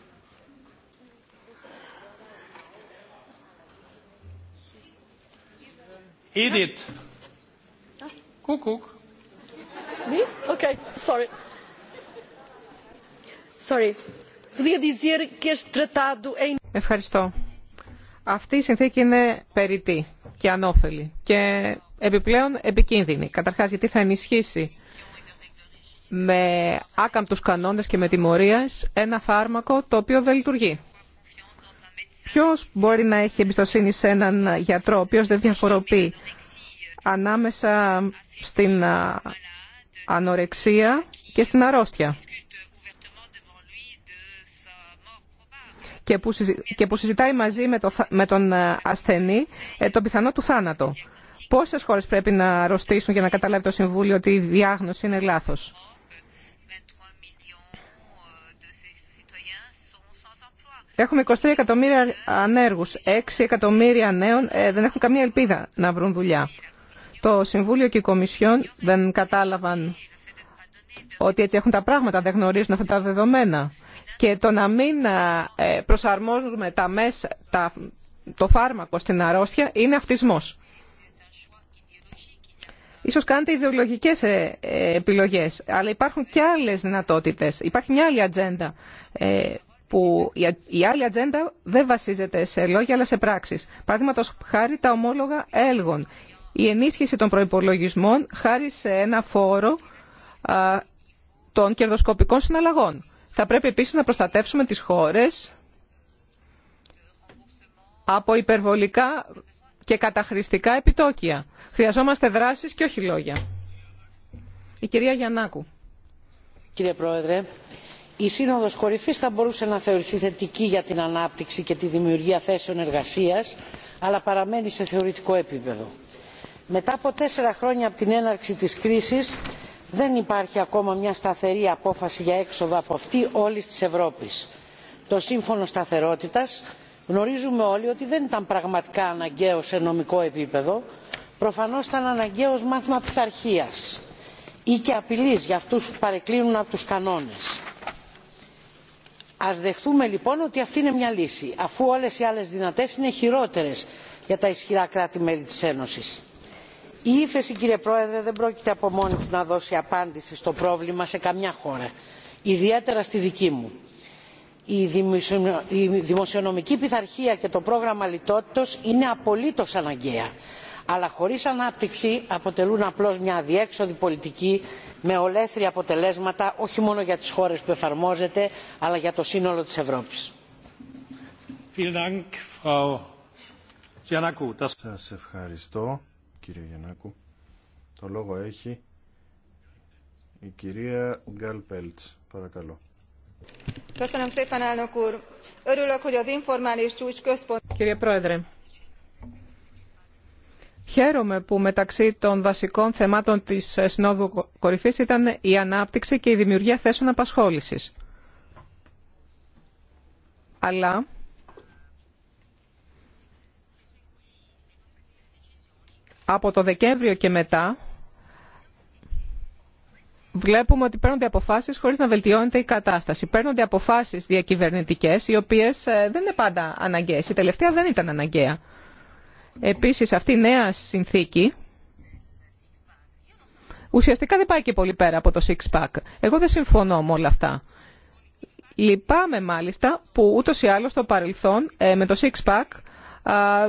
Speaker 2: Ευχαριστώ. Αυτή η συνθήκη είναι περιττή και ανώφελη και επιπλέον επικίνδυνη. Καταρχάς γιατί θα ενισχύσει με άκαμπτους κανόνες και με τιμωρίες ένα φάρμακο το οποίο δεν λειτουργεί. Ποιος μπορεί να έχει εμπιστοσύνη σε έναν γιατρό ο οποίος δεν διαφοροποιεί ανάμεσα στην ανορεξία και στην αρρώστια και που συζητάει μαζί με τον ασθενή ε, το πιθανό του θάνατο. Πόσε χώρε πρέπει να αρρωστήσουν για να καταλάβει το Συμβούλιο ότι η διάγνωση είναι λάθο. Έχουμε 23 εκατομμύρια ανέργους, 6 εκατομμύρια νέων ε, δεν έχουν καμία ελπίδα να βρουν δουλειά. Το Συμβούλιο και η Κομισιόν δεν κατάλαβαν ότι έτσι έχουν τα πράγματα, δεν γνωρίζουν αυτά τα δεδομένα. Και το να μην ε, προσαρμόζουμε τα μέσα, τα, το φάρμακο στην αρρώστια είναι αυτισμός. Ίσως κάνετε ιδεολογικές ε, επιλογές, αλλά υπάρχουν και άλλες δυνατότητες. Υπάρχει μια άλλη ατζέντα που η άλλη ατζέντα δεν βασίζεται σε λόγια αλλά σε πράξεις. Παραδείγματο χάρη τα ομόλογα έλγων, η ενίσχυση των προϋπολογισμών χάρη σε ένα φόρο των κερδοσκοπικών συναλλαγών. Θα πρέπει επίσης να προστατεύσουμε τις χώρες από υπερβολικά και καταχρηστικά επιτόκια. Χρειαζόμαστε δράσεις και όχι λόγια. Η κυρία Γιαννάκου.
Speaker 4: Κύριε Πρόεδρε, η σύνοδος κορυφής θα μπορούσε να θεωρηθεί θετική για την ανάπτυξη και τη δημιουργία θέσεων εργασίας αλλά παραμένει σε θεωρητικό επίπεδο. μετά από τέσσερα χρόνια από την έναρξη της κρίσης δεν υπάρχει ακόμα μια σταθερή απόφαση για έξοδο από αυτή όλης της ευρώπης. το σύμφωνο σταθερότητας γνωρίζουμε όλοι ότι δεν ήταν πραγματικά αναγκαίο σε νομικό επίπεδο προφανώς ήταν αναγκαίο μάθημα πειθαρχίας ή και απειλής για αυτούς που παρεκκλίνουν από τους κανόνες Ας δεχθούμε λοιπόν ότι αυτή είναι μια λύση, αφού όλες οι άλλες δυνατές είναι χειρότερες για τα ισχυρά κράτη-μέλη της Ένωσης. Η ύφεση, κύριε Πρόεδρε, δεν πρόκειται από μόνη της να δώσει απάντηση στο πρόβλημα σε καμιά χώρα, ιδιαίτερα στη δική μου. Η δημοσιονομική πειθαρχία και το πρόγραμμα λιτότητος είναι απολύτως αναγκαία αλλά χωρίς ανάπτυξη αποτελούν απλώς μια αδιέξοδη πολιτική με ολέθρια αποτελέσματα όχι μόνο για τις χώρες που εφαρμόζεται αλλά για το σύνολο της Ευρώπης.
Speaker 3: κύριε Κύριε Πρόεδρε,
Speaker 2: Χαίρομαι που μεταξύ των βασικών θεμάτων της Συνόδου Κορυφής ήταν η ανάπτυξη και η δημιουργία θέσεων απασχόλησης. Αλλά από το Δεκέμβριο και μετά βλέπουμε ότι παίρνονται αποφάσεις χωρίς να βελτιώνεται η κατάσταση. Παίρνονται αποφάσεις διακυβερνητικές οι οποίες ε, δεν είναι πάντα αναγκαίες. Η τελευταία δεν ήταν αναγκαία. Επίσης αυτή η νέα συνθήκη ουσιαστικά δεν πάει και πολύ πέρα από το six pack. Εγώ δεν συμφωνώ με όλα αυτά. Λυπάμαι μάλιστα που ούτως ή άλλως στο παρελθόν ε, με το six pack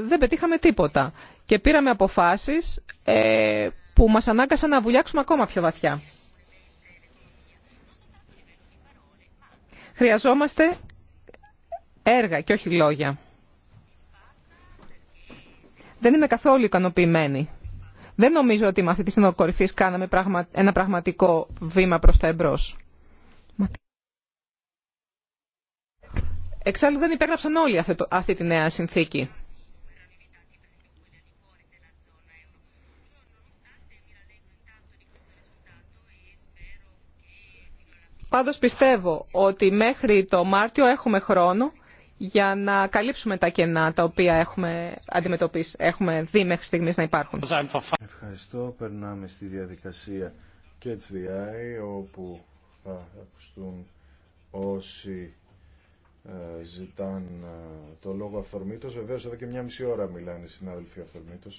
Speaker 2: δεν πετύχαμε τίποτα και πήραμε αποφάσεις ε, που μας ανάγκασαν να βουλιάξουμε ακόμα πιο βαθιά. Χρειαζόμαστε έργα και όχι λόγια. Δεν είμαι καθόλου ικανοποιημένη. Δεν νομίζω ότι με αυτή τη συνοκορυφή κάναμε ένα πραγματικό βήμα προς τα εμπρός. Εξάλλου δεν υπέγραψαν όλοι αυτή τη νέα συνθήκη. Πάντως πιστεύω ότι μέχρι το Μάρτιο έχουμε χρόνο για να καλύψουμε τα κενά τα οποία έχουμε αντιμετωπίσει, έχουμε δει μέχρι στιγμής να υπάρχουν.
Speaker 3: Ευχαριστώ. Περνάμε στη διαδικασία Eye, όπου θα ακουστούν όσοι ε, ζητάν ε, το λόγο αυθορμήτω. Βεβαίω εδώ και μια μισή ώρα μιλάνε οι συνάδελφοι αυθορμήτω.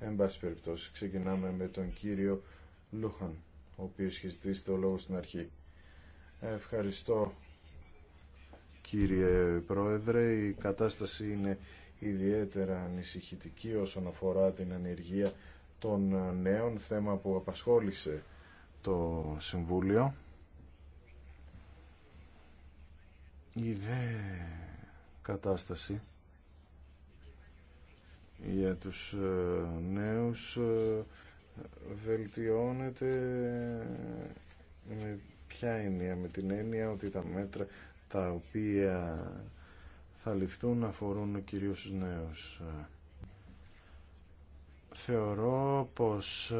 Speaker 3: Εν πάση περιπτώσει, ξεκινάμε με τον κύριο Λούχαν, ο οποίος είχε ζητήσει το λόγο στην αρχή. Ευχαριστώ κύριε Πρόεδρε. Η κατάσταση είναι ιδιαίτερα ανησυχητική όσον αφορά την ανεργία των νέων, θέμα που απασχόλησε το Συμβούλιο. Η δε κατάσταση για τους ε, νέους ε, βελτιώνεται με ποια έννοια, με την έννοια ότι τα μέτρα τα οποία θα ληφθούν αφορούν κυρίως τους νέους. Θεωρώ πως ε,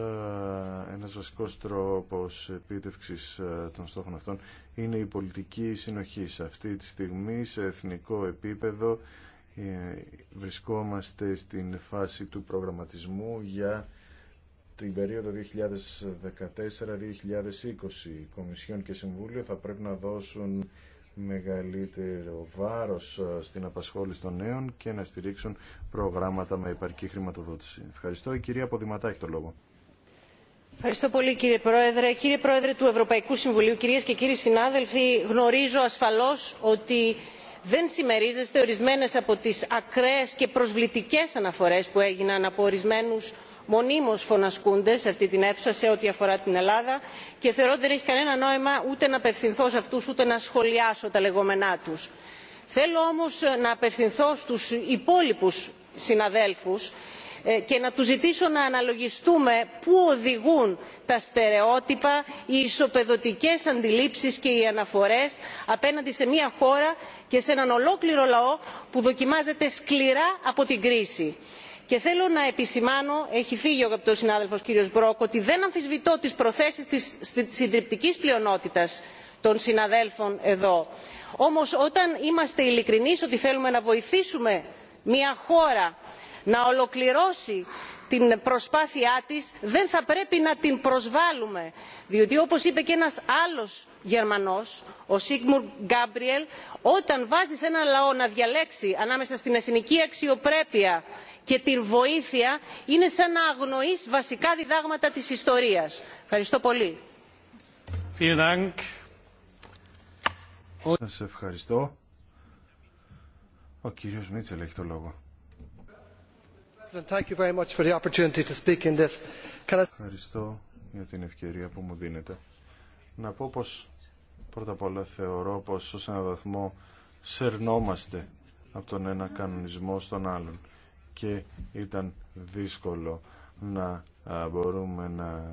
Speaker 3: ένας βασικός τρόπος επίτευξης ε, των στόχων αυτών είναι η πολιτική συνοχή. Σε αυτή τη στιγμή, σε εθνικό επίπεδο, ε, βρισκόμαστε στην φάση του προγραμματισμού για την περίοδο 2014-2020. Κομισιόν και Συμβούλιο θα πρέπει να δώσουν μεγαλύτερο βάρος ε, στην απασχόληση των νέων και να στηρίξουν προγράμματα με επαρκή χρηματοδότηση. Ευχαριστώ. Η κυρία Ποδηματά έχει το λόγο.
Speaker 5: Ευχαριστώ πολύ κύριε Πρόεδρε. Κύριε Πρόεδρε του Ευρωπαϊκού Συμβουλίου, κυρίες και κύριοι συνάδελφοι, γνωρίζω ασφαλώς ότι δεν συμμερίζεστε ορισμένες από τις ακραίες και προσβλητικές αναφορές που έγιναν από ορισμένους μονίμως φωνασκούνται σε αυτή την αίθουσα σε ό,τι αφορά την Ελλάδα και θεωρώ ότι δεν έχει κανένα νόημα ούτε να απευθυνθώ σε αυτούς ούτε να σχολιάσω τα λεγόμενά τους. Θέλω όμως να απευθυνθώ στους υπόλοιπους συναδέλφους ε, και να τους ζητήσω να αναλογιστούμε πού οδηγούν τα στερεότυπα οι ισοπεδωτικές αντιλήψεις και οι αναφορές απέναντι σε μια χώρα και σε έναν ολόκληρο λαό που δοκιμάζεται σκληρά από την κρίση και θέλω να επισημάνω έχει φύγει ο αγαπητός συνάδελφος κύριος Μπρόκ ότι δεν αμφισβητώ τις προθέσεις της συντριπτικής πλειονότητας των συναδέλφων εδώ. Όμως όταν είμαστε ειλικρινείς ότι θέλουμε να βοηθήσουμε μια χώρα να ολοκληρώσει την προσπάθειά της δεν θα πρέπει να την προσβάλλουμε διότι όπως είπε και ένας άλλος γερμανός ο Σίγμουρ Γκάμπριελ όταν βάζει ένα λαό να διαλέξει ανάμεσα στην εθνική αξιοπρέπεια και την βοήθεια είναι σαν να αγνοείς βασικά διδάγματα της ιστορίας. Ευχαριστώ πολύ.
Speaker 3: ευχαριστώ. Ο Ευχαριστώ για την ευκαιρία που μου δίνετε. Να πω πως πρώτα απ' όλα θεωρώ πως ως έναν βαθμό σερνόμαστε από τον ένα κανονισμό στον άλλον και ήταν δύσκολο να μπορούμε να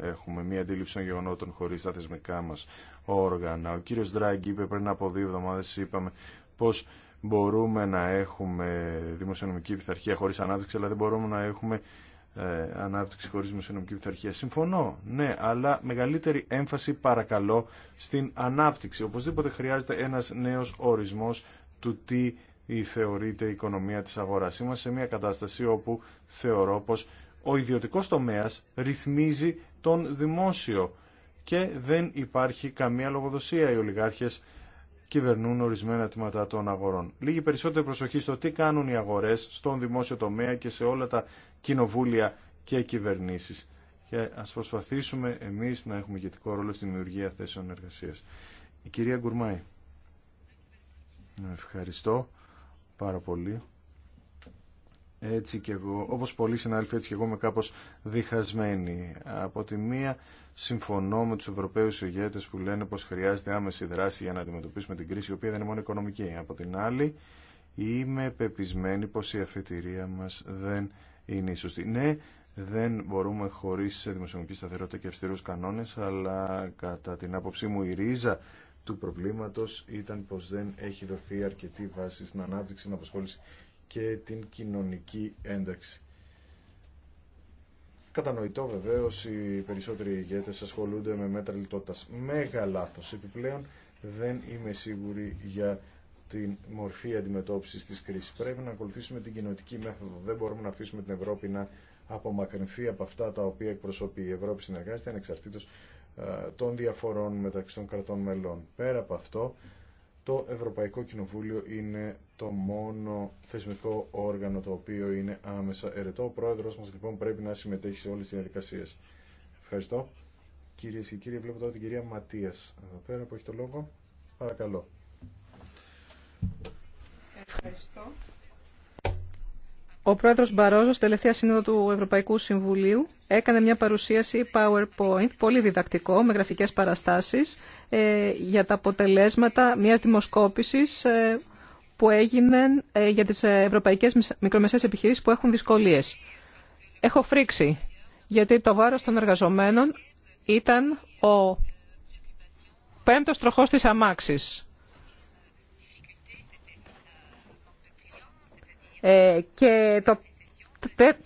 Speaker 3: έχουμε μία αντίληψη των γεγονότων χωρίς τα θεσμικά μας όργανα. Ο κύριος Δράγκη είπε πριν από δύο εβδομάδες είπαμε πως μπορούμε να έχουμε δημοσιονομική πειθαρχία χωρίς ανάπτυξη, αλλά δεν μπορούμε να έχουμε ε, ανάπτυξη χωρίς δημοσιονομική πειθαρχία. Συμφωνώ, ναι, αλλά μεγαλύτερη έμφαση παρακαλώ στην ανάπτυξη. Οπωσδήποτε χρειάζεται ένας νέος ορισμός του τι ή θεωρείται η οικονομία της αγοράς. Είμαστε σε μια κατάσταση όπου θεωρώ πως ο ιδιωτικός τομέας ρυθμίζει τον δημόσιο και δεν υπάρχει καμία λογοδοσία. Οι ολιγάρχες κυβερνούν ορισμένα τμήματα των αγορών. Λίγη περισσότερη προσοχή στο τι κάνουν οι αγορές στον δημόσιο τομέα και σε όλα τα κοινοβούλια και κυβερνήσει. Και ας προσπαθήσουμε εμείς να έχουμε ηγετικό ρόλο στη δημιουργία θέσεων εργασίας. Η κυρία Γκουρμάη. Ευχαριστώ πάρα πολύ έτσι κι εγώ, όπως πολλοί συνάδελφοι, έτσι και εγώ είμαι κάπως διχασμένοι. Από τη μία συμφωνώ με τους Ευρωπαίους ηγέτες που λένε πως χρειάζεται άμεση δράση για να αντιμετωπίσουμε την κρίση, η οποία δεν είναι μόνο οικονομική. Από την άλλη είμαι πεπισμένη πως η αφετηρία μας δεν είναι η σωστή. Ναι, δεν μπορούμε χωρίς δημοσιονομική σταθερότητα και αυστηρού κανόνες, αλλά κατά την άποψή μου η ρίζα του προβλήματος ήταν πως δεν έχει δοθεί αρκετή βάση στην ανάπτυξη, στην απασχόληση και την κοινωνική ένταξη. Κατανοητό βεβαίω οι περισσότεροι ηγέτε ασχολούνται με μέτρα λιτότητα. Μέγα λάθος Επιπλέον δεν είμαι σίγουρη για την μορφή αντιμετώπιση της κρίση. Πρέπει να ακολουθήσουμε την κοινωνική μέθοδο. Δεν μπορούμε να αφήσουμε την Ευρώπη να απομακρυνθεί από αυτά τα οποία εκπροσωπεί. Η Ευρώπη συνεργάζεται ανεξαρτήτω των διαφορών μεταξύ των κρατών μελών. Πέρα από αυτό, το Ευρωπαϊκό Κοινοβούλιο είναι το μόνο θεσμικό όργανο το οποίο είναι άμεσα ερετό. Ο πρόεδρος μας λοιπόν πρέπει να συμμετέχει σε όλες τις διαδικασίες. Ευχαριστώ. Κυρίε και κύριοι, βλέπω τώρα την κυρία Ματίας εδώ πέρα που έχει το λόγο. Παρακαλώ.
Speaker 2: Ευχαριστώ. Ο πρόεδρος Μπαρόζος, τελευταία σύνοδο του Ευρωπαϊκού Συμβουλίου, έκανε μια παρουσίαση PowerPoint, πολύ διδακτικό, με γραφικές παραστάσεις, ε, για τα αποτελέσματα μιας δημοσκόπησης ε, που έγινε ε, για τις ευρωπαϊκές μικρομεσαίες επιχειρήσεις που έχουν δυσκολίες. Έχω φρίξει, γιατί το βάρος των εργαζομένων ήταν ο πέμπτος τροχός της αμάξης Ε, και το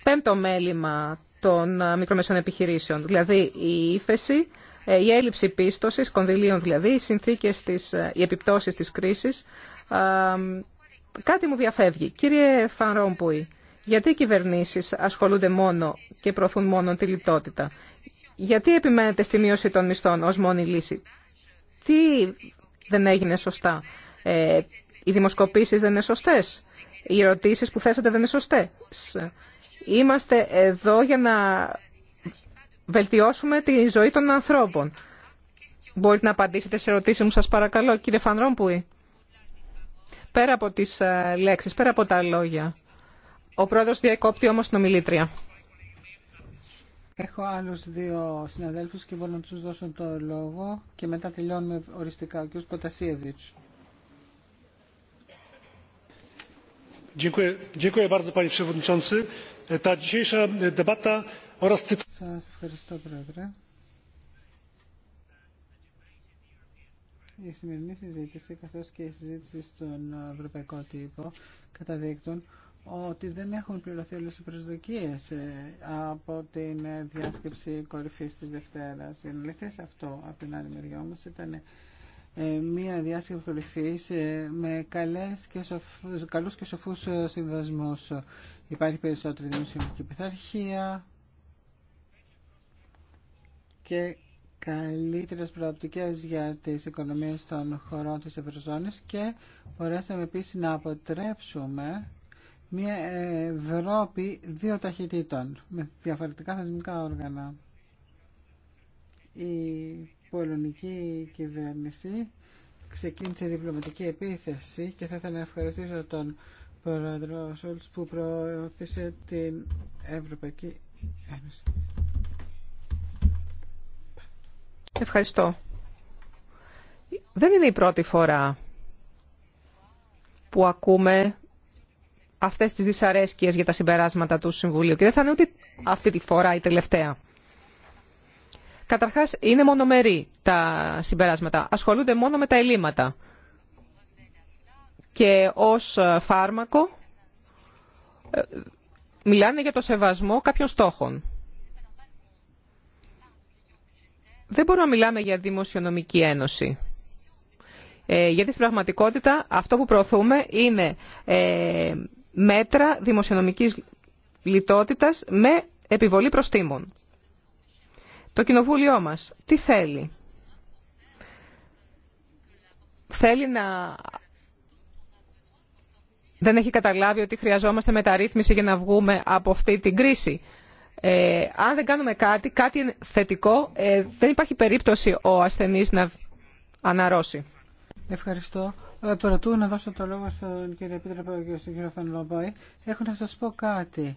Speaker 2: πέμπτο μέλημα των ε, μικρομεσαίων επιχειρήσεων, δηλαδή η ύφεση, ε, η έλλειψη πίστοσης, κονδυλίων δηλαδή, οι συνθήκες, της, οι επιπτώσεις της κρίσης. Κάτι μου διαφεύγει. Κύριε Φανρόμπουη, γιατί οι κυβερνήσεις ασχολούνται μόνο και προωθούν μόνο τη λιτότητα. Γιατί επιμένετε στη μείωση των μισθών ως μόνη λύση. Τι δεν έγινε σωστά. Ε, οι δημοσκοπήσεις δεν είναι σωστές οι ερωτήσεις που θέσατε δεν είναι σωστές. Είμαστε εδώ για να βελτιώσουμε τη ζωή των ανθρώπων. Μπορείτε να απαντήσετε σε ερωτήσει, μου, σας παρακαλώ, κύριε Φανρόμπουη. Πέρα από τις ε, λέξεις, πέρα από τα λόγια. Ο πρόεδρος διακόπτει όμως την ομιλήτρια.
Speaker 1: Έχω άλλους δύο συναδέλφους και μπορώ να τους δώσω το λόγο και μετά τελειώνουμε οριστικά. Ο κ. Ποτασίεβιτς.
Speaker 3: Σας ευχαριστώ,
Speaker 1: Πρόεδρε. Η σημερινή συζήτηση καθώς και η συζήτηση στον Ευρωπαϊκό Τύπο καταδείκτουν ότι δεν έχουν πληρωθεί όλες οι προσδοκίες ε, από την διάσκεψη κορυφής της Δευτέρας. Είναι αλήθεια αυτό από την άλλη μεριά όμως ήταν ε, μία διάσκεψη κορυφής ε, με καλές και σοφ... καλούς και σοφούς ε, συμβασμούς. Υπάρχει περισσότερη δημοσιονομική πειθαρχία και καλύτερες προοπτικές για τις οικονομίες των χωρών της Ευρωζώνης και μπορέσαμε επίσης να αποτρέψουμε μια Ευρώπη δύο ταχυτήτων με διαφορετικά θεσμικά όργανα πολωνική κυβέρνηση ξεκίνησε διπλωματική επίθεση και θα ήθελα να ευχαριστήσω τον πρόεδρο Σόλτς που προώθησε την Ευρωπαϊκή Ένωση.
Speaker 2: Ευχαριστώ. Δεν είναι η πρώτη φορά που ακούμε αυτές τις δυσαρέσκειες για τα συμπεράσματα του Συμβουλίου και δεν θα είναι ούτε αυτή τη φορά η τελευταία. Καταρχάς, είναι μονομερή τα συμπεράσματα. Ασχολούνται μόνο με τα ελλείμματα. Και ως φάρμακο ε, μιλάνε για το σεβασμό κάποιων στόχων. Δεν μπορούμε να μιλάμε για δημοσιονομική ένωση. Ε, γιατί στην πραγματικότητα αυτό που προωθούμε είναι ε, μέτρα δημοσιονομικής λιτότητας με επιβολή προστήμων. Το κοινοβούλιο μας τι θέλει. Θέλει να... Δεν έχει καταλάβει ότι χρειαζόμαστε μεταρρύθμιση για να βγούμε από αυτή την κρίση. Ε, αν δεν κάνουμε κάτι, κάτι θετικό, ε, δεν υπάρχει περίπτωση ο ασθενής να αναρρώσει.
Speaker 1: Ευχαριστώ. Ε, Πρωτού να δώσω το λόγο στον κύριο Επίτροπο και στον κύριο Φανλομπόη, έχω να σας πω κάτι.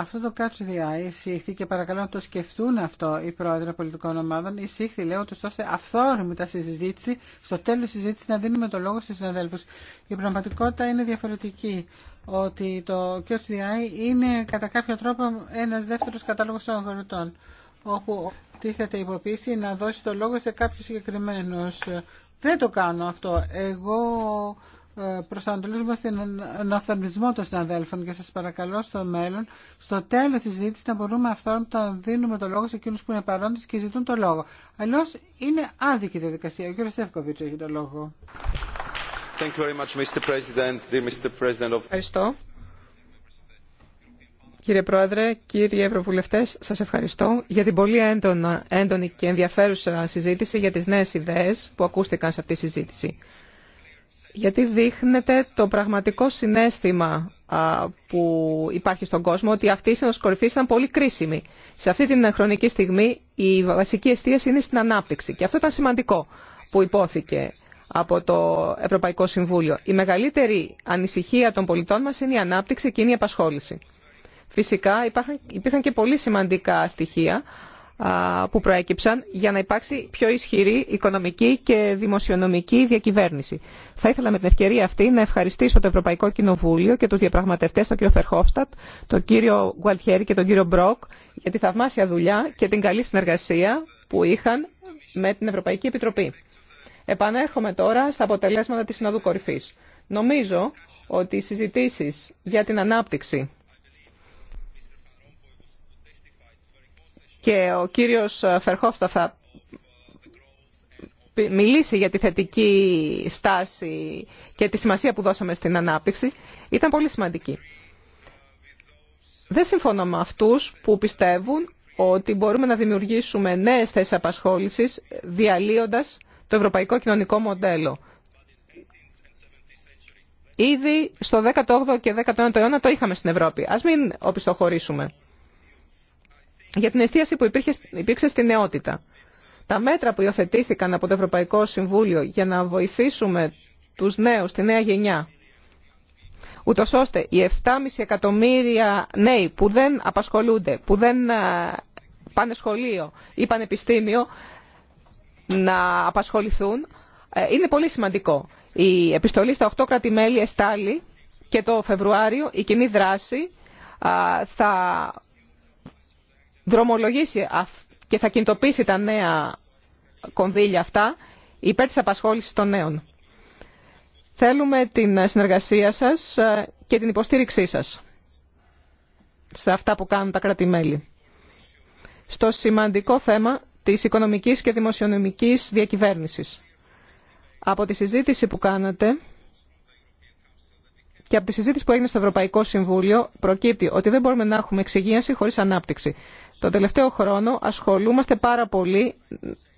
Speaker 1: Αυτό το catch the eye εισήχθη και παρακαλώ να το σκεφτούν αυτό οι πρόεδροι πολιτικών ομάδων. Εισήχθη, λέω, ότι ώστε αυθόρμητα στη συζήτηση, στο τέλο τη συζήτηση, να δίνουμε το λόγο στου συναδέλφου. Η πραγματικότητα είναι διαφορετική. Ότι το catch the eye είναι κατά κάποιο τρόπο ένα δεύτερο κατάλογο των αγορετών. Όπου τίθεται υποποίηση να δώσει το λόγο σε κάποιου συγκεκριμένου. Δεν το κάνω αυτό. Εγώ προσανατολίζουμε στην νοθαρμισμό των συναδέλφων και σας παρακαλώ στο μέλλον, στο τέλος της συζήτηση, να μπορούμε αυτά να δίνουμε το λόγο σε εκείνους που είναι παρόντες και ζητούν το λόγο. Αλλιώ είναι άδικη η διαδικασία. Ο κ. Σεύκοβιτς έχει το λόγο.
Speaker 2: Ευχαριστώ. Κύριε Πρόεδρε, κύριοι Ευρωβουλευτέ, σα ευχαριστώ για την πολύ έντονη και ενδιαφέρουσα συζήτηση για τι νέε ιδέε που ακούστηκαν σε αυτή τη συζήτηση γιατί δείχνεται το πραγματικό συνέστημα που υπάρχει στον κόσμο ότι αυτή η συνοσκορυφή ήταν πολύ κρίσιμη. Σε αυτή την χρονική στιγμή η βασική εστίαση είναι στην ανάπτυξη και αυτό ήταν σημαντικό που υπόθηκε από το Ευρωπαϊκό Συμβούλιο. Η μεγαλύτερη ανησυχία των πολιτών μας είναι η ανάπτυξη και είναι η απασχόληση. Φυσικά υπήρχαν και πολύ σημαντικά στοιχεία που προέκυψαν για να υπάρξει πιο ισχυρή οικονομική και δημοσιονομική διακυβέρνηση. Θα ήθελα με την ευκαιρία αυτή να ευχαριστήσω το Ευρωπαϊκό Κοινοβούλιο και τους διαπραγματευτές, τον κύριο Φερχόφστατ, τον κύριο Γκουαλτιέρη και τον κύριο Μπροκ για τη θαυμάσια δουλειά και την καλή συνεργασία που είχαν με την Ευρωπαϊκή Επιτροπή. Επανέρχομαι τώρα στα αποτελέσματα της Συνόδου Κορυφής. Νομίζω ότι οι συζητήσεις για την ανάπτυξη και ο κύριος Φερχόφστα θα μιλήσει για τη θετική στάση και τη σημασία που δώσαμε στην ανάπτυξη, ήταν πολύ σημαντική. Δεν συμφωνώ με αυτούς που πιστεύουν ότι μπορούμε να δημιουργήσουμε νέες θέσεις απασχόλησης διαλύοντας το ευρωπαϊκό κοινωνικό μοντέλο. Ήδη στο 18ο και 19ο αιώνα το είχαμε στην Ευρώπη. Ας μην οπισθοχωρήσουμε για την εστίαση που υπήρχε, υπήρξε στη νεότητα. Τα μέτρα που υιοθετήθηκαν από το Ευρωπαϊκό Συμβούλιο για να βοηθήσουμε τους νέους, τη νέα γενιά, ούτω ώστε οι 7,5 εκατομμύρια νέοι που δεν απασχολούνται, που δεν πάνε σχολείο ή πανεπιστήμιο, να απασχοληθούν, ε, είναι πολύ σημαντικό. Η επιστολή στα 8 κράτη-μέλη εστάλει και το Φεβρουάριο η κοινή δράση θα δρομολογήσει και θα κινητοποιήσει τα νέα κονδύλια αυτά υπέρ της απασχόλησης των νέων. Θέλουμε την συνεργασία σας ε, και την υποστήριξή σας σε αυτά που κάνουν τα κράτη-μέλη. Στο σημαντικό θέμα της οικονομικής και δημοσιονομικής διακυβέρνησης. Από τη συζήτηση που κάνατε και από τη συζήτηση που έγινε στο Ευρωπαϊκό Συμβούλιο προκύπτει ότι δεν μπορούμε να έχουμε εξυγίαση χωρί ανάπτυξη. Το τελευταίο χρόνο ασχολούμαστε πάρα πολύ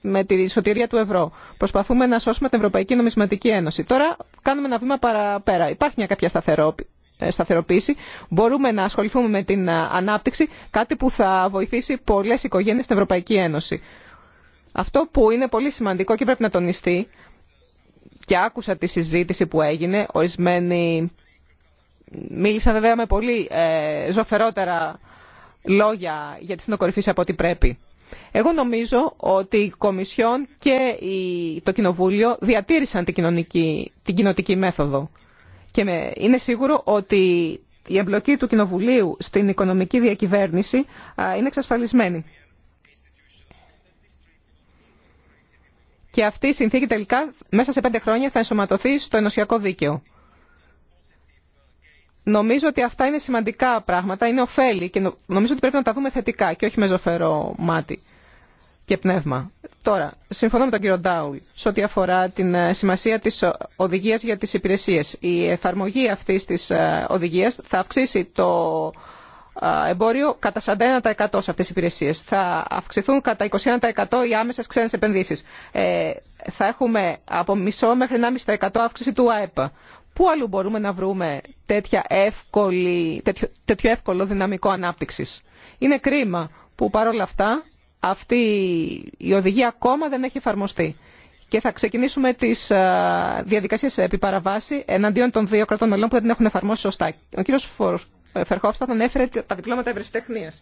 Speaker 2: με τη σωτηρία του ευρώ. Προσπαθούμε να σώσουμε την Ευρωπαϊκή Νομισματική Ένωση. Τώρα κάνουμε ένα βήμα παραπέρα. Υπάρχει μια κάποια ε, σταθεροποίηση. Μπορούμε να ασχοληθούμε με την ε, ανάπτυξη, κάτι που θα βοηθήσει πολλέ οικογένειε στην Ευρωπαϊκή Ένωση. Αυτό που είναι πολύ σημαντικό και πρέπει να τονιστεί και άκουσα τη συζήτηση που έγινε, ορισμένοι Μίλησα, βέβαια με πολύ ε, ζωφερότερα λόγια για τη συνοκορυφή από ό,τι πρέπει. Εγώ νομίζω ότι η Κομισιόν και το Κοινοβούλιο διατήρησαν την, κοινωνική, την κοινοτική μέθοδο. Και με, είναι σίγουρο ότι η εμπλοκή του Κοινοβουλίου στην οικονομική διακυβέρνηση είναι εξασφαλισμένη. Και αυτή η συνθήκη τελικά μέσα σε πέντε χρόνια θα ενσωματωθεί στο ενωσιακό δίκαιο. Νομίζω ότι αυτά είναι σημαντικά πράγματα, είναι ωφέλη και νομίζω ότι πρέπει να τα δούμε θετικά και όχι με ζωφερό μάτι και πνεύμα. Τώρα, συμφωνώ με τον κύριο Ντάουλ σε ό,τι αφορά την ε, σημασία της οδηγίας για τις υπηρεσίες. Η εφαρμογή αυτής της ε, οδηγίας θα αυξήσει το ε, εμπόριο κατά 41% σε αυτές τις υπηρεσίες. Θα αυξηθούν κατά 21% οι άμεσες ξένες επενδύσεις. θα έχουμε από μισό μέχρι 1,5% αύξηση του ΑΕΠ. Πού αλλού μπορούμε να βρούμε τέτοια εύκολη, τέτοιο, τέτοιο εύκολο δυναμικό ανάπτυξης. Είναι κρίμα που παρόλα τετοιο ευκολο δυναμικο αναπτυξης ειναι αυτή η οδηγία ακόμα δεν έχει εφαρμοστεί. Και θα ξεκινήσουμε τι διαδικασίε επί παραβάση εναντίον των δύο κρατών μελών που δεν την έχουν εφαρμόσει σωστά. Ο κύριο ε, Φερχόφστα τον έφερε τα διπλώματα ευρεσιτεχνία.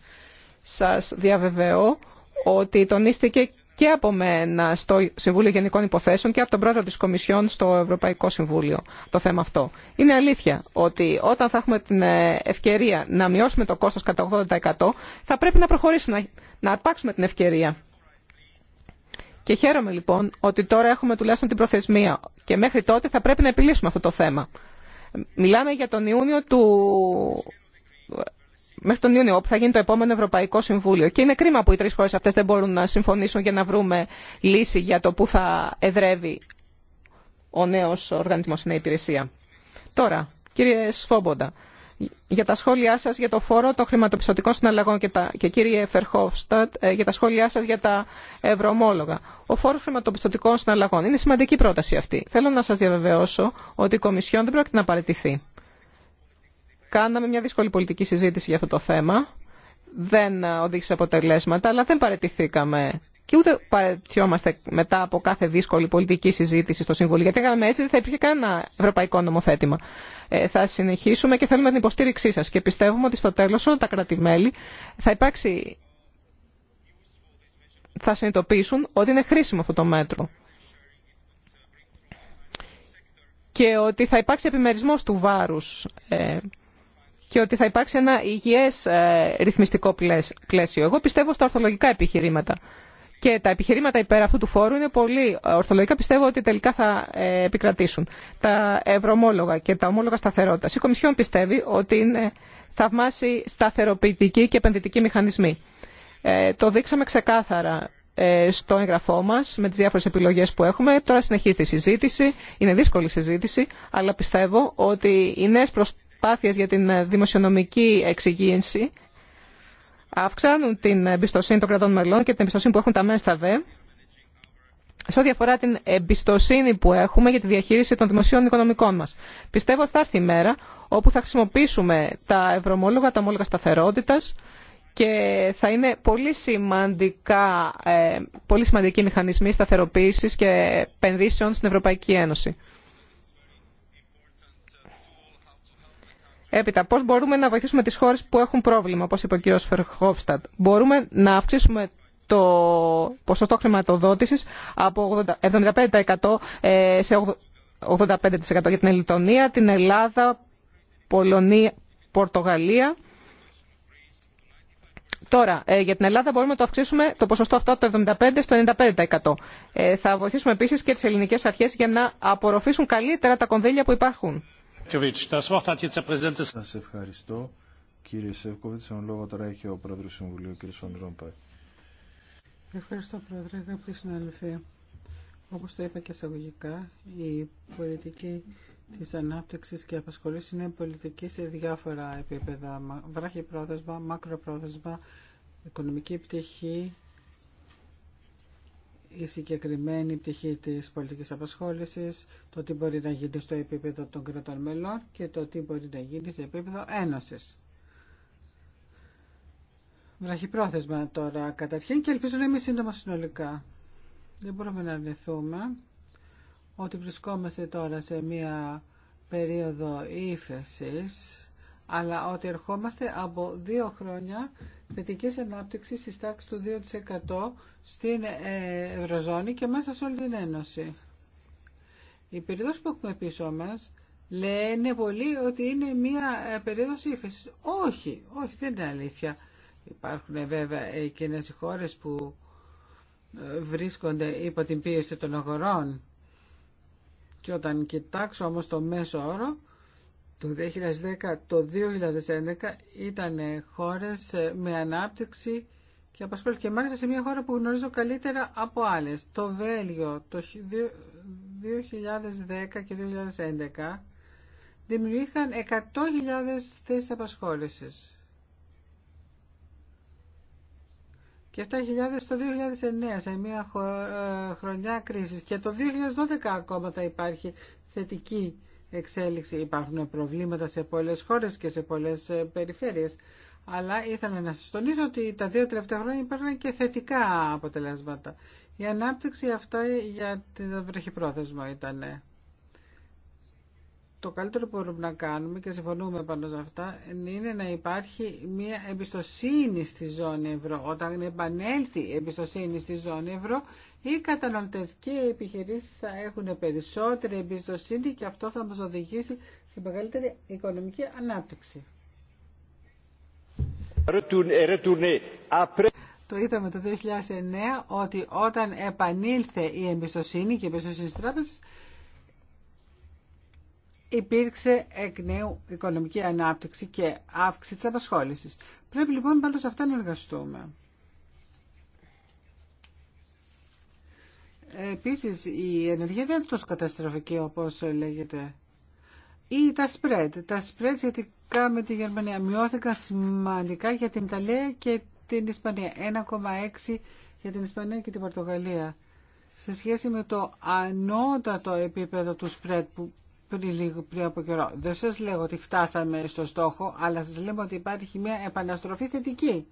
Speaker 2: Σα διαβεβαιώ ότι τονίστηκε και από μένα στο Συμβούλιο Γενικών Υποθέσεων και από τον πρόεδρο της Κομισιόν στο Ευρωπαϊκό Συμβούλιο το θέμα αυτό. Είναι αλήθεια ότι όταν θα έχουμε την ε, ευκαιρία να μειώσουμε το κόστος κατά 80% θα πρέπει να προχωρήσουμε, να αρπάξουμε την ευκαιρία. Και χαίρομαι λοιπόν ότι τώρα έχουμε τουλάχιστον την προθεσμία και μέχρι τότε θα πρέπει να επιλύσουμε αυτό το θέμα. Μιλάμε για τον Ιούνιο του μέχρι τον Ιούνιο, όπου θα γίνει το επόμενο Ευρωπαϊκό Συμβούλιο. Και είναι κρίμα που οι τρει χώρε αυτέ δεν μπορούν να συμφωνήσουν για να βρούμε λύση για το πού θα εδρεύει ο νέο οργανισμό, η νέα υπηρεσία. Τώρα, κύριε Σφόμποντα, για τα σχόλιά σα για το φόρο των χρηματοπιστωτικών συναλλαγών και, και κύριε Φερχόφστατ, ε, για τα σχόλιά σα για τα ευρωομόλογα. Ο φόρο χρηματοπιστωτικών συναλλαγών είναι σημαντική πρόταση αυτή. Θέλω να σα διαβεβαιώσω ότι η Κομισιόν δεν πρόκειται να παραιτηθεί. Κάναμε μια δύσκολη πολιτική συζήτηση για αυτό το θέμα. Δεν ε, οδήγησε αποτελέσματα, αλλά δεν παρετηθήκαμε και ούτε παρετιόμαστε μετά από κάθε δύσκολη πολιτική συζήτηση στο Συμβούλιο. Γιατί έκαναμε έτσι, δεν θα υπήρχε κανένα ευρωπαϊκό νομοθέτημα. Ε, θα συνεχίσουμε και θέλουμε την υποστήριξή σα. Και πιστεύουμε ότι στο τέλο όλα τα κρατη θα υπάρξει. συνειδητοποιήσουν ότι είναι χρήσιμο αυτό το μέτρο. Και ότι θα υπάρξει επιμερισμό του βάρου. Ε, και ότι θα υπάρξει ένα υγιές ε, ρυθμιστικό πλαίσιο. Εγώ πιστεύω στα ορθολογικά επιχειρήματα. Και τα επιχειρήματα υπέρ αυτού του φόρου είναι πολύ ε, ορθολογικά. Πιστεύω ότι τελικά θα ε, επικρατήσουν. Τα ευρωομόλογα και τα ομόλογα σταθερότητα. Η Κομισιόν πιστεύει ότι είναι θαυμάσει σταθεροποιητικοί και επενδυτικοί μηχανισμοί. το δείξαμε ξεκάθαρα στο εγγραφό μα με τι διάφορε επιλογέ που έχουμε. Τώρα συνεχίζει τη συζήτηση. Είναι δύσκολη συζήτηση, αλλά πιστεύω ότι οι νέε προσπάθειες για την ε, δημοσιονομική εξυγίανση αυξάνουν την εμπιστοσύνη των κρατών μελών και την εμπιστοσύνη που έχουν τα μέσα στα ΔΕ σε ό,τι αφορά την εμπιστοσύνη που έχουμε για τη διαχείριση των δημοσίων οικονομικών μας. Πιστεύω ότι θα έρθει η μέρα όπου θα χρησιμοποιήσουμε τα ευρωμόλογα, τα ομόλογα σταθερότητας και θα είναι πολύ, σημαντικά, ε, πολύ σημαντικοί μηχανισμοί σταθεροποίησης και επενδύσεων στην Ευρωπαϊκή Ένωση. Έπειτα, πώς μπορούμε να βοηθήσουμε τις χώρες που έχουν πρόβλημα, όπως είπε ο κ. Φερχόφστατ. Μπορούμε να αυξήσουμε το ποσοστό χρηματοδότησης από 75% ε, σε 85% για την Ελληνία, την Ελλάδα, Πολωνία, Πορτογαλία. Τώρα, ε, για την Ελλάδα μπορούμε να το αυξήσουμε το ποσοστό αυτό από το 75% στο 95%. Ε, θα βοηθήσουμε επίσης και τις ελληνικές αρχές για να απορροφήσουν καλύτερα τα κονδύλια που υπάρχουν.
Speaker 3: Σας ευχαριστώ κύριε Σεύκοβιτ. Στον λόγο τώρα έχει ο πρόεδρος του Συμβουλίου, κύριε Φαντρόμπα.
Speaker 1: Ευχαριστώ πρόεδρε, αγαπητοί συνάδελφοι. Όπως το είπα και εισαγωγικά, η πολιτική της ανάπτυξης και απασχολής είναι πολιτική σε διάφορα επίπεδα. Βράχει πρόθεσμα, μακροπρόθεσμα, οικονομική πτυχή, η συγκεκριμένη πτυχή της πολιτικής απασχόλησης, το τι μπορεί να γίνει στο επίπεδο των κρατών μελών και το τι μπορεί να γίνει σε επίπεδο ένωσης. Βραχυπρόθεσμα τώρα καταρχήν και ελπίζω να είμαι σύντομα συνολικά. Δεν μπορούμε να αρνηθούμε ότι βρισκόμαστε τώρα σε μία περίοδο ύφεσης αλλά ότι ερχόμαστε από δύο χρόνια θετικής ανάπτυξης της τάξη του 2% στην ε, Ευρωζώνη και μέσα σε όλη την Ένωση. Η περίοδος που έχουμε πίσω μας λένε πολλοί ότι είναι μια ε, περίοδος ύφεσης. Όχι, όχι δεν είναι αλήθεια. Υπάρχουν ε, βέβαια εκείνες οι χώρες που βρίσκονται υπό την πίεση των αγορών και όταν κοιτάξω όμως το μέσο όρο το 2010, το 2011 ήταν χώρες ε, με ανάπτυξη και απασχόληση και μάλιστα σε μια χώρα που γνωρίζω καλύτερα από άλλες. Το Βέλγιο το 2010 και 2011 δημιουργήθηκαν 100.000 θέσεις απασχόλησης. και 7.000 το 2009 σε μια ε, χρονιά κρίσης και το 2012 ακόμα θα υπάρχει θετική εξέλιξη. Υπάρχουν προβλήματα σε πολλές χώρες και σε πολλές ε, περιφέρειες. Αλλά ήθελα να σας τονίσω ότι τα δύο τελευταία χρόνια υπάρχουν και θετικά αποτελέσματα. Η ανάπτυξη αυτά για το πρόθεσμο; ήταν. Το καλύτερο που μπορούμε να κάνουμε και συμφωνούμε πάνω σε αυτά είναι να υπάρχει μια εμπιστοσύνη στη ζώνη ευρώ. Όταν επανέλθει η εμπιστοσύνη στη ζώνη ευρώ οι καταναλωτές και επιχειρήσεις θα έχουν περισσότερη εμπιστοσύνη και αυτό θα μας οδηγήσει σε μεγαλύτερη οικονομική ανάπτυξη. Το είδαμε το 2009 ότι όταν επανήλθε η εμπιστοσύνη και η εμπιστοσύνη τράπεζες υπήρξε εκ νέου οικονομική ανάπτυξη και αύξηση της απασχόλησης. Πρέπει λοιπόν πάνω σε αυτά να εργαστούμε. Επίση, η ενεργεία δεν είναι τόσο καταστροφική όπως λέγεται. Ή τα spread. Τα spread σχετικά με τη Γερμανία μειώθηκαν σημαντικά για την Ιταλία και την Ισπανία. 1,6 για την Ισπανία και την Πορτογαλία. Σε σχέση με το ανώτατο επίπεδο του spread που πριν, λίγο, πριν από καιρό. Δεν σας λέω ότι φτάσαμε στο στόχο, αλλά σας λέμε ότι υπάρχει μια επαναστροφή θετική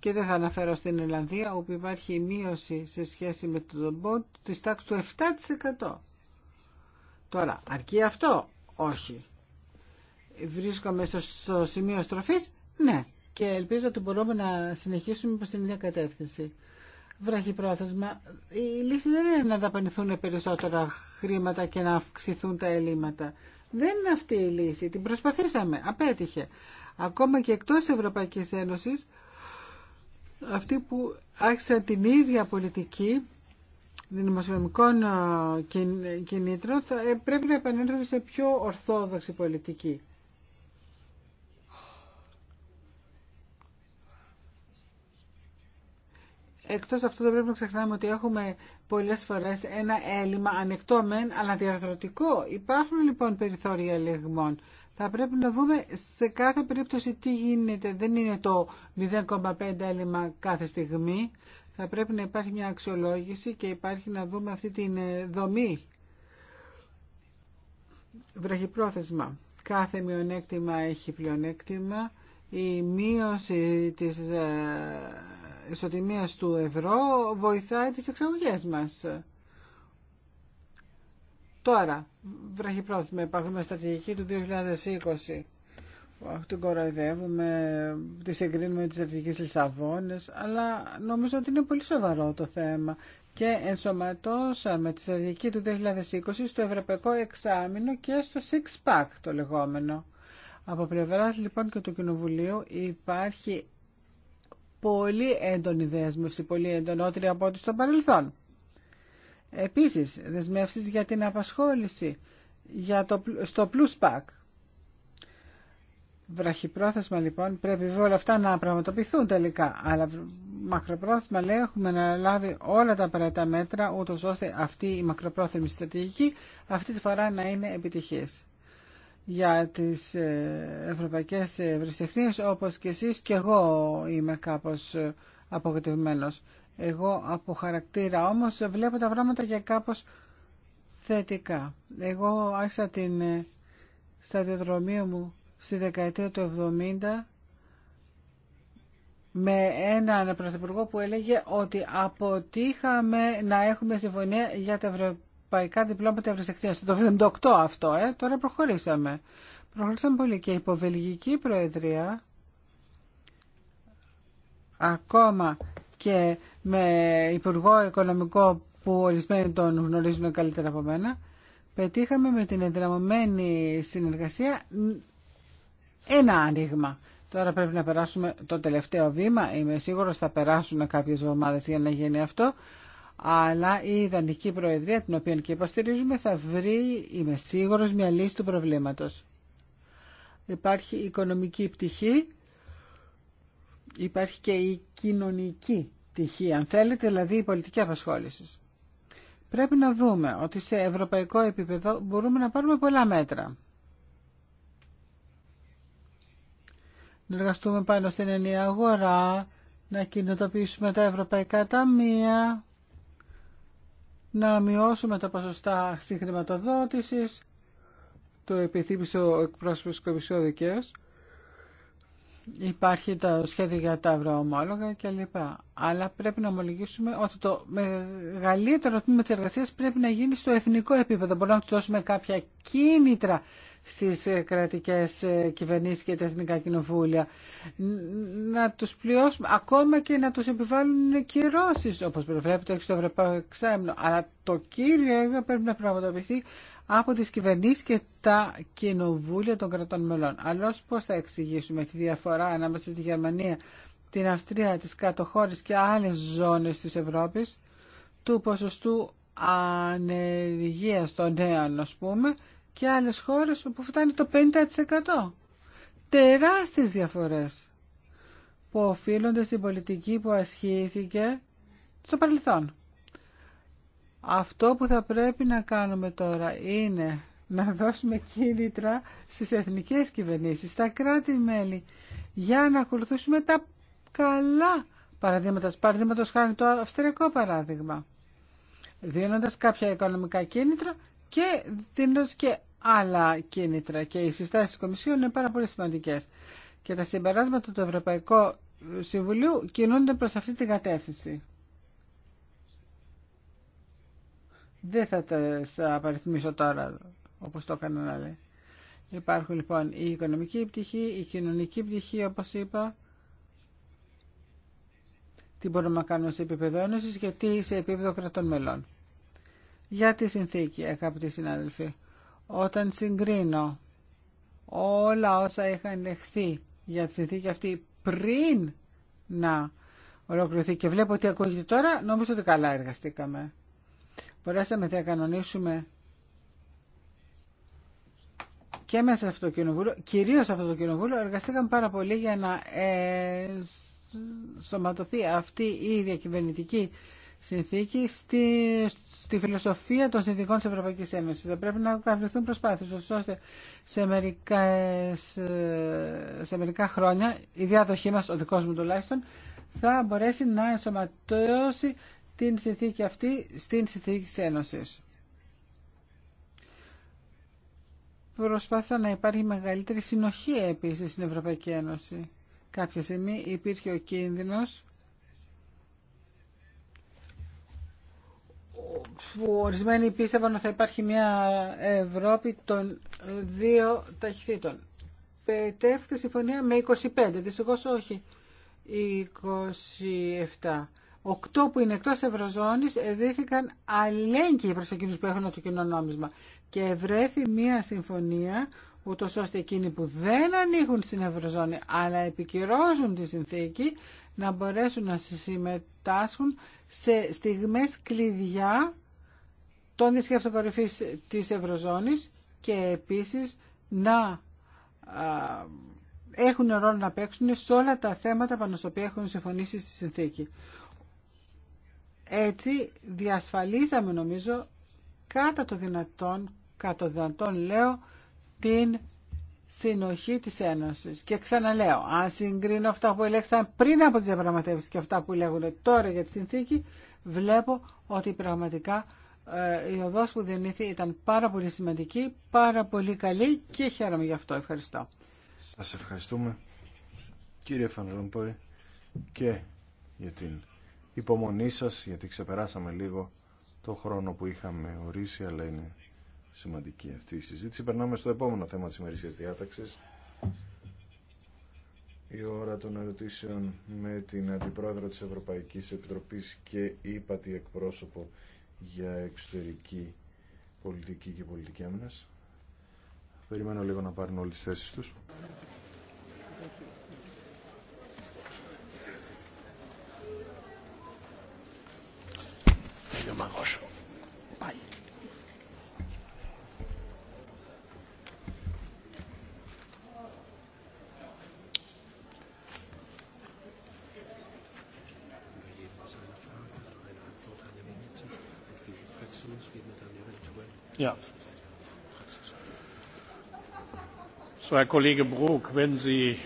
Speaker 1: και δεν θα αναφέρω στην Ελλανδία, όπου υπάρχει μείωση σε σχέση με το ΔΟΜΠΟ της τάξης του 7%. Τώρα, αρκεί αυτό? Όχι. Βρίσκομαι στο, σημείο στροφής? Ναι. Και ελπίζω ότι μπορούμε να συνεχίσουμε προς την ίδια κατεύθυνση. Βραχυπρόθεσμα. Η λύση δεν είναι να δαπανηθούν περισσότερα χρήματα και να αυξηθούν τα ελλείμματα. Δεν είναι αυτή η λύση. Την προσπαθήσαμε. Απέτυχε. Ακόμα και εκτός Ευρωπαϊκής Ένωσης αυτοί που άρχισαν την ίδια πολιτική δημοσιονομικών ε, κινήτρων θα, ε, πρέπει να επανέλθουν σε πιο ορθόδοξη πολιτική. Εκτός αυτού δεν πρέπει να ξεχνάμε ότι έχουμε πολλές φορές ένα έλλειμμα ανοιχτό μεν αλλά διαρθρωτικό. Υπάρχουν λοιπόν περιθώρια λεγμών θα πρέπει να δούμε σε κάθε περίπτωση τι γίνεται. Δεν είναι το 0,5 έλλειμμα κάθε στιγμή. Θα πρέπει να υπάρχει μια αξιολόγηση και υπάρχει να δούμε αυτή την ε, δομή. Βραχυπρόθεσμα. Κάθε μειονέκτημα έχει πλεονέκτημα. Η μείωση της ε, ισοτιμίας του ευρώ βοηθάει τις εξαγωγές μας. Τώρα, βραχυπρόθεσμα, υπάρχουμε στρατηγική του 2020 την κοροϊδεύουμε, τη συγκρίνουμε με τις στρατηγικές Λισαβόνες, αλλά νομίζω ότι είναι πολύ σοβαρό το θέμα και ενσωματώσαμε τη στρατηγική του 2020 στο Ευρωπαϊκό Εξάμεινο και στο Six Pack το λεγόμενο. Από πλευρά λοιπόν και του Κοινοβουλίου υπάρχει πολύ έντονη δέσμευση, πολύ εντονότερη από ό,τι στο παρελθόν. Επίσης, δεσμεύσεις για την απασχόληση για το, στο Plus Pack. Βραχυπρόθεσμα λοιπόν πρέπει όλα αυτά να πραγματοποιηθούν τελικά, αλλά μακροπρόθεσμα λέει έχουμε να λάβει όλα τα απαραίτητα μέτρα ούτως ώστε αυτή η μακροπρόθεσμη στρατηγική αυτή τη φορά να είναι επιτυχής. Για τις ε, ευρωπαϊκές ευρεσιτεχνίες όπως και εσείς και εγώ είμαι κάπως ε, απογοητευμένος εγώ από χαρακτήρα όμως βλέπω τα πράγματα για κάπως θετικά. Εγώ άρχισα την ε, σταδιοδρομία μου στη δεκαετία του 70 με έναν πρωθυπουργό που έλεγε ότι αποτύχαμε να έχουμε συμφωνία για τα ευρωπαϊκά διπλώματα ευρωσεκτίας. Το 78 αυτό, ε, τώρα προχωρήσαμε. Προχωρήσαμε πολύ και υπό Βελγική Προεδρία ακόμα και με Υπουργό Οικονομικό που ορισμένοι τον γνωρίζουν καλύτερα από μένα, πετύχαμε με την ενδραμωμένη συνεργασία ένα άνοιγμα. Τώρα πρέπει να περάσουμε το τελευταίο βήμα. Είμαι σίγουρος θα περάσουν κάποιες εβδομάδες για να γίνει αυτό. Αλλά η ιδανική προεδρία, την οποία και υποστηρίζουμε, θα βρει, είμαι σίγουρος, μια λύση του προβλήματος. Υπάρχει οικονομική πτυχή υπάρχει και η κοινωνική τυχή, αν θέλετε, δηλαδή η πολιτική απασχόληση. Πρέπει να δούμε ότι σε ευρωπαϊκό επίπεδο μπορούμε να πάρουμε πολλά μέτρα. Να εργαστούμε πάνω στην ενιαία αγορά, να κοινοτοποιήσουμε τα ευρωπαϊκά ταμεία, να μειώσουμε τα ποσοστά συγχρηματοδότησης, το επιθύμησε ο εκπρόσωπος Κομισιόδικαιος, υπάρχει το σχέδιο για τα ευρωομόλογα κλπ. Αλλά πρέπει να ομολογήσουμε ότι το μεγαλύτερο τμήμα της εργασίας πρέπει να γίνει στο εθνικό επίπεδο. Μπορούμε να του δώσουμε κάποια κίνητρα στις κρατικές κυβερνήσεις και τα εθνικά κοινοβούλια. Να τους πληρώσουμε ακόμα και να τους επιβάλλουν κυρώσεις όπως προβλέπεται στο Ευρωπαϊκό Εξάμεινο. Αλλά το κύριο έργο πρέπει να πραγματοποιηθεί από τις κυβερνήσεις και τα κοινοβούλια των κρατών μελών. Αλλιώς πώς θα εξηγήσουμε τη διαφορά ανάμεσα στη Γερμανία, την Αυστρία, τις κάτω και άλλες ζώνες της Ευρώπης του ποσοστού ανεργίας των νέων, ας πούμε, και άλλες χώρες όπου φτάνει το 50%. Τεράστιες διαφορές που οφείλονται στην πολιτική που ασχήθηκε στο παρελθόν. Αυτό που θα πρέπει να κάνουμε τώρα είναι να δώσουμε κίνητρα στις εθνικές κυβερνήσεις, στα κράτη-μέλη, για να ακολουθήσουμε τα καλά παραδείγματα. Παραδείγματο χάρη το αυστριακό παράδειγμα. Δίνοντας κάποια οικονομικά κίνητρα και δίνοντας και άλλα κίνητρα. Και οι συστάσεις της Κομισιόν είναι πάρα πολύ σημαντικές. Και τα συμπεράσματα του Ευρωπαϊκού Συμβουλίου κινούνται προς αυτή την κατεύθυνση. Δεν θα τα απαριθμίσω τώρα όπως το έκαναν άλλοι. Υπάρχουν λοιπόν η οικονομική πτυχή, η κοινωνική πτυχή όπως είπα. Τι μπορούμε να κάνουμε σε επίπεδο ένωσης και τι σε επίπεδο κρατών μελών. Για τη συνθήκη, αγαπητοί συνάδελφοι, όταν συγκρίνω όλα όσα είχαν λεχθεί για τη συνθήκη αυτή πριν να ολοκληρωθεί και βλέπω ότι ακούγεται τώρα, νομίζω ότι καλά εργαστήκαμε μπορέσαμε να διακανονίσουμε και μέσα σε αυτό το κοινοβούλιο, κυρίως σε αυτό το κοινοβούλιο, εργαστήκαμε πάρα πολύ για να ε, σωματωθεί αυτή η διακυβερνητική συνθήκη στη, στη φιλοσοφία των συνθήκων της Ευρωπαϊκής Ένωσης. Θα πρέπει να καταβληθούν προσπάθειες, ώστε σε μερικά, σε μερικά χρόνια η διάδοχή μας, ο δικός μου τουλάχιστον, θα μπορέσει να ενσωματώσει την συνθήκη αυτή στην συνθήκη της Ένωσης. Προσπάθησα να υπάρχει μεγαλύτερη συνοχή επίσης στην Ευρωπαϊκή Ένωση. Κάποια στιγμή υπήρχε ο κίνδυνος που ορισμένοι πίστευαν ότι θα υπάρχει μια Ευρώπη των δύο ταχυτήτων. Πετεύχθη συμφωνία με 25, δυστυχώς όχι 27. Οκτώ που είναι εκτός Ευρωζώνης δήθηκαν αλληλέγγυοι προς εκείνους που έχουν το κοινό νόμισμα και ευρέθη μία συμφωνία ούτω ώστε εκείνοι που δεν ανοίγουν στην Ευρωζώνη αλλά επικυρώζουν τη συνθήκη να μπορέσουν να συμμετάσχουν σε στιγμές κλειδιά των δυσκευτοκορυφή κορυφής της Ευρωζώνης και επίσης να έχουν ρόλο να παίξουν σε όλα τα θέματα πάνω στα οποία έχουν συμφωνήσει στη συνθήκη. Έτσι διασφαλίζαμε νομίζω κατά το δυνατόν, κατά το δυνατόν λέω, την συνοχή της Ένωσης. Και ξαναλέω, αν συγκρίνω αυτά που ελέγξαν πριν από τις διαπραγματεύσεις και αυτά που λέγουν τώρα για τη συνθήκη, βλέπω ότι πραγματικά ε, η οδός που διενήθη ήταν πάρα πολύ σημαντική, πάρα πολύ καλή και χαίρομαι γι' αυτό. Ευχαριστώ.
Speaker 3: Σας ευχαριστούμε κύριε Φανελόμπορη και για την υπομονή σας γιατί ξεπεράσαμε λίγο το χρόνο που είχαμε ορίσει αλλά είναι σημαντική αυτή η συζήτηση. Περνάμε στο επόμενο θέμα της ημερήσιας διάταξης. Η ώρα των ερωτήσεων με την Αντιπρόεδρο της Ευρωπαϊκής Επιτροπής και ύπατη εκπρόσωπο για εξωτερική πολιτική και πολιτική άμυνας. Περιμένω λίγο να πάρουν όλες τις θέσεις τους. au Maroc.
Speaker 4: Ja. So, Herr Kollege Brok,
Speaker 3: wenn Sie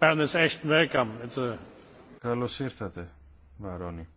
Speaker 3: Baroness Ashton, welcome. It's a Καλώς ήρθατε, Βαρόνι.